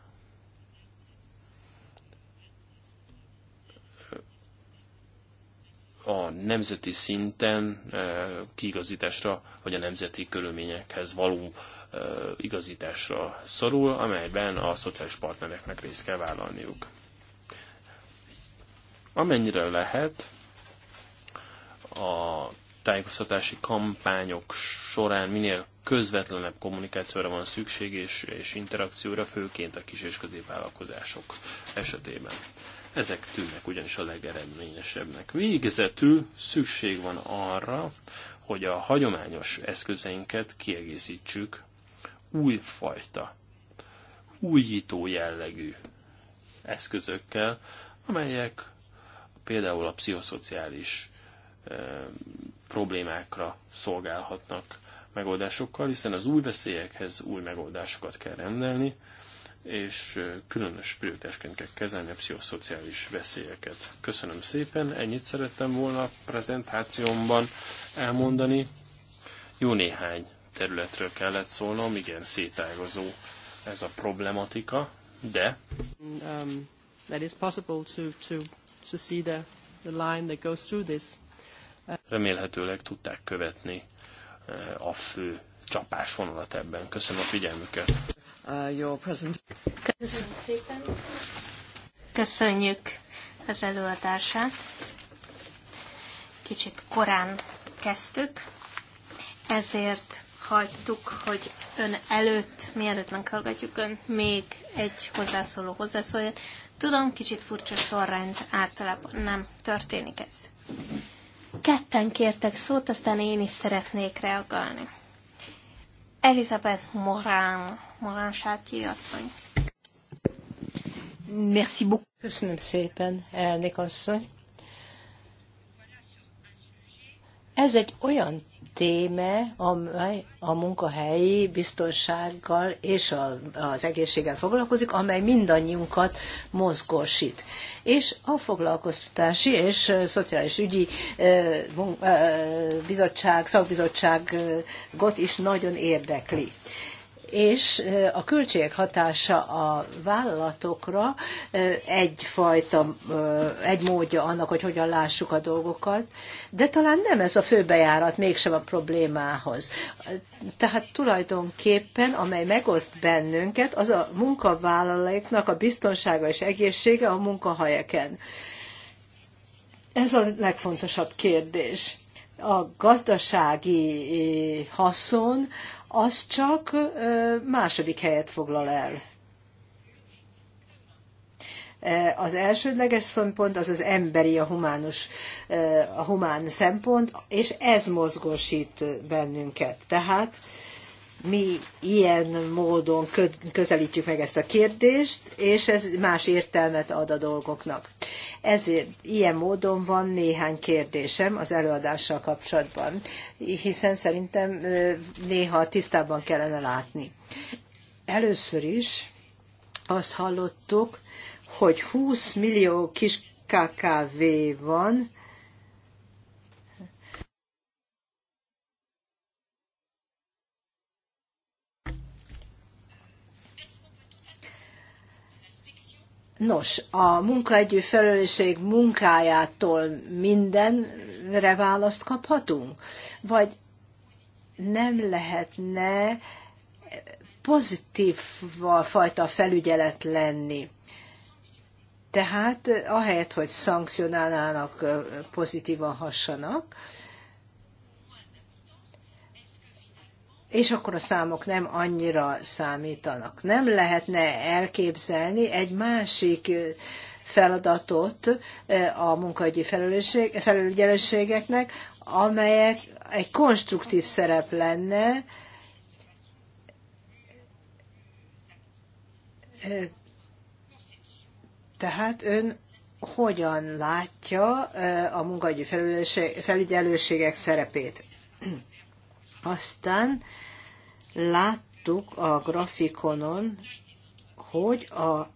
a nemzeti szinten e, kiigazításra, vagy a nemzeti körülményekhez való e, igazításra szorul, amelyben a szociális partnereknek részt kell vállalniuk. Amennyire lehet, a tájékoztatási kampányok során minél közvetlenebb kommunikációra van szükség és, és interakcióra, főként a kis és középvállalkozások esetében. Ezek tűnnek ugyanis a legeredményesebbnek. Végezetül szükség van arra, hogy a hagyományos eszközeinket kiegészítsük újfajta, újító jellegű eszközökkel, amelyek például a pszichoszociális e, problémákra szolgálhatnak megoldásokkal, hiszen az új veszélyekhez új megoldásokat kell rendelni, és különös prioritásként kell kezelni a pszichoszociális veszélyeket. Köszönöm szépen, ennyit szerettem volna a prezentációmban elmondani. Jó néhány területről kellett szólnom, igen, szétágazó ez a problematika, de... Um, that is possible to, to, to see the, the line that goes through this. Remélhetőleg tudták követni a fő csapás vonalat ebben. Köszönöm a figyelmüket! Uh, your Köszönjük szépen. Köszönjük az előadását. Kicsit korán kezdtük, ezért hagytuk, hogy ön előtt, mielőtt meghallgatjuk ön, még egy hozzászóló hozzászóljon. Tudom, kicsit furcsa sorrend, általában nem történik ez. Ketten kértek szót, aztán én is szeretnék reagálni. Elizabeth Morán Morán asszony. Merci beaucoup. Köszönöm szépen, elnök asszony. Ez egy olyan téme, amely a munkahelyi biztonsággal és a, az egészséggel foglalkozik, amely mindannyiunkat mozgósít. És a foglalkoztatási és szociális ügyi bizottság, szakbizottságot is nagyon érdekli és a költségek hatása a vállalatokra egyfajta, egy módja annak, hogy hogyan lássuk a dolgokat, de talán nem ez a főbejárat mégsem a problémához. Tehát tulajdonképpen, amely megoszt bennünket, az a munkavállalóknak a biztonsága és egészsége a munkahelyeken. Ez a legfontosabb kérdés a gazdasági eh, haszon az csak második helyet foglal el. Az elsődleges szempont az az emberi, a, humánus, a humán szempont, és ez mozgósít bennünket. Tehát mi ilyen módon közelítjük meg ezt a kérdést, és ez más értelmet ad a dolgoknak. Ezért ilyen módon van néhány kérdésem az előadással kapcsolatban, hiszen szerintem néha tisztában kellene látni. Először is azt hallottuk, hogy 20 millió kis KKV van, Nos, a munkaegyű felelősség munkájától mindenre választ kaphatunk? Vagy nem lehetne pozitív fajta felügyelet lenni? Tehát ahelyett, hogy szankcionálnának, pozitívan hassanak, és akkor a számok nem annyira számítanak. Nem lehetne elképzelni egy másik feladatot a munkahogyi felügyelőségeknek, amelyek egy konstruktív szerep lenne, tehát ön hogyan látja a munkahogyi felügyelőségek szerepét? Aztán láttuk a grafikonon, hogy a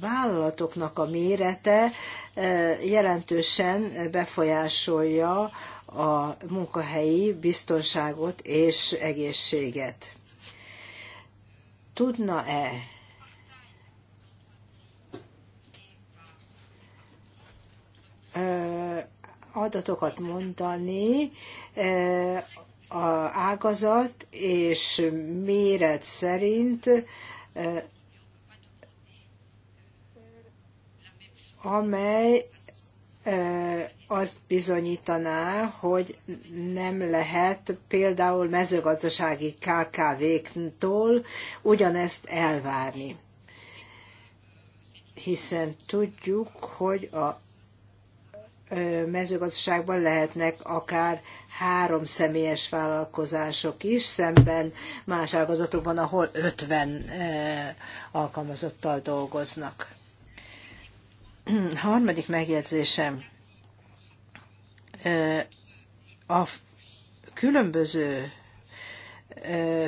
vállalatoknak a mérete e, jelentősen befolyásolja a munkahelyi biztonságot és egészséget. Tudna-e e, adatokat mondani e, a ágazat és méret szerint, eh, amely eh, azt bizonyítaná, hogy nem lehet például mezőgazdasági KKV-któl ugyanezt elvárni. Hiszen tudjuk, hogy a mezőgazdaságban lehetnek akár három személyes vállalkozások is, szemben más ágazatokban, ahol 50 alkalmazottal dolgoznak. Harmadik megjegyzésem. A különböző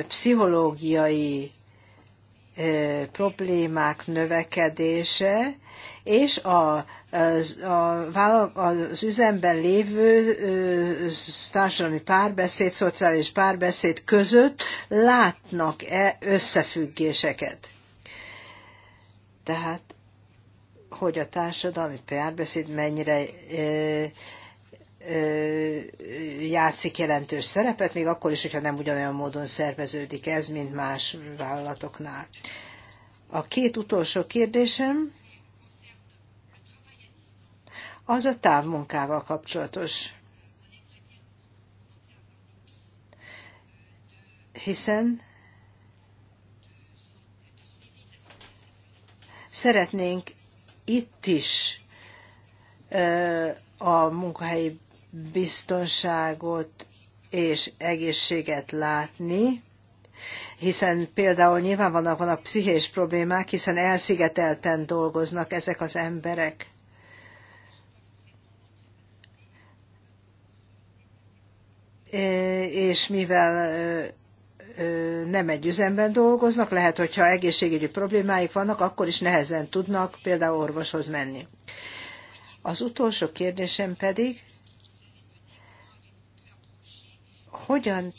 pszichológiai problémák növekedése, és a, az, a, az üzemben lévő társadalmi párbeszéd, szociális párbeszéd között látnak-e összefüggéseket. Tehát, hogy a társadalmi párbeszéd mennyire játszik jelentős szerepet, még akkor is, hogyha nem ugyanolyan módon szerveződik ez, mint más vállalatoknál. A két utolsó kérdésem az a távmunkával kapcsolatos. Hiszen szeretnénk itt is a munkahelyi biztonságot és egészséget látni, hiszen például nyilván vannak, vannak pszichés problémák, hiszen elszigetelten dolgoznak ezek az emberek. E, és mivel e, e, nem egy üzemben dolgoznak, lehet, hogyha egészségügyi problémáik vannak, akkor is nehezen tudnak például orvoshoz menni. Az utolsó kérdésem pedig, hogyan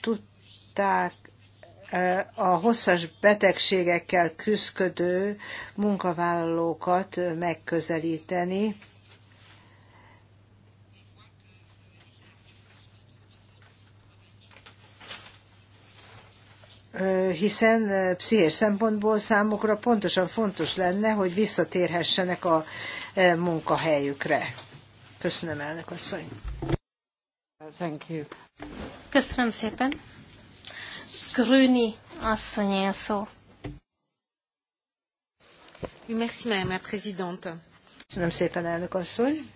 tudták a hosszas betegségekkel küzdködő munkavállalókat megközelíteni. hiszen pszichés szempontból számukra pontosan fontos lenne, hogy visszatérhessenek a munkahelyükre. Köszönöm, elnök asszony. Thank you. Köszönöm szépen. Grüni asszonyé a szó. Merci, Madame la Présidente. Köszönöm szépen, elnök asszony.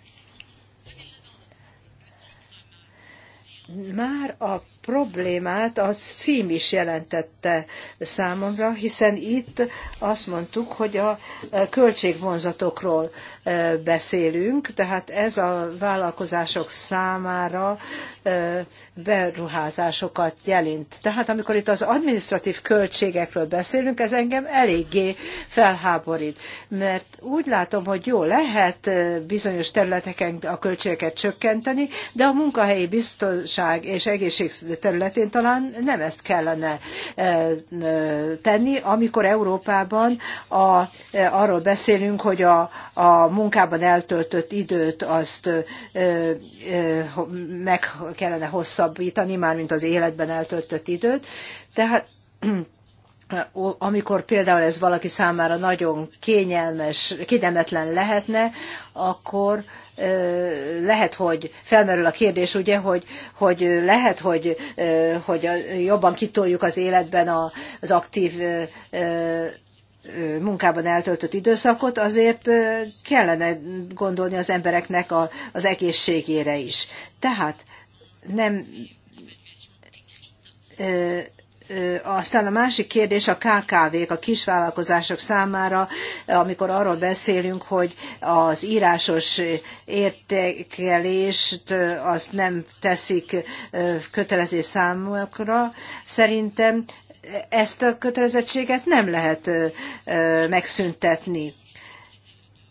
Már a problémát a cím is jelentette számomra, hiszen itt azt mondtuk, hogy a költségvonzatokról eh, beszélünk, tehát ez a vállalkozások számára beruházásokat jelent. Tehát amikor itt az administratív költségekről beszélünk, ez engem eléggé felháborít, mert úgy látom, hogy jó, lehet bizonyos területeken a költségeket csökkenteni, de a munkahelyi biztonság és egészség területén talán nem ezt kellene tenni, amikor Európában a, arról beszélünk, hogy a, a munkában eltöltött időt azt meg kellene hosszabbítani, már mint az életben eltöltött időt. Tehát [CLEARS THROAT] amikor például ez valaki számára nagyon kényelmes, kidemetlen lehetne, akkor lehet, hogy felmerül a kérdés, ugye, hogy, hogy lehet, hogy, hogy jobban kitoljuk az életben az aktív munkában eltöltött időszakot, azért kellene gondolni az embereknek az egészségére is. Tehát nem aztán a másik kérdés a KKV-k, a kisvállalkozások számára, amikor arról beszélünk, hogy az írásos értékelést azt nem teszik kötelező számokra. Szerintem ezt a kötelezettséget nem lehet megszüntetni.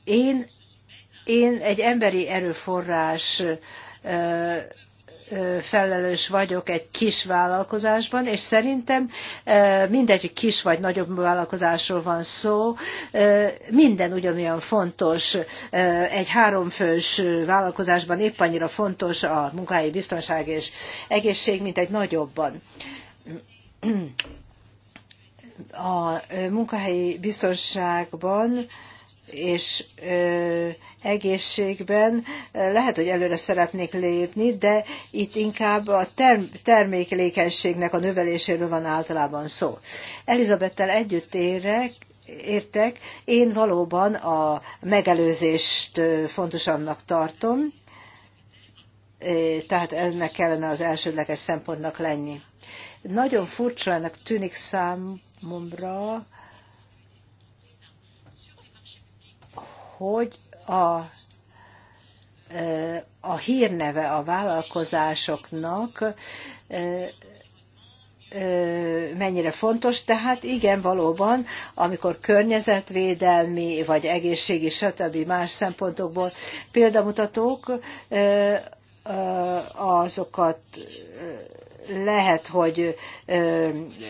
Én, én egy emberi erőforrás felelős vagyok egy kis vállalkozásban, és szerintem mindegy, hogy kis vagy nagyobb vállalkozásról van szó, minden ugyanolyan fontos. Egy háromfős vállalkozásban épp annyira fontos a munkahelyi biztonság és egészség, mint egy nagyobban a munkahelyi biztonságban és egészségben lehet, hogy előre szeretnék lépni, de itt inkább a term- termékelékenységnek a növeléséről van általában szó. Elizabettel együtt érek, értek, én valóban a megelőzést fontosabbnak tartom, tehát ennek kellene az elsődleges szempontnak lenni. Nagyon furcsának tűnik számomra, hogy a a hírneve a vállalkozásoknak mennyire fontos, tehát igen, valóban, amikor környezetvédelmi, vagy egészségi, stb. más szempontokból példamutatók, azokat lehet, hogy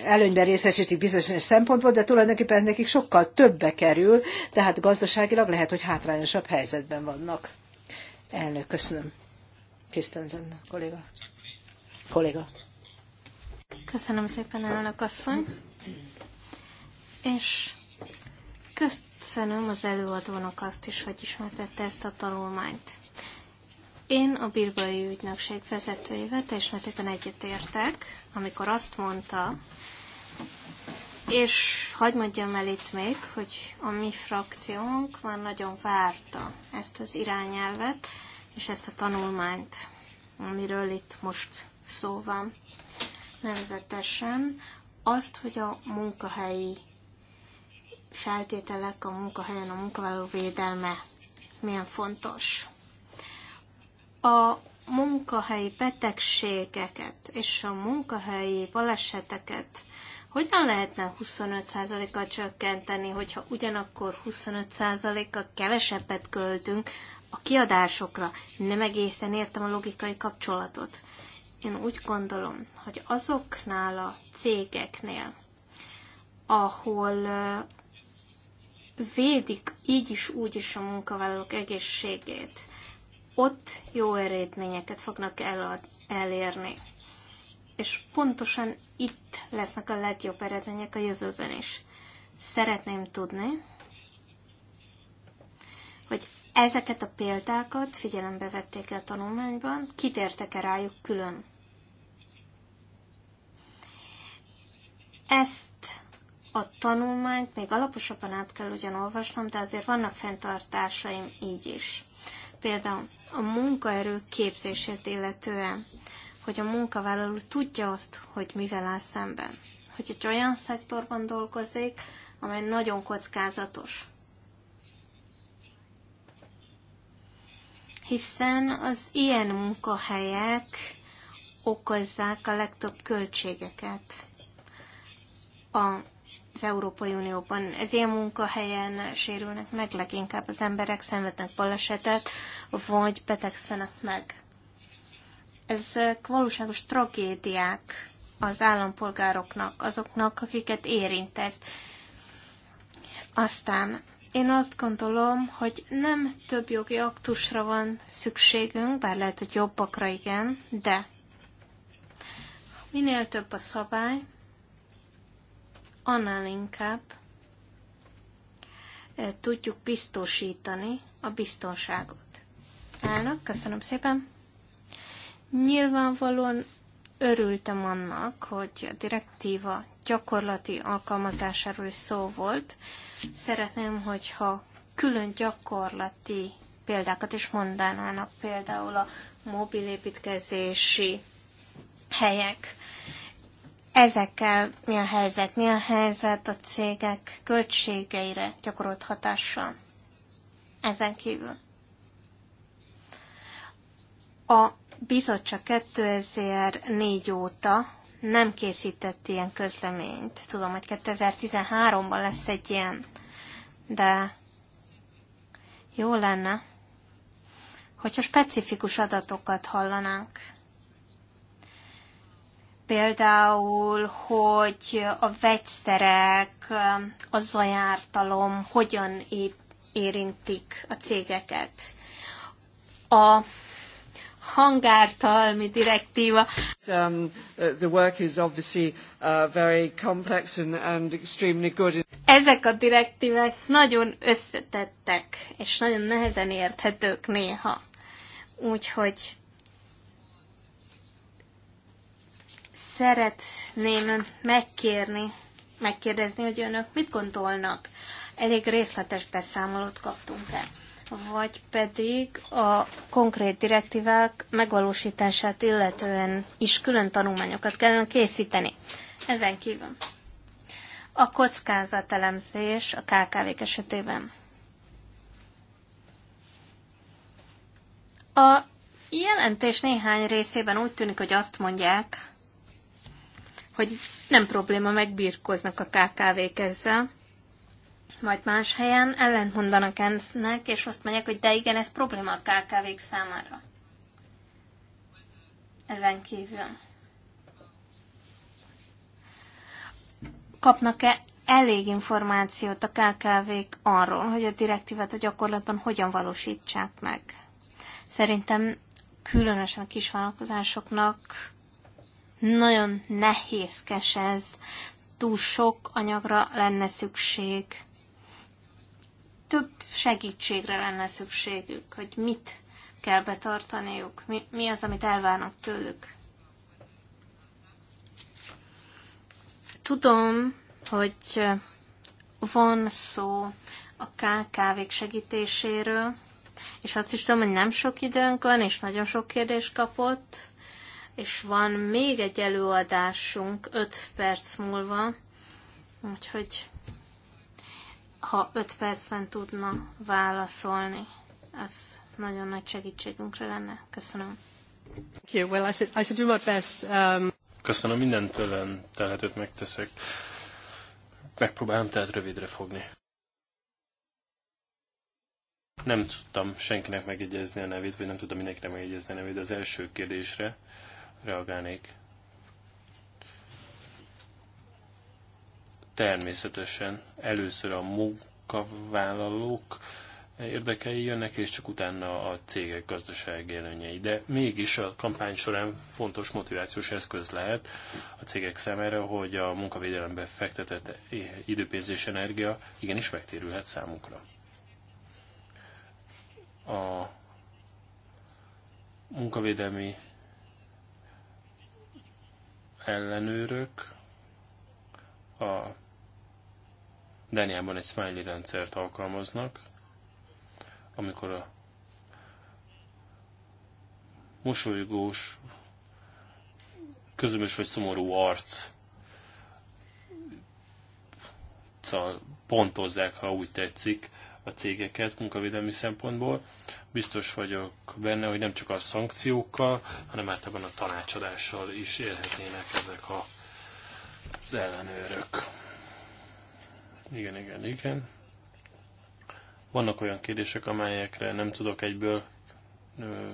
előnyben részesítik bizonyos szempontból, de tulajdonképpen nekik sokkal többe kerül, tehát gazdaságilag lehet, hogy hátrányosabb helyzetben vannak. Elnök, köszönöm. Krisztenzen kolléga. Kolléga. Köszönöm szépen, elnök asszony. És köszönöm az előadónak azt is, hogy ismertette ezt a tanulmányt. Én a Bilbai ügynökség vezetőjével teljes mértékben egyetértek, amikor azt mondta, és hagyd mondjam el itt még, hogy a mi frakciónk már nagyon várta ezt az irányelvet, és ezt a tanulmányt, amiről itt most szó van. Nevezetesen azt, hogy a munkahelyi feltételek a munkahelyen, a munkavállaló védelme milyen fontos a munkahelyi betegségeket és a munkahelyi baleseteket hogyan lehetne 25%-kal csökkenteni, hogyha ugyanakkor 25%-kal kevesebbet költünk a kiadásokra? Nem egészen értem a logikai kapcsolatot. Én úgy gondolom, hogy azoknál a cégeknél, ahol védik így is úgy is a munkavállalók egészségét, ott jó eredményeket fognak el, elérni. És pontosan itt lesznek a legjobb eredmények a jövőben is. Szeretném tudni, hogy ezeket a példákat figyelembe vették a tanulmányban, kitértek-e rájuk külön. Ezt a tanulmányt még alaposabban át kell ugyan olvasnom, de azért vannak fenntartásaim így is. Például a munkaerő képzését illetően, hogy a munkavállaló tudja azt, hogy mivel áll szemben. Hogy egy olyan szektorban dolgozik, amely nagyon kockázatos. Hiszen az ilyen munkahelyek okozzák a legtöbb költségeket. A az Európai Unióban. Ez ilyen munkahelyen sérülnek meg, leginkább az emberek szenvednek balesetet, vagy betegszenek meg. Ezek valóságos tragédiák az állampolgároknak, azoknak, akiket érint ez. Aztán én azt gondolom, hogy nem több jogi aktusra van szükségünk, bár lehet, hogy jobbakra igen, de minél több a szabály, annál inkább tudjuk biztosítani a biztonságot. Elnök, köszönöm szépen. Nyilvánvalóan örültem annak, hogy a direktíva gyakorlati alkalmazásáról is szó volt. Szeretném, hogyha külön gyakorlati példákat is mondanának, például a mobilépítkezési helyek, ezekkel mi a helyzet, mi a helyzet a cégek költségeire gyakorolt hatással. Ezen kívül. A bizottság 2004 óta nem készített ilyen közleményt. Tudom, hogy 2013-ban lesz egy ilyen, de jó lenne, hogyha specifikus adatokat hallanánk például, hogy a vegyszerek, a zajártalom hogyan érintik a cégeket. A hangártalmi direktíva. Um, uh, the work is obviously uh, very complex and, and extremely good. Ezek a direktívek nagyon összetettek, és nagyon nehezen érthetők néha. Úgyhogy szeretném megkérni, megkérdezni, hogy önök mit gondolnak. Elég részletes beszámolót kaptunk-e? Vagy pedig a konkrét direktívák megvalósítását illetően is külön tanulmányokat kellene készíteni. Ezen kívül. A kockázatelemzés a KKV-k esetében. A jelentés néhány részében úgy tűnik, hogy azt mondják, hogy nem probléma, megbírkoznak a KKV-k ezzel, majd más helyen ellentmondanak ennek, és azt mondják, hogy de igen, ez probléma a KKV-k számára. Ezen kívül. Kapnak-e elég információt a KKV-k arról, hogy a direktívát a gyakorlatban hogyan valósítsák meg? Szerintem különösen a kisvállalkozásoknak nagyon nehézkes ez. Túl sok anyagra lenne szükség. Több segítségre lenne szükségük, hogy mit kell betartaniuk, mi, mi az, amit elvárnak tőlük. Tudom, hogy van szó a KKV-k segítéséről, és azt is tudom, hogy nem sok időnk van, és nagyon sok kérdést kapott és van még egy előadásunk 5 perc múlva, úgyhogy ha 5 percben tudna válaszolni, az nagyon nagy segítségünkre lenne. Köszönöm. Thank you. Well, I should, I should do my best. Um... Köszönöm, minden tőlem telhetőt megteszek. Megpróbálom tehát rövidre fogni. Nem tudtam senkinek megjegyezni a nevét, vagy nem tudtam mindenkinek megjegyezni a nevét az első kérdésre reagálnék. Természetesen először a munkavállalók érdekei jönnek, és csak utána a cégek gazdasági előnyei. De mégis a kampány során fontos motivációs eszköz lehet a cégek számára, hogy a munkavédelembe fektetett időpénz és energia igenis megtérülhet számukra. A munkavédelmi ellenőrök a Daniában egy smiley rendszert alkalmaznak, amikor a mosolygós, közömös vagy szomorú arc pontozzák, ha úgy tetszik, a cégeket munkavédelmi szempontból. Biztos vagyok benne, hogy nem csak a szankciókkal, hanem általában a tanácsadással is élhetnének ezek a, az ellenőrök. Igen, igen, igen. Vannak olyan kérdések, amelyekre nem tudok egyből ö,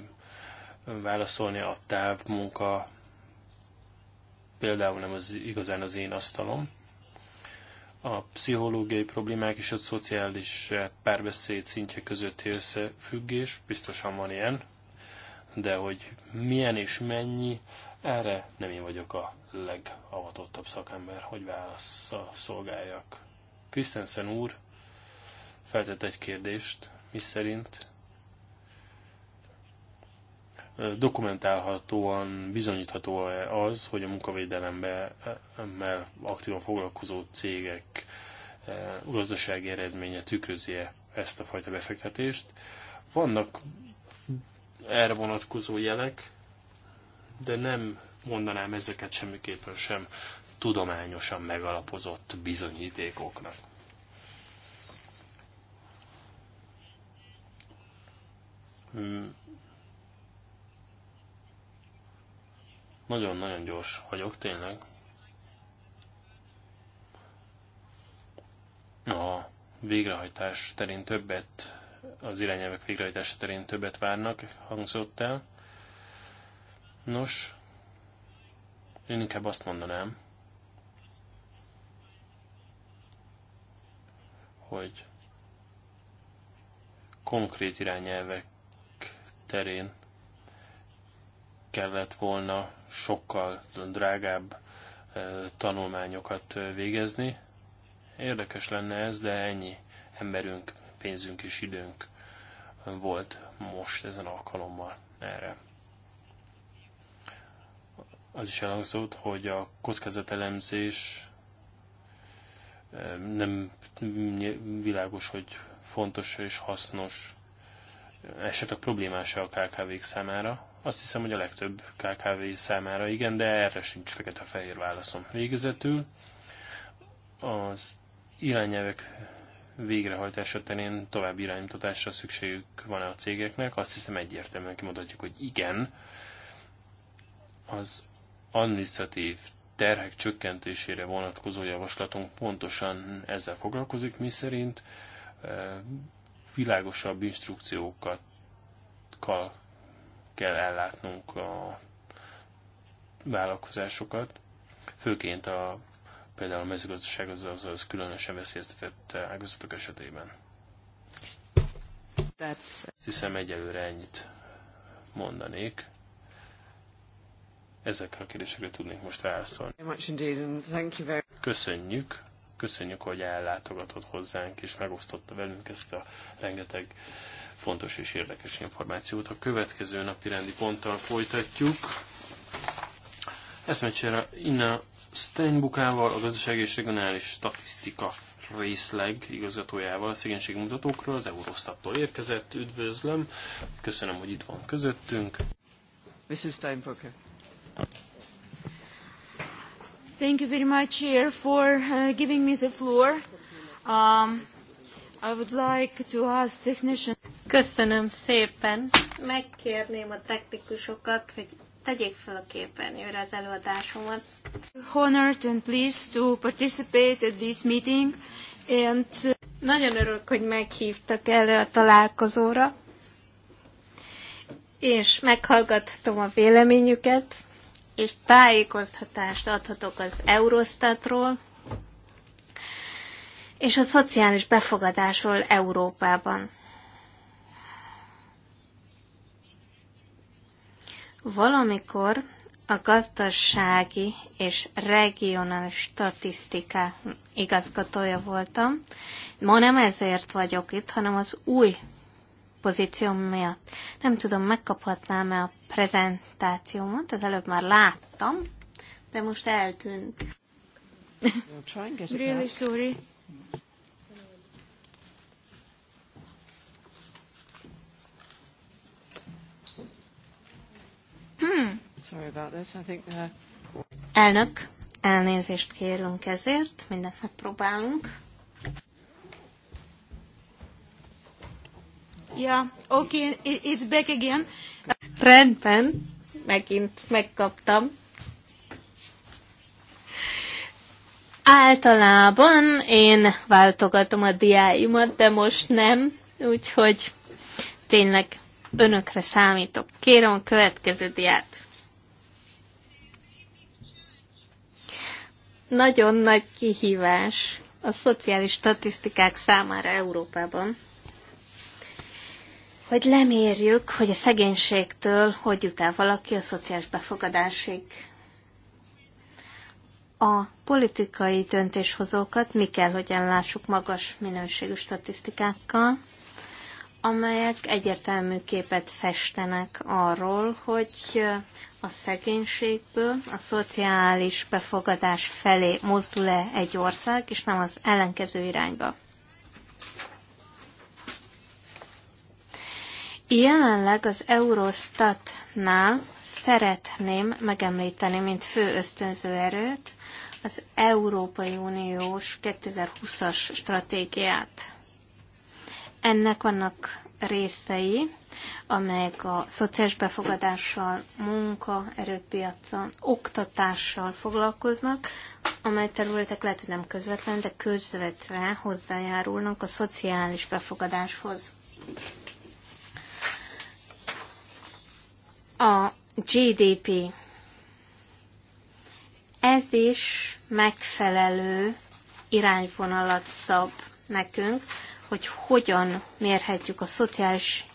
válaszolni a távmunka, például nem az igazán az én asztalom a pszichológiai problémák és a szociális párbeszéd szintje közötti összefüggés, biztosan van ilyen, de hogy milyen és mennyi, erre nem én vagyok a legavatottabb szakember, hogy a szolgáljak. Krisztensen úr feltett egy kérdést, mi szerint dokumentálhatóan bizonyítható -e az, hogy a munkavédelemmel e, aktívan foglalkozó cégek e, gazdasági eredménye tükrözi -e ezt a fajta befektetést. Vannak erre vonatkozó jelek, de nem mondanám ezeket semmiképpen sem tudományosan megalapozott bizonyítékoknak. Hmm Nagyon-nagyon gyors vagyok, tényleg. A végrehajtás terén többet, az irányelvek végrehajtása terén többet várnak, hangzott el. Nos, én inkább azt mondanám, hogy konkrét irányelvek terén kellett volna sokkal drágább tanulmányokat végezni. Érdekes lenne ez, de ennyi emberünk, pénzünk és időnk volt most ezen alkalommal erre. Az is elhangzott, hogy a kockázatelemzés nem világos, hogy fontos és hasznos, esetleg problémás a KKV-k számára, azt hiszem, hogy a legtöbb KKV számára igen, de erre sincs fekete-fehér válaszom. Végezetül az irányelvek végrehajtása terén további iránymutatásra szükségük van-e a cégeknek? Azt hiszem egyértelműen kimondhatjuk, hogy igen. Az administratív terhek csökkentésére vonatkozó javaslatunk pontosan ezzel foglalkozik, mi szerint eh, világosabb instrukciókat kell ellátnunk a vállalkozásokat, főként a például a mezőgazdaság az, az, az különösen veszélyeztetett ágazatok esetében. That's... Azt hiszem egyelőre ennyit mondanék. Ezekre a kérdésekre tudnék most válaszolni. Köszönjük, köszönjük, hogy ellátogatott hozzánk, és megosztotta velünk ezt a rengeteg fontos és érdekes információt. A következő napi rendi ponttal folytatjuk. Eszmecsere Inna Steinbukával, a Gazdasági és Regionális Statisztika részleg igazgatójával a szegénységmutatókról, az Eurostattól érkezett, üdvözlöm, köszönöm, hogy itt van közöttünk. Mrs. Steinbucker. Thank you very much, Chair, for uh, giving me the floor. Um, Köszönöm szépen. Megkérném a technikusokat, hogy tegyék fel a képernyőre az előadásomat. Honored and pleased to participate at this meeting. And... Nagyon örülök, hogy meghívtak erre a találkozóra, és meghallgathatom a véleményüket, és tájékoztatást adhatok az Eurostatról, és a szociális befogadásról Európában. Valamikor a gazdasági és regionális statisztika igazgatója voltam. Ma nem ezért vagyok itt, hanem az új pozícióm miatt. Nem tudom, megkaphatnám-e a prezentációmat, az előbb már láttam, de most eltűnt. really sorry. Sorry about this. I think, uh... Elnök, elnézést kérünk ezért, mindent megpróbálunk. Yeah, okay, it's back again. Rendben, megint megkaptam. Általában én váltogatom a diáimat, de most nem, úgyhogy tényleg önökre számítok. Kérem a következő diát. Nagyon nagy kihívás a szociális statisztikák számára Európában, hogy lemérjük, hogy a szegénységtől hogy jut el valaki a szociális befogadásig. A politikai döntéshozókat mi kell, hogy ellássuk magas minőségű statisztikákkal, amelyek egyértelmű képet festenek arról, hogy a szegénységből a szociális befogadás felé mozdul-e egy ország, és nem az ellenkező irányba. Jelenleg az Eurostatnál szeretném megemlíteni, mint fő ösztönző erőt, az Európai Uniós 2020-as stratégiát. Ennek vannak részei, amelyek a szociális befogadással, erőpiacon, oktatással foglalkoznak, amely területek lehet, hogy nem közvetlen, de közvetve hozzájárulnak a szociális befogadáshoz. A GDP. Ez is megfelelő irányvonalat szab nekünk, hogy hogyan mérhetjük a szociális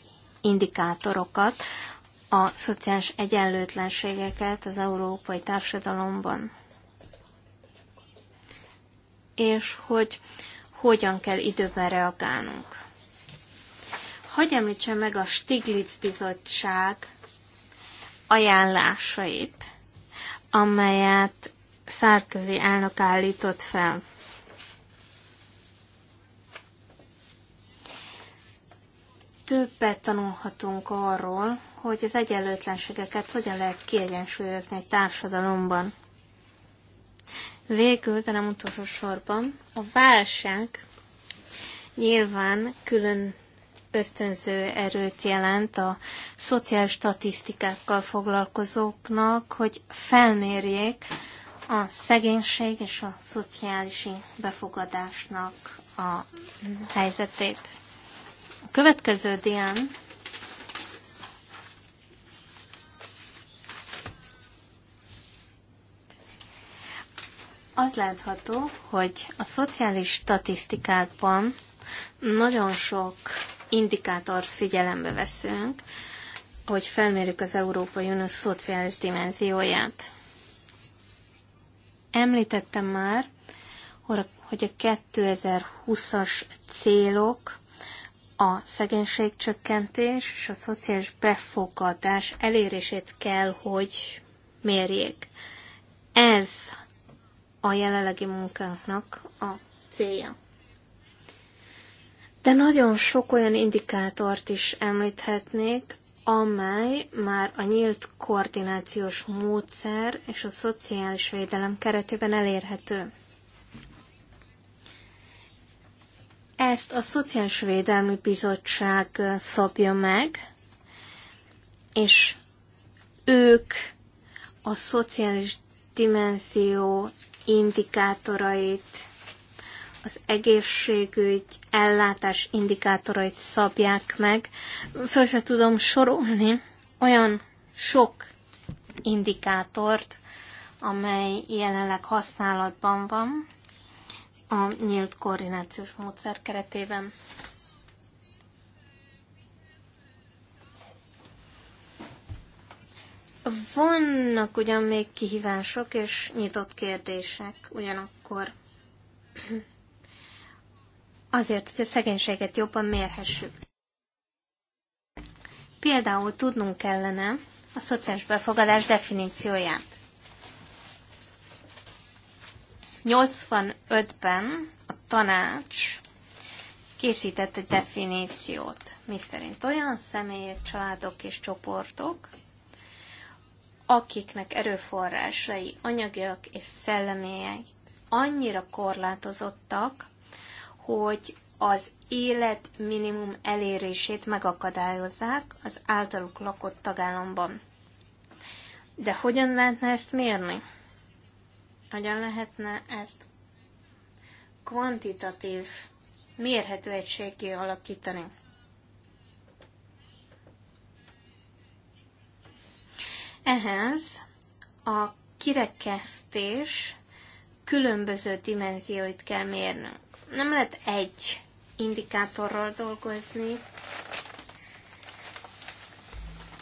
indikátorokat, a szociális egyenlőtlenségeket az európai társadalomban. És hogy hogyan kell időben reagálnunk. Hogy említse meg a Stiglitz Bizottság ajánlásait, amelyet Szárközi elnök állított fel. többet tanulhatunk arról, hogy az egyenlőtlenségeket hogyan lehet kiegyensúlyozni egy társadalomban. Végül, de nem utolsó sorban, a válság nyilván külön ösztönző erőt jelent a szociális statisztikákkal foglalkozóknak, hogy felmérjék a szegénység és a szociális befogadásnak a helyzetét. A következő dián az látható, hogy a szociális statisztikákban nagyon sok indikátort figyelembe veszünk, hogy felmérjük az Európai Unió szociális dimenzióját. Említettem már, hogy a 2020-as célok a szegénységcsökkentés és a szociális befogadás elérését kell, hogy mérjék. Ez a jelenlegi munkánknak a célja. De nagyon sok olyan indikátort is említhetnék, amely már a nyílt koordinációs módszer és a szociális védelem keretében elérhető. Ezt a Szociális Védelmi Bizottság szabja meg, és ők a szociális dimenzió indikátorait, az egészségügy ellátás indikátorait szabják meg. Föl se tudom sorolni olyan sok indikátort, amely jelenleg használatban van a nyílt koordinációs módszer keretében. Vannak ugyan még kihívások és nyitott kérdések ugyanakkor. Azért, hogy a szegénységet jobban mérhessük. Például tudnunk kellene a szociális befogadás definícióját. 85-ben a tanács készített egy definíciót, szerint olyan személyek, családok és csoportok, akiknek erőforrásai, anyagiak és szellemélyek annyira korlátozottak, hogy az élet minimum elérését megakadályozzák az általuk lakott tagállamban. De hogyan lehetne ezt mérni? Hogyan lehetne ezt kvantitatív, mérhető egységé alakítani? Ehhez a kirekesztés különböző dimenzióit kell mérnünk. Nem lehet egy indikátorral dolgozni.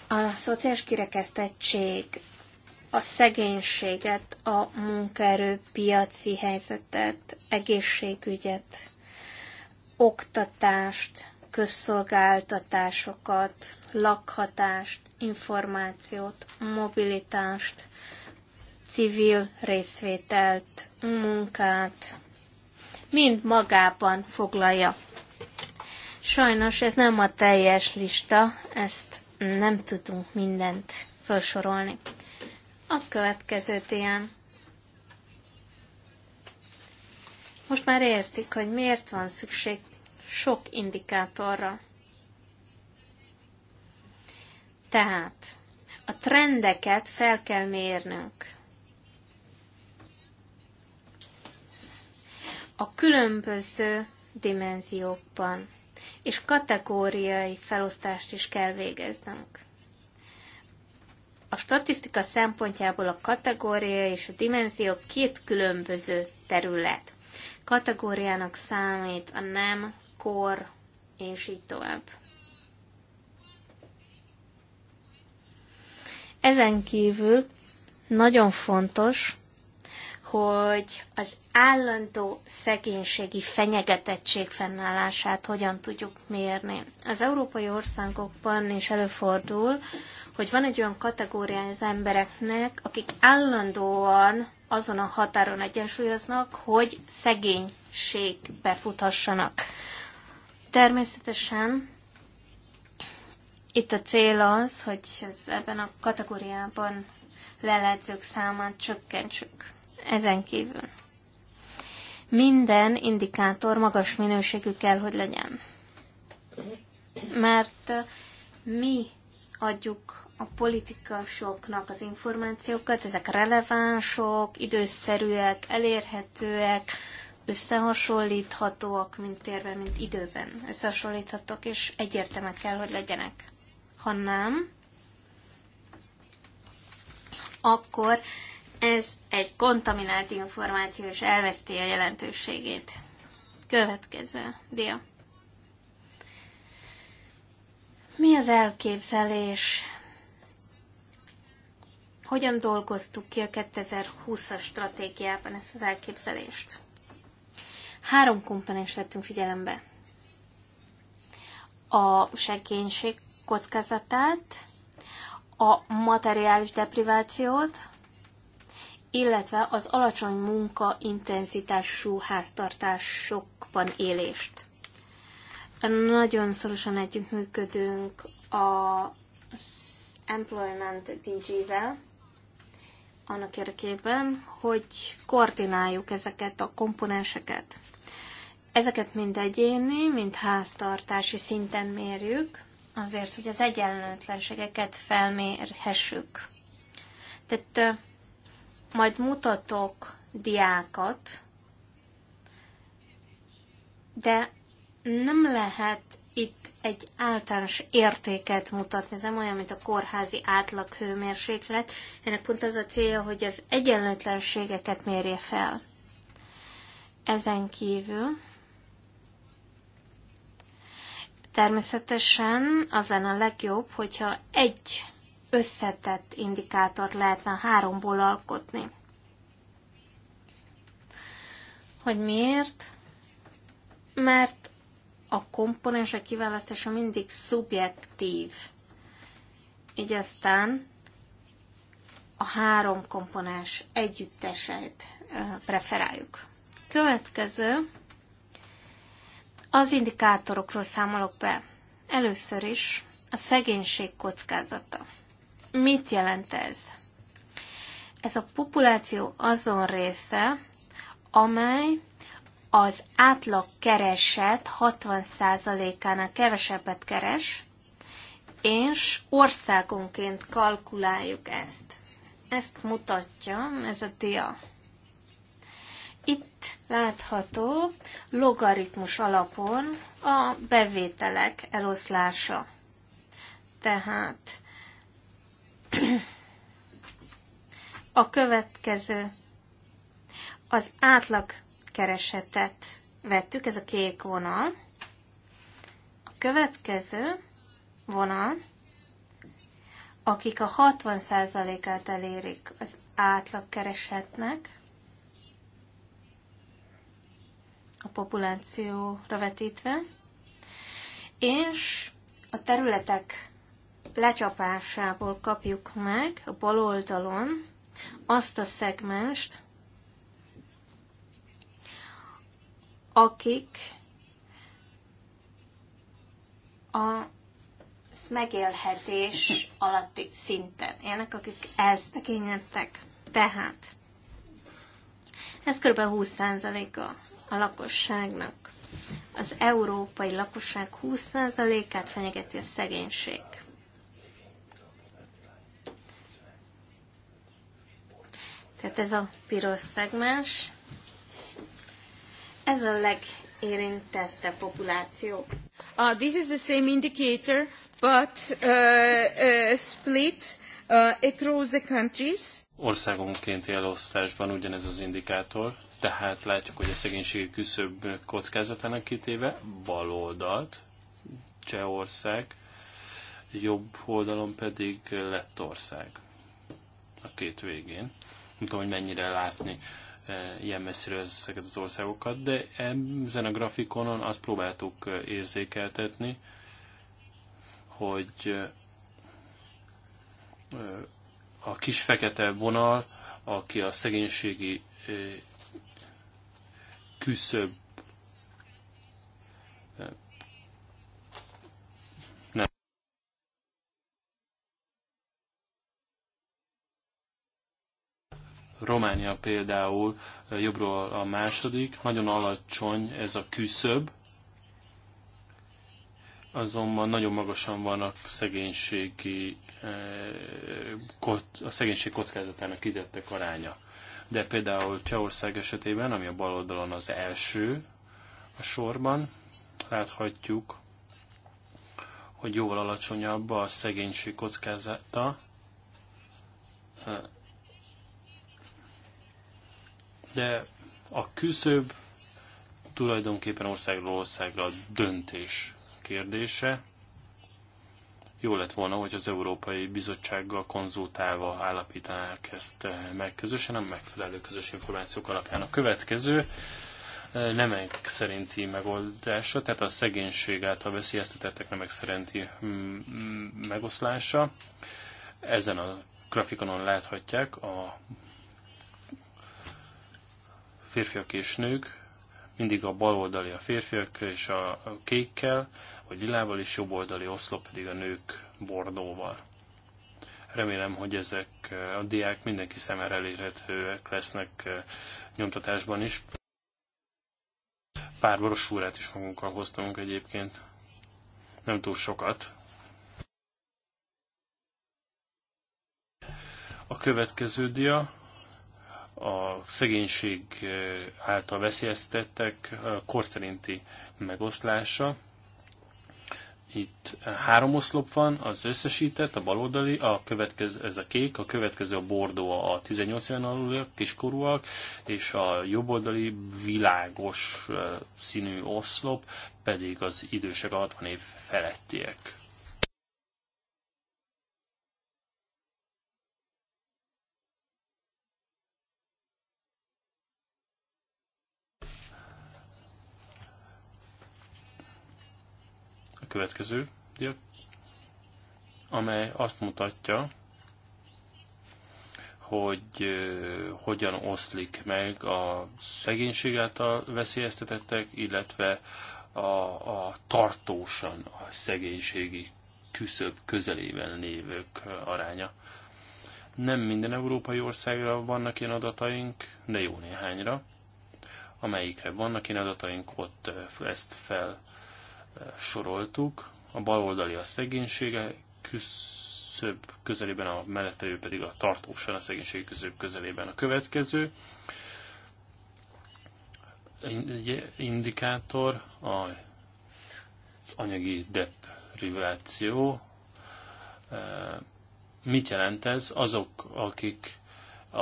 A szociális kirekesztettség a szegénységet, a piaci helyzetet, egészségügyet, oktatást, közszolgáltatásokat, lakhatást, információt, mobilitást, civil részvételt, munkát, mind magában foglalja. Sajnos ez nem a teljes lista, ezt nem tudunk mindent felsorolni. A következőt ilyen. Most már értik, hogy miért van szükség sok indikátorra. Tehát a trendeket fel kell mérnünk. A különböző dimenziókban, és kategóriai felosztást is kell végeznünk. A statisztika szempontjából a kategória és a dimenzió két különböző terület. Kategóriának számít a nem, kor, és így tovább. Ezen kívül nagyon fontos, hogy az állandó szegénységi fenyegetettség fennállását hogyan tudjuk mérni. Az európai országokban is előfordul, hogy van egy olyan kategória az embereknek, akik állandóan azon a határon egyensúlyoznak, hogy szegénységbe futhassanak. Természetesen itt a cél az, hogy ez ebben a kategóriában leledzők számát csökkentsük. Ezen kívül. Minden indikátor magas minőségű kell, hogy legyen. Mert mi adjuk a politikusoknak az információkat, ezek relevánsok, időszerűek, elérhetőek, összehasonlíthatóak, mint térben, mint időben. Összehasonlíthatók, és egyértelműek kell, hogy legyenek. Ha nem, akkor ez egy kontaminált információ, és elveszti a jelentőségét. Következő dia. Mi az elképzelés hogyan dolgoztuk ki a 2020-as stratégiában ezt az elképzelést? Három komponens vettünk figyelembe. A segénység kockázatát, a materiális deprivációt, illetve az alacsony munkaintenzitású háztartásokban élést. Nagyon szorosan együttműködünk a Employment DG-vel, annak érdekében, hogy koordináljuk ezeket a komponenseket. Ezeket mind egyéni, mind háztartási szinten mérjük, azért, hogy az egyenlőtlenségeket felmérhessük. Tehát majd mutatok diákat, de nem lehet itt egy általános értéket mutatni. Ez nem olyan, mint a kórházi átlag hőmérséklet. Ennek pont az a célja, hogy az egyenlőtlenségeket mérje fel. Ezen kívül természetesen az lenne a legjobb, hogyha egy összetett indikátort lehetne háromból alkotni. Hogy miért? Mert a komponensek kiválasztása mindig szubjektív. Így aztán a három komponens együtteset preferáljuk. Következő, az indikátorokról számolok be. Először is a szegénység kockázata. Mit jelent ez? Ez a populáció azon része, amely az átlag kereset 60%-ánál kevesebbet keres, és országonként kalkuláljuk ezt. Ezt mutatja ez a dia. Itt látható logaritmus alapon a bevételek eloszlása. Tehát [CLEARS THROAT] a következő az átlag keresetet vettük, ez a kék vonal. A következő vonal, akik a 60%-át elérik az átlagkeresetnek, a populációra vetítve, és a területek lecsapásából kapjuk meg a bal oldalon azt a szegmest, akik a megélhetés alatti szinten élnek, akik ezt kényedtek. Tehát ez kb. 20%-a a lakosságnak. Az európai lakosság 20%-át fenyegeti a szegénység. Tehát ez a piros szegmens, ez a legérintette populáció. Uh, this is the same indicator, but uh, uh, split uh, across the countries. Országonkénti elosztásban ugyanez az indikátor, tehát látjuk, hogy a szegénységi küszöb kockázatának kitéve bal oldalt, Csehország, jobb oldalon pedig Lettország a két végén. Nem tudom, hogy mennyire látni E, ilyen messziről ezeket az országokat, de ezen a grafikonon azt próbáltuk e, érzékeltetni, hogy e, a kis fekete vonal, aki a szegénységi küszöb Románia például eh, jobbról a második, nagyon alacsony ez a küszöb, azonban nagyon magasan van a szegénységi, eh, a szegénység kockázatának idettek aránya. De például Csehország esetében, ami a bal oldalon az első a sorban, láthatjuk, hogy jóval alacsonyabb a szegénység kockázata, eh, de a küszöb tulajdonképpen országról országra a döntés kérdése. Jó lett volna, hogy az Európai Bizottsággal konzultálva állapítanák ezt meg közösen, nem megfelelő közös információk alapján. A következő eh, nemek szerinti megoldása, tehát a szegénység által veszélyeztetettek nemek szerinti mm, mm, megoszlása. Ezen a grafikonon láthatják a férfiak és nők, mindig a bal oldali a férfiak és a kékkel, vagy lilával, és jobb oldali oszlop pedig a nők bordóval. Remélem, hogy ezek a diák mindenki szemmel elérhetőek lesznek eh, nyomtatásban is. Pár brosúrát is magunkkal hoztunk egyébként, nem túl sokat. A következő dia, a szegénység eh, által veszélyeztettek korszerinti megoszlása. Itt három oszlop van, az összesített, a baloldali, a következő, ez a kék, a következő a bordó a 18 éven aluliak, kiskorúak, és a jobboldali világos eh, színű oszlop pedig az idősek 60 év felettiek a következő dia, amely azt mutatja, hogy hogyan oszlik meg a szegénység által veszélyeztetettek, illetve a, a tartósan a szegénységi küszöb közelében lévők aránya. Nem minden európai országra vannak ilyen adataink, de jó néhányra. Amelyikre vannak ilyen adataink, ott ezt fel soroltuk, a bal oldali a szegénysége küszöbb közelében, a mellette pedig a tartósan a szegénység küszöbb közelében a következő egy indikátor a anyagi depriváció. E, mit jelent ez? Azok, akik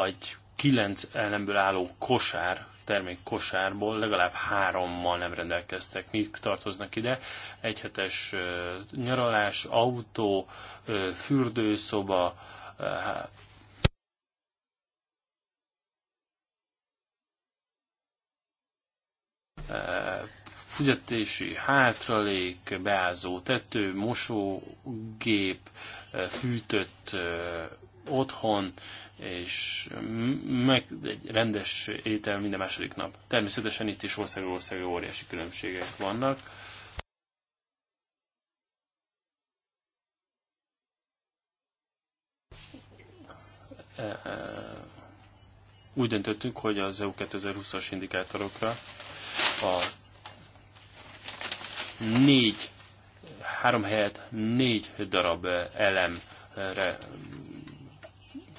egy kilenc elemből álló kosár termék kosárból legalább hárommal nem rendelkeztek. Mi tartoznak ide? Egyhetes nyaralás, autó, fürdőszoba, fizetési hátralék, beázó tető, mosógép, fűtött otthon, és meg egy rendes étel minden második nap. Természetesen itt is országról országra óriási különbségek vannak. E, e, úgy döntöttük, hogy az EU 2020-as indikátorokra a négy, három helyet négy darab elemre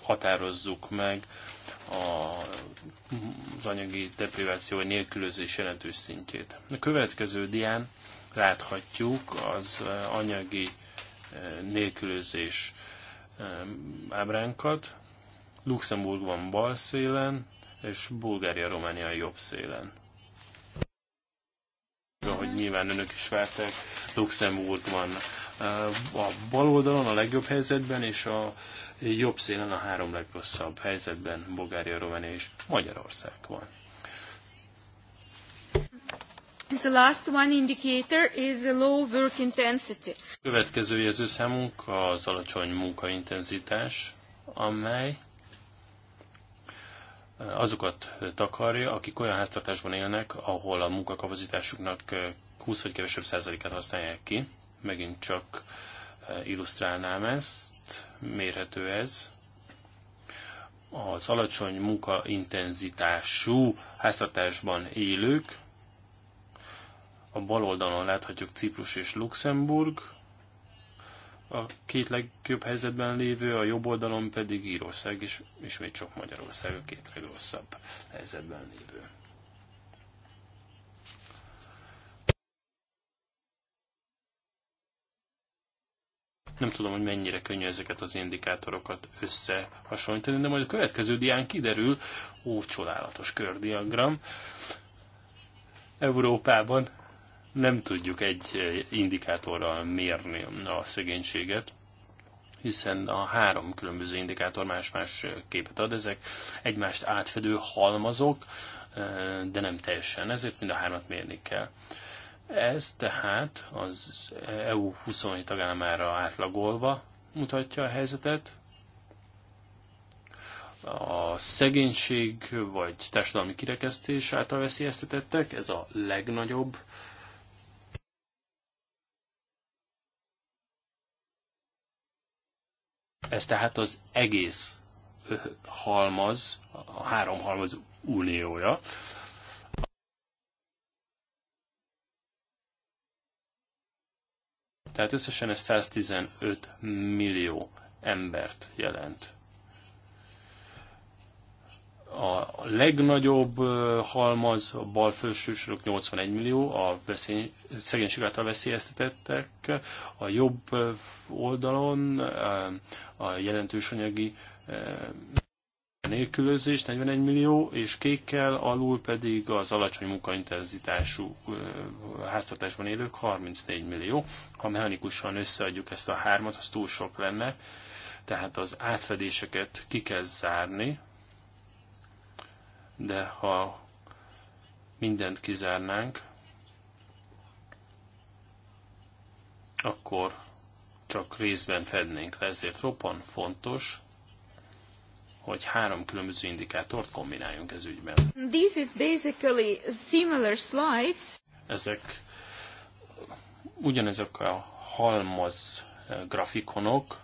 határozzuk meg az anyagi depriváció nélkülözés jelentős szintjét. A következő dián láthatjuk az eh, anyagi eh, nélkülözés eh, ábránkat. Luxemburg van bal szélen, és Bulgária-Románia jobb szélen. Ahogy nyilván önök is várták, Luxemburg van a bal oldalon a legjobb helyzetben, és a jobb szélen a három legrosszabb helyzetben Bulgária, Románia és Magyarország van. The last one indicator is a low work intensity. Következő jelzőszámunk az alacsony munkaintenzitás, amely azokat takarja, akik olyan háztartásban élnek, ahol a munkakapacitásuknak 20 vagy kevesebb százalékát használják ki. Megint csak eh, illusztrálnám ezt mérhető ez. Az alacsony munkaintenzitású háztartásban élők, a bal oldalon láthatjuk Ciprus és Luxemburg, a két legjobb helyzetben lévő, a jobb oldalon pedig Írország, és ismét csak Magyarország a két legrosszabb helyzetben lévő. Nem tudom, hogy mennyire könnyű ezeket az indikátorokat összehasonlítani, de majd a következő dián kiderül, ó, csodálatos kördiagram. Európában nem tudjuk egy eh, indikátorral mérni a szegénységet, hiszen a három különböző indikátor más-más képet ad, ezek egymást átfedő halmazok, eh, de nem teljesen, ezért mind a hármat mérni kell. Ez tehát az EU 27 tagállamára átlagolva mutatja a helyzetet. A szegénység vagy társadalmi kirekesztés által veszélyeztetettek, ez a legnagyobb Ez tehát az egész halmaz, a három halmaz uniója. Tehát összesen ez 115 millió embert jelent. A legnagyobb halmaz a bal felső 81 millió, a veszély, szegénység által veszélyeztetettek. A jobb oldalon a jelentős anyagi nélkülözés 41 millió, és kékkel alul pedig az alacsony munkaintenzitású háztartásban élők 34 millió. Ha mechanikusan összeadjuk ezt a hármat, az túl sok lenne, tehát az átfedéseket ki kell zárni, de ha mindent kizárnánk, akkor csak részben fednénk le, ezért roppan fontos, hogy három különböző indikátort kombináljunk ez ügyben. This is basically similar slides. Ezek ugyanezek a halmaz eh, grafikonok,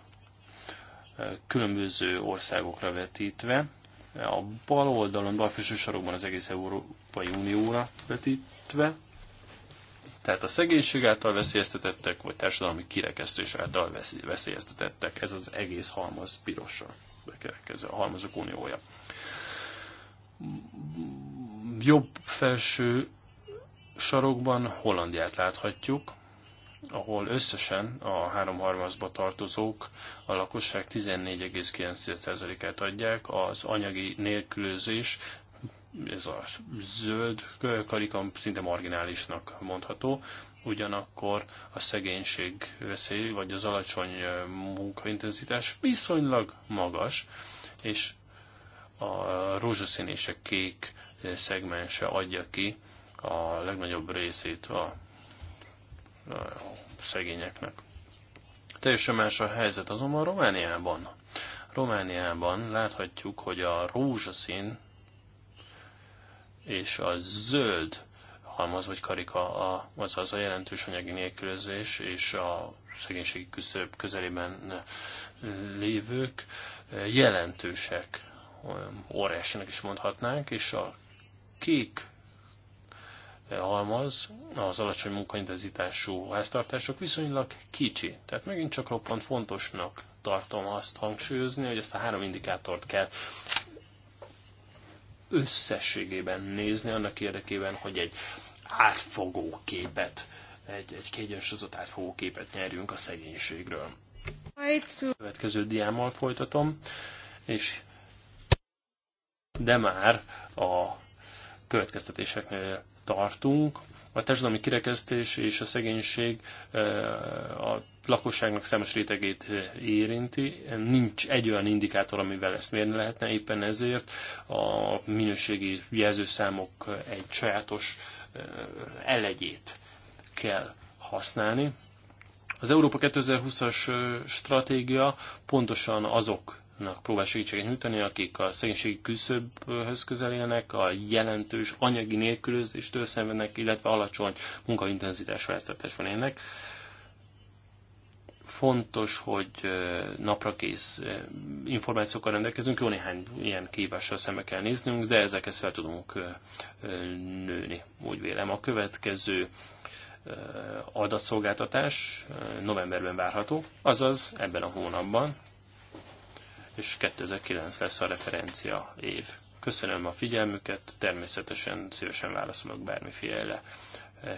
eh, különböző országokra vetítve. A bal oldalon, bal felső sarokban az egész Európai Unióra vetítve, tehát a szegénység által veszélyeztetettek, vagy társadalmi kirekesztés által veszélyeztetettek. Ez az egész halmaz pirossal bekerekező a halmazok uniója. Jobb felső sarokban Hollandiát láthatjuk, ahol összesen a három harmazba tartozók a lakosság 14,9%-át adják, az anyagi nélkülözés, ez a zöld karikam szinte marginálisnak mondható, ugyanakkor a szegénység veszély, vagy az alacsony munkaintenzitás viszonylag magas, és a rózsaszín és a kék szegmense adja ki a legnagyobb részét a, a szegényeknek. Teljesen más a helyzet azonban Romániában. Romániában láthatjuk, hogy a rózsaszín és a zöld alkalmaz, vagy karika, a, az a jelentős anyagi nélkülözés és a szegénységi küszöb közelében lévők jelentősek, óriásinak is mondhatnánk, és a kék halmaz, az alacsony munkaintenzitású háztartások viszonylag kicsi. Tehát megint csak roppant fontosnak tartom azt hangsúlyozni, hogy ezt a három indikátort kell összességében nézni annak érdekében, hogy egy átfogó képet, egy, egy kiegyensúlyozott átfogó képet nyerjünk a szegénységről. A következő diámmal folytatom, és de már a következtetéseknél tartunk. A társadalmi kirekesztés és a szegénység a lakosságnak számos rétegét érinti. Nincs egy olyan indikátor, amivel ezt mérni lehetne, éppen ezért a minőségi jelzőszámok egy sajátos elegyét kell használni. Az Európa 2020-as stratégia pontosan azok próbál segítséget nyújtani, akik a szegénységi küszöbhöz élnek, a jelentős anyagi nélkülözéstől szenvednek, illetve alacsony munkaintenzitású van élnek. Fontos, hogy naprakész információkkal rendelkezünk, jó néhány ilyen kívással szembe kell néznünk, de ezekhez fel tudunk nőni, úgy vélem. A következő adatszolgáltatás novemberben várható, azaz ebben a hónapban, és 2009 lesz a referencia év. Köszönöm a figyelmüket, természetesen szívesen válaszolok bármiféle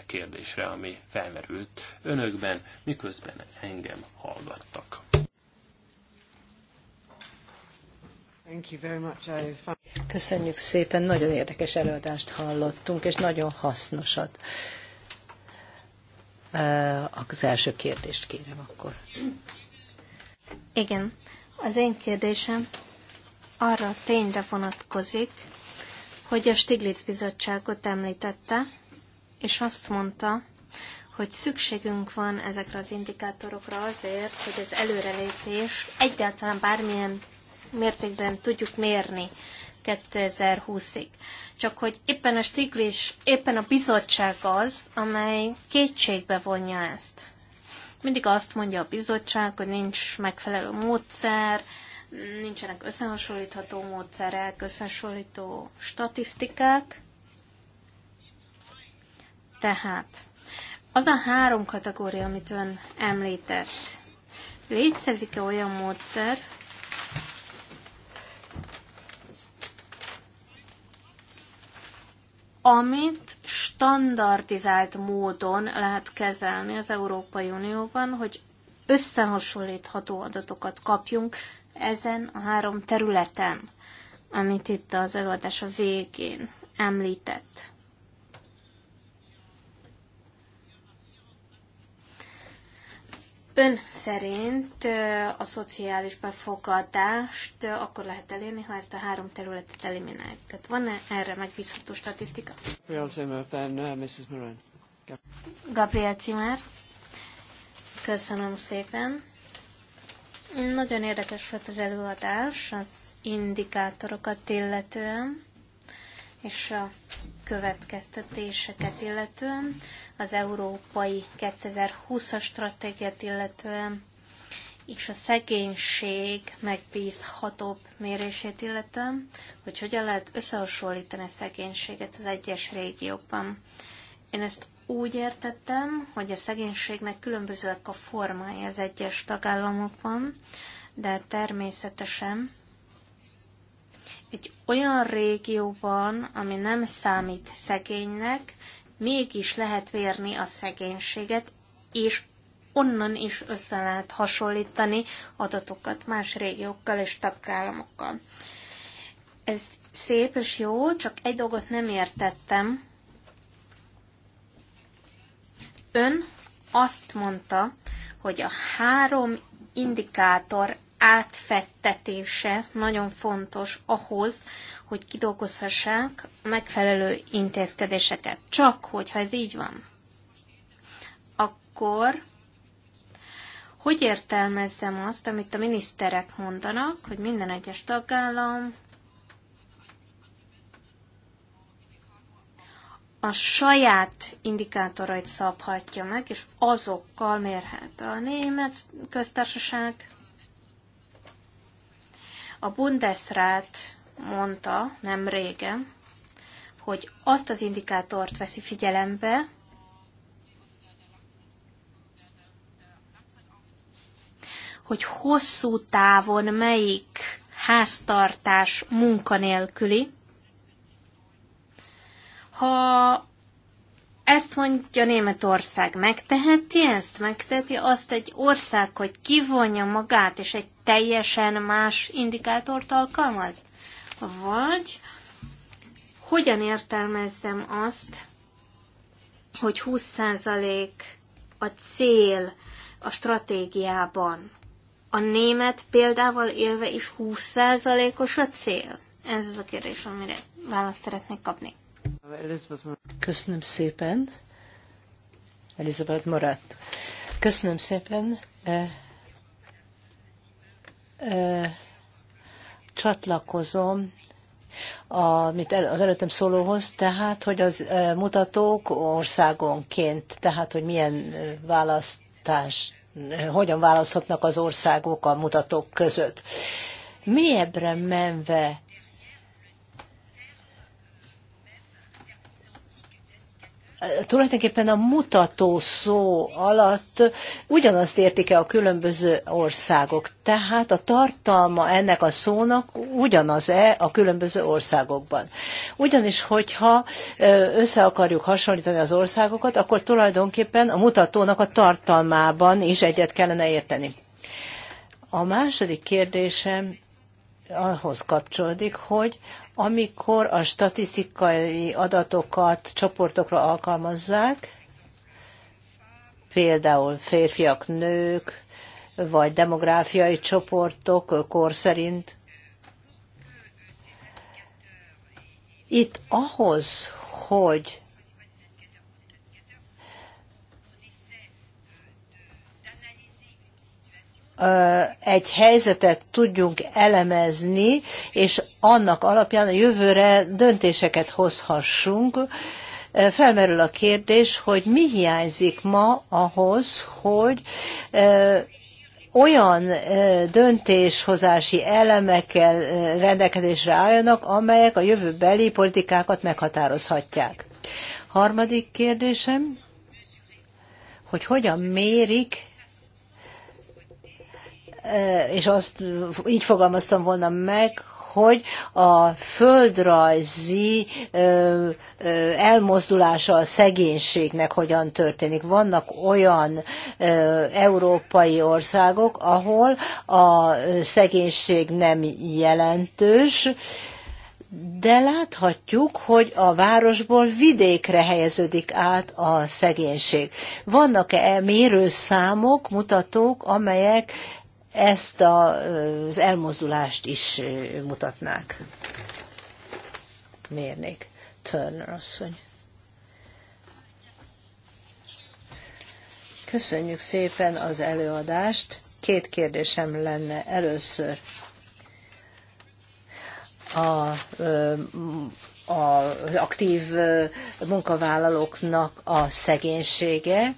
kérdésre, ami felmerült önökben, miközben engem hallgattak. Köszönjük szépen, nagyon érdekes előadást hallottunk, és nagyon hasznosat. Eh, az első kérdést kérem akkor. Igen, az én kérdésem arra tényre vonatkozik, hogy a Stiglitz bizottságot említette, és azt mondta, hogy szükségünk van ezekre az indikátorokra azért, hogy az előrelépés egyáltalán bármilyen mértékben tudjuk mérni 2020-ig. Csak hogy éppen a stiglis, éppen a bizottság az, amely kétségbe vonja ezt. Mindig azt mondja a bizottság, hogy nincs megfelelő módszer, nincsenek összehasonlítható módszerek, összehasonlító statisztikák, tehát az a három kategória, amit ön említett, létezik-e olyan módszer, amit standardizált módon lehet kezelni az Európai Unióban, hogy összehasonlítható adatokat kapjunk ezen a három területen, amit itt az előadás a végén említett. Ön szerint a szociális befogadást akkor lehet elérni, ha ezt a három területet elimináljuk. Tehát van-e erre megbízható statisztika? Gabriel Cimár. Uh, Mrs. Moran. köszönöm szépen. Nagyon érdekes volt az előadás az indikátorokat illetően, és a következtetéseket illetően, az európai 2020-as stratégiát illetően, és a szegénység megbízhatóbb mérését illetően, hogy hogyan lehet összehasonlítani a szegénységet az egyes régiókban. Én ezt úgy értettem, hogy a szegénységnek különbözőek a formái az egyes tagállamokban, de természetesen egy olyan régióban, ami nem számít szegénynek, mégis lehet vérni a szegénységet, és onnan is össze lehet hasonlítani adatokat más régiókkal és tagállamokkal. Ez szép és jó, csak egy dolgot nem értettem. Ön azt mondta, hogy a három indikátor átfettetése nagyon fontos ahhoz, hogy kidolgozhassák a megfelelő intézkedéseket. Csak hogyha ez így van, akkor hogy értelmezzem azt, amit a miniszterek mondanak, hogy minden egyes tagállam a saját indikátorait szabhatja meg, és azokkal mérhet a német köztársaság, a Bundesrat mondta nem régen, hogy azt az indikátort veszi figyelembe, hogy hosszú távon melyik háztartás munkanélküli. Ha ezt mondja Németország, megteheti ezt? Megteheti azt egy ország, hogy kivonja magát, és egy teljesen más indikátort alkalmaz? Vagy hogyan értelmezzem azt, hogy 20% a cél a stratégiában? A német példával élve is 20%-os a cél? Ez az a kérdés, amire választ szeretnék kapni. Köszönöm szépen. Elizabeth Maradt. Köszönöm szépen. Eh, eh, csatlakozom amit az előttem szólóhoz, tehát, hogy az eh, mutatók országonként, tehát, hogy milyen választás, hogyan választhatnak az országok a mutatók között. Mélyebbre menve tulajdonképpen a mutató szó alatt ugyanazt értik el a különböző országok. Tehát a tartalma ennek a szónak ugyanaz-e a különböző országokban. Ugyanis, hogyha össze akarjuk hasonlítani az országokat, akkor tulajdonképpen a mutatónak a tartalmában is egyet kellene érteni. A második kérdésem ahhoz kapcsolódik, hogy amikor a statisztikai adatokat csoportokra alkalmazzák, például férfiak, nők, vagy demográfiai csoportok kor szerint. Itt ahhoz, hogy egy helyzetet tudjunk elemezni, és annak alapján a jövőre döntéseket hozhassunk. Felmerül a kérdés, hogy mi hiányzik ma ahhoz, hogy olyan döntéshozási elemekkel rendelkezésre álljanak, amelyek a jövőbeli politikákat meghatározhatják. Harmadik kérdésem, hogy hogyan mérik Eh, és azt így fogalmaztam volna meg, hogy a földrajzi eh, eh, elmozdulása a szegénységnek hogyan történik. Vannak olyan európai országok, ahol a szegénység nem jelentős, de láthatjuk, hogy a városból vidékre helyeződik át a szegénység. Vannak-e mérőszámok, mutatók, amelyek ezt az elmozdulást is mutatnák. Mérnék. Turner asszony. Köszönjük szépen az előadást. Két kérdésem lenne először. A, a, az aktív munkavállalóknak a szegénysége,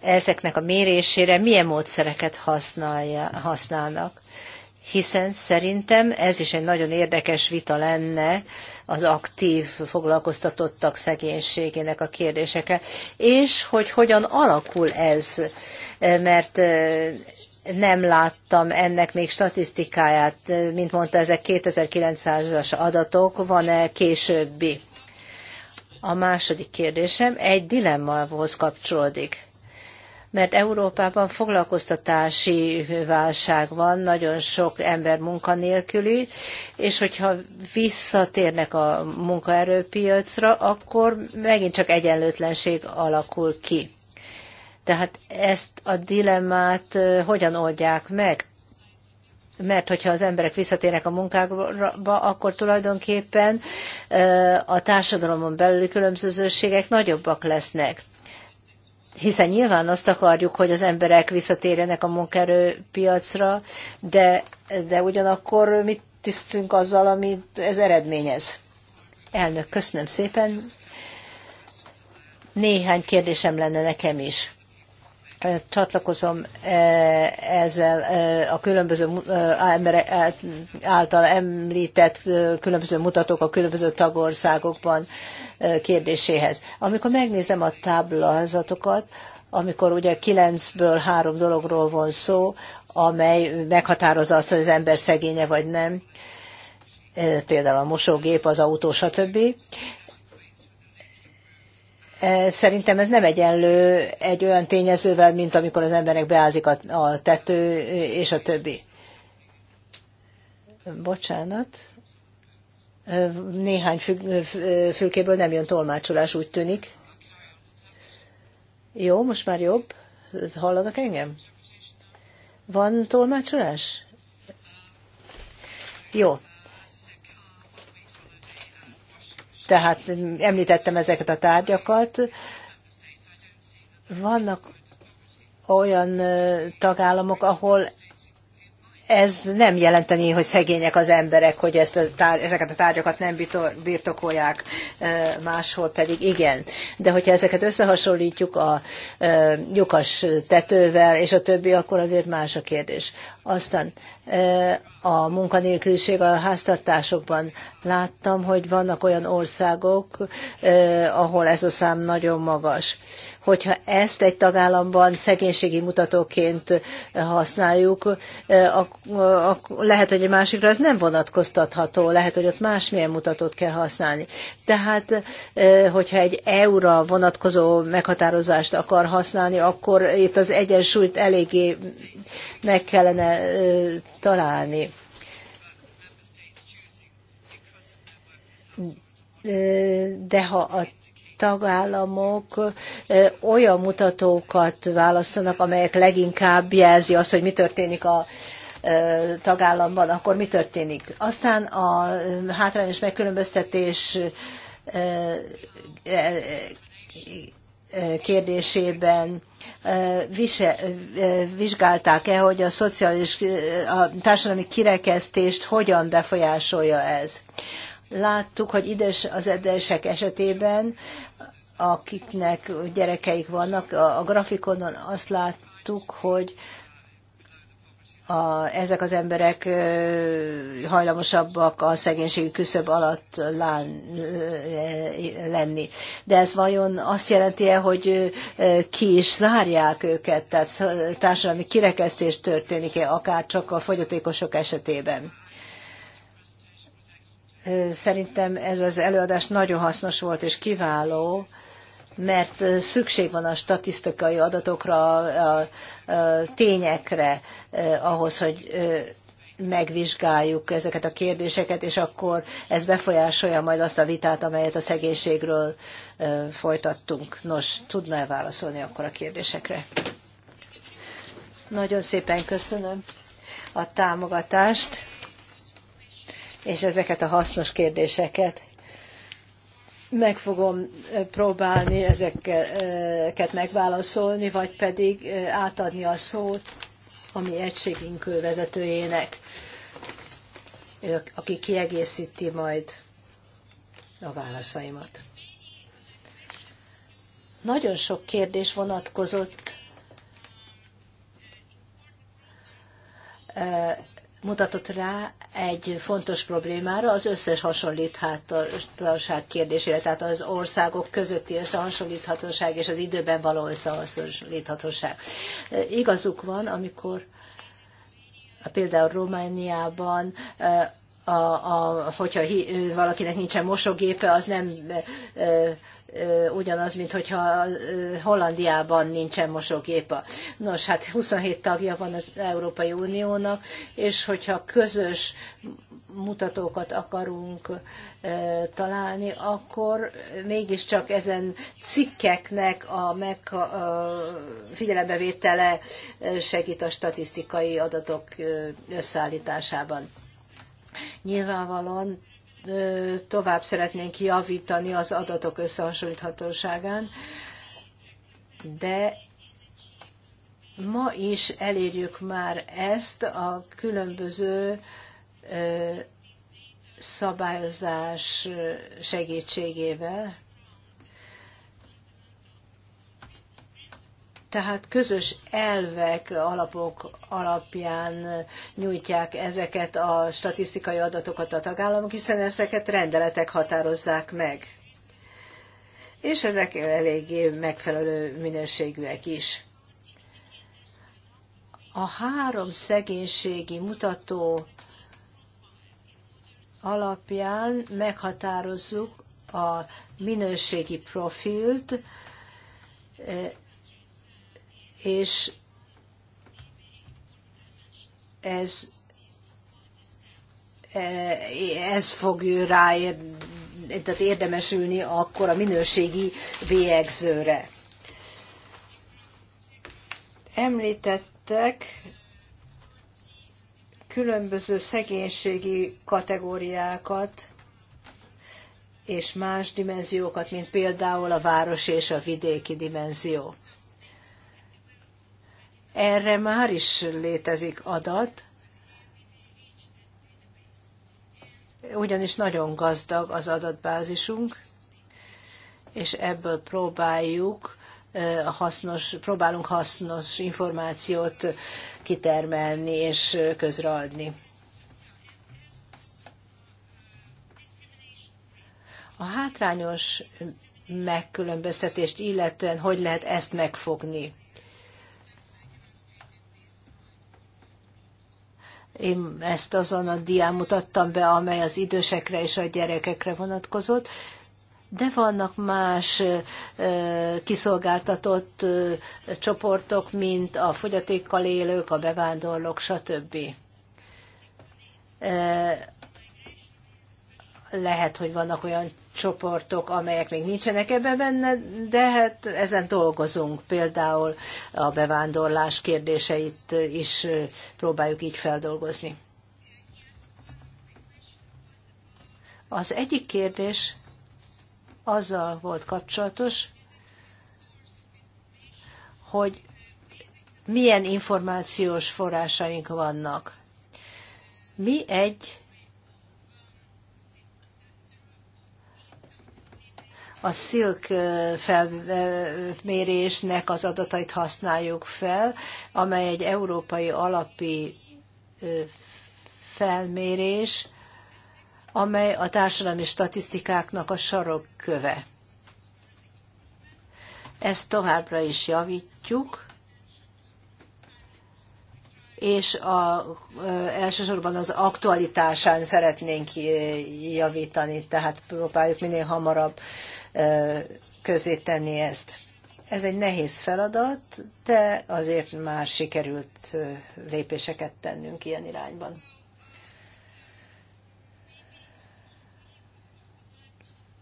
ezeknek a mérésére milyen módszereket használja, használnak. Hiszen szerintem ez is egy nagyon érdekes vita lenne az aktív foglalkoztatottak szegénységének a kérdéseke, és hogy hogyan alakul ez, mert nem láttam ennek még statisztikáját, mint mondta, ezek 2900-as adatok, van-e későbbi? A második kérdésem egy dilemmahoz kapcsolódik mert Európában foglalkoztatási válság van, nagyon sok ember munkanélküli, és hogyha visszatérnek a munkaerőpiacra, akkor megint csak egyenlőtlenség alakul ki. Tehát ezt a dilemmát hogyan oldják meg? mert hogyha az emberek visszatérnek a munkába, akkor tulajdonképpen a társadalomon belüli különbözőségek nagyobbak lesznek hiszen nyilván azt akarjuk, hogy az emberek visszatérjenek a munkaerőpiacra, de, de ugyanakkor mit tisztünk azzal, amit ez eredményez. Elnök, köszönöm szépen. Néhány kérdésem lenne nekem is. Csatlakozom ezzel a különböző által említett különböző mutatók a különböző tagországokban kérdéséhez. Amikor megnézem a táblázatokat, amikor ugye kilencből három dologról van szó, amely meghatározza azt, hogy az ember szegénye vagy nem, e, például a mosógép, az autó, stb. E, szerintem ez nem egyenlő egy olyan tényezővel, mint amikor az emberek beázik a, a tető, és a többi. Bocsánat. Néhány fülkéből nem jön tolmácsolás, úgy tűnik. Jó, most már jobb. Hallanak engem? Van tolmácsolás? Jó. Tehát említettem ezeket a tárgyakat. Vannak olyan tagállamok, ahol ez nem jelenteni, hogy szegények az emberek, hogy ezt a tár, ezeket a tárgyakat nem birtokolják máshol, pedig igen. De hogyha ezeket összehasonlítjuk a lyukas tetővel és a többi, akkor azért más a kérdés. Aztán a munkanélküliség a háztartásokban. Láttam, hogy vannak olyan országok, eh, ahol ez a szám nagyon magas. Hogyha ezt egy tagállamban szegénységi mutatóként használjuk, eh, lehet, hogy egy másikra ez nem vonatkoztatható, lehet, hogy ott másmilyen mutatót kell használni. Tehát, eh, hogyha egy eura vonatkozó meghatározást akar használni, akkor itt az egyensúlyt eléggé meg kellene találni. de ha a tagállamok olyan mutatókat választanak, amelyek leginkább jelzi azt, hogy mi történik a tagállamban, akkor mi történik. Aztán a hátrányos megkülönböztetés kérdésében vizsgálták-e, hogy a szociális, a társadalmi kirekesztést hogyan befolyásolja ez. Láttuk, hogy ides az edesek esetében, akiknek gyerekeik vannak, a grafikonon azt láttuk, hogy a, ezek az emberek hajlamosabbak a szegénységi küszöb alatt lán, lenni. De ez vajon azt jelenti-e, hogy ki is zárják őket, tehát társadalmi kirekesztés történik-e akár csak a fogyatékosok esetében? Szerintem ez az előadás nagyon hasznos volt és kiváló, mert szükség van a statisztikai adatokra, a, tényekre ahhoz, hogy megvizsgáljuk ezeket a kérdéseket, és akkor ez befolyásolja majd azt a vitát, amelyet a szegénységről folytattunk. Nos, tudná -e válaszolni akkor a kérdésekre? Nagyon szépen köszönöm a támogatást és ezeket a hasznos kérdéseket meg fogom próbálni ezeket megválaszolni, vagy pedig átadni a szót a mi egységünk vezetőjének, aki kiegészíti majd a válaszaimat. Nagyon sok kérdés vonatkozott mutatott rá egy fontos problémára, az összehasonlíthatóság kérdésére, tehát az országok közötti összehasonlíthatóság és az időben való összehasonlíthatóság. Igazuk van, amikor például Romániában eh, a, a, hogyha valakinek nincsen mosógépe, az nem eh, ugyanaz, mint hogyha Hollandiában nincsen mosógép. Nos, hát 27 tagja van az Európai Uniónak, és hogyha közös mutatókat akarunk találni, akkor mégiscsak ezen cikkeknek a, meg, a figyelembevétele segít a statisztikai adatok összeállításában. Nyilvánvalóan tovább szeretnénk javítani az adatok összehasonlíthatóságán, de ma is elérjük már ezt a különböző szabályozás segítségével, Tehát közös elvek, alapok alapján nyújtják ezeket a statisztikai adatokat a tagállamok, hiszen ezeket rendeletek határozzák meg. És ezek eléggé megfelelő minőségűek is. A három szegénységi mutató alapján meghatározzuk a minőségi profilt, és ez e, ez fog ráér, tehát érdemesülni akkor a minőségi bélyegzőre. Említettek különböző szegénységi kategóriákat és más dimenziókat, mint például a város és a vidéki dimenzió. Erre már is létezik adat, ugyanis nagyon gazdag az adatbázisunk, és ebből próbáljuk hasznos, próbálunk hasznos információt kitermelni és közreadni. A hátrányos megkülönböztetést illetően hogy lehet ezt megfogni? Én ezt azon a dián mutattam be, amely az idősekre és a gyerekekre vonatkozott, de vannak más kiszolgáltatott csoportok, mint a fogyatékkal élők, a bevándorlók, stb lehet, hogy vannak olyan csoportok, amelyek még nincsenek ebben benne, de hát ezen dolgozunk. Például a bevándorlás kérdéseit is próbáljuk így feldolgozni. Az egyik kérdés azzal volt kapcsolatos, hogy milyen információs forrásaink vannak. Mi egy a szilk felmérésnek az adatait használjuk fel, amely egy európai alapi felmérés, amely a társadalmi statisztikáknak a sarokköve. Ezt továbbra is javítjuk, és a, elsősorban az aktualitásán szeretnénk javítani, tehát próbáljuk minél hamarabb közé tenni ezt. Ez egy nehéz feladat, de azért már sikerült lépéseket tennünk ilyen irányban.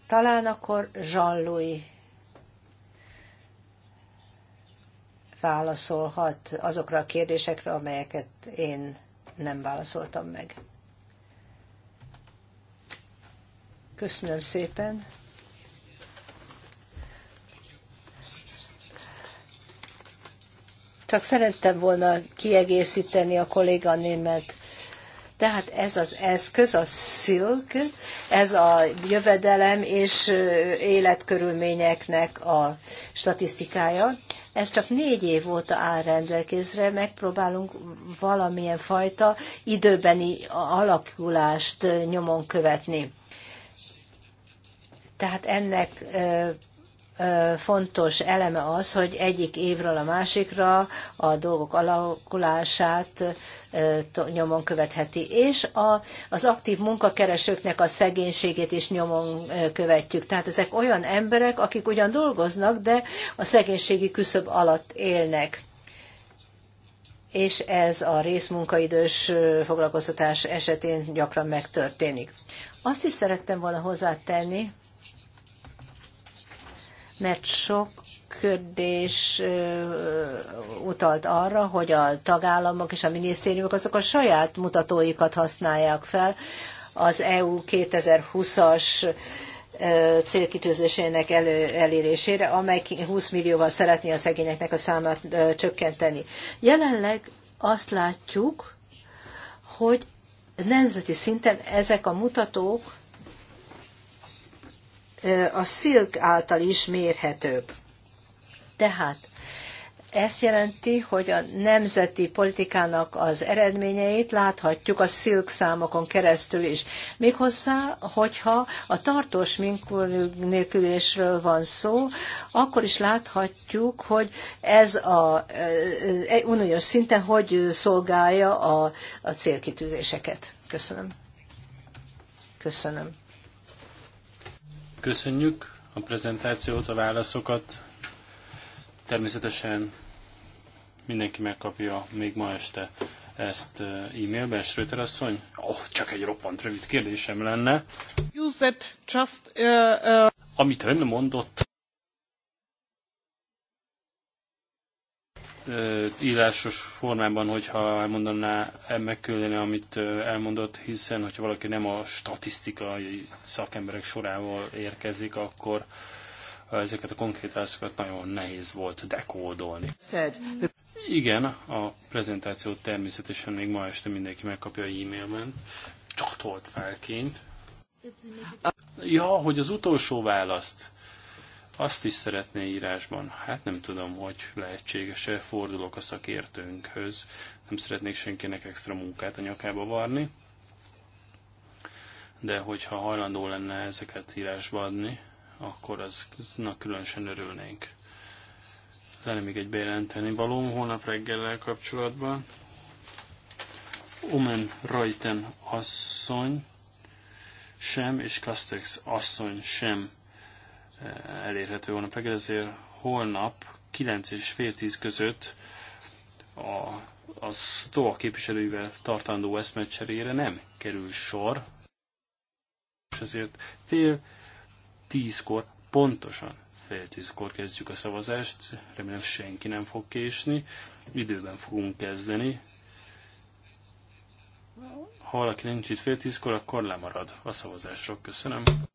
Talán akkor Jean-Louis válaszolhat azokra a kérdésekre, amelyeket én nem válaszoltam meg. Köszönöm szépen. Csak szerettem volna kiegészíteni a kolléganémet. Tehát ez az eszköz, a szilk, ez a jövedelem és életkörülményeknek a statisztikája. Ez csak négy év óta áll rendelkezésre, megpróbálunk valamilyen fajta időbeni alakulást nyomon követni. Tehát ennek fontos eleme az, hogy egyik évről a másikra a dolgok alakulását nyomon követheti, és a, az aktív munkakeresőknek a szegénységét is nyomon követjük. Tehát ezek olyan emberek, akik ugyan dolgoznak, de a szegénységi küszöb alatt élnek és ez a részmunkaidős foglalkoztatás esetén gyakran megtörténik. Azt is szerettem volna hozzátenni, mert sok kérdés utalt arra, hogy a tagállamok és a minisztériumok azok a saját mutatóikat használják fel az EU 2020-as célkitűzésének elő, elérésére, amely 20 millióval szeretné a szegényeknek a számát csökkenteni. Jelenleg azt látjuk, hogy nemzeti szinten ezek a mutatók a szilk által is mérhetőbb. Tehát ezt jelenti, hogy a nemzeti politikának az eredményeit láthatjuk a szilk számokon keresztül is. Méghozzá, hogyha a tartós munkanélkülésről van szó, akkor is láthatjuk, hogy ez a e, uniós szinten hogy szolgálja a, a célkitűzéseket. Köszönöm. Köszönöm. Köszönjük a prezentációt, a válaszokat. Természetesen mindenki megkapja még ma este ezt eh, e-mailben, Schröter asszony? Oh, csak egy roppant rövid kérdésem lenne. just, uh, uh... Amit ön mondott, írásos formában, hogyha elmondaná, e- megküldeni, amit elmondott, hiszen hogyha valaki nem a statisztikai szakemberek sorával érkezik, akkor ezeket a konkrét válaszokat nagyon nehéz volt dekódolni. Igen, a prezentációt természetesen még ma este mindenki megkapja e-mailben, csak tolt felként. Ja, hogy az utolsó választ azt is szeretné írásban, hát nem tudom, hogy lehetséges-e, fordulok a szakértőnkhöz, nem szeretnék senkinek extra munkát a nyakába varni, de hogyha hajlandó lenne ezeket írásba adni, akkor aznak különösen örülnénk. Lenne még egy bejelenteni valóm holnap reggellel kapcsolatban. Omen Rajten asszony sem, és Kastex asszony sem elérhető volna reggel, ezért holnap 9 és fél 10 között a, a STOA képviselőivel tartandó eszmecserére nem kerül sor, és ezért fél 10-kor, pontosan fél 10-kor kezdjük a szavazást, remélem senki nem fog késni, időben fogunk kezdeni. Ha valaki nincs itt fél tízkor, akkor lemarad a szavazásról. Köszönöm.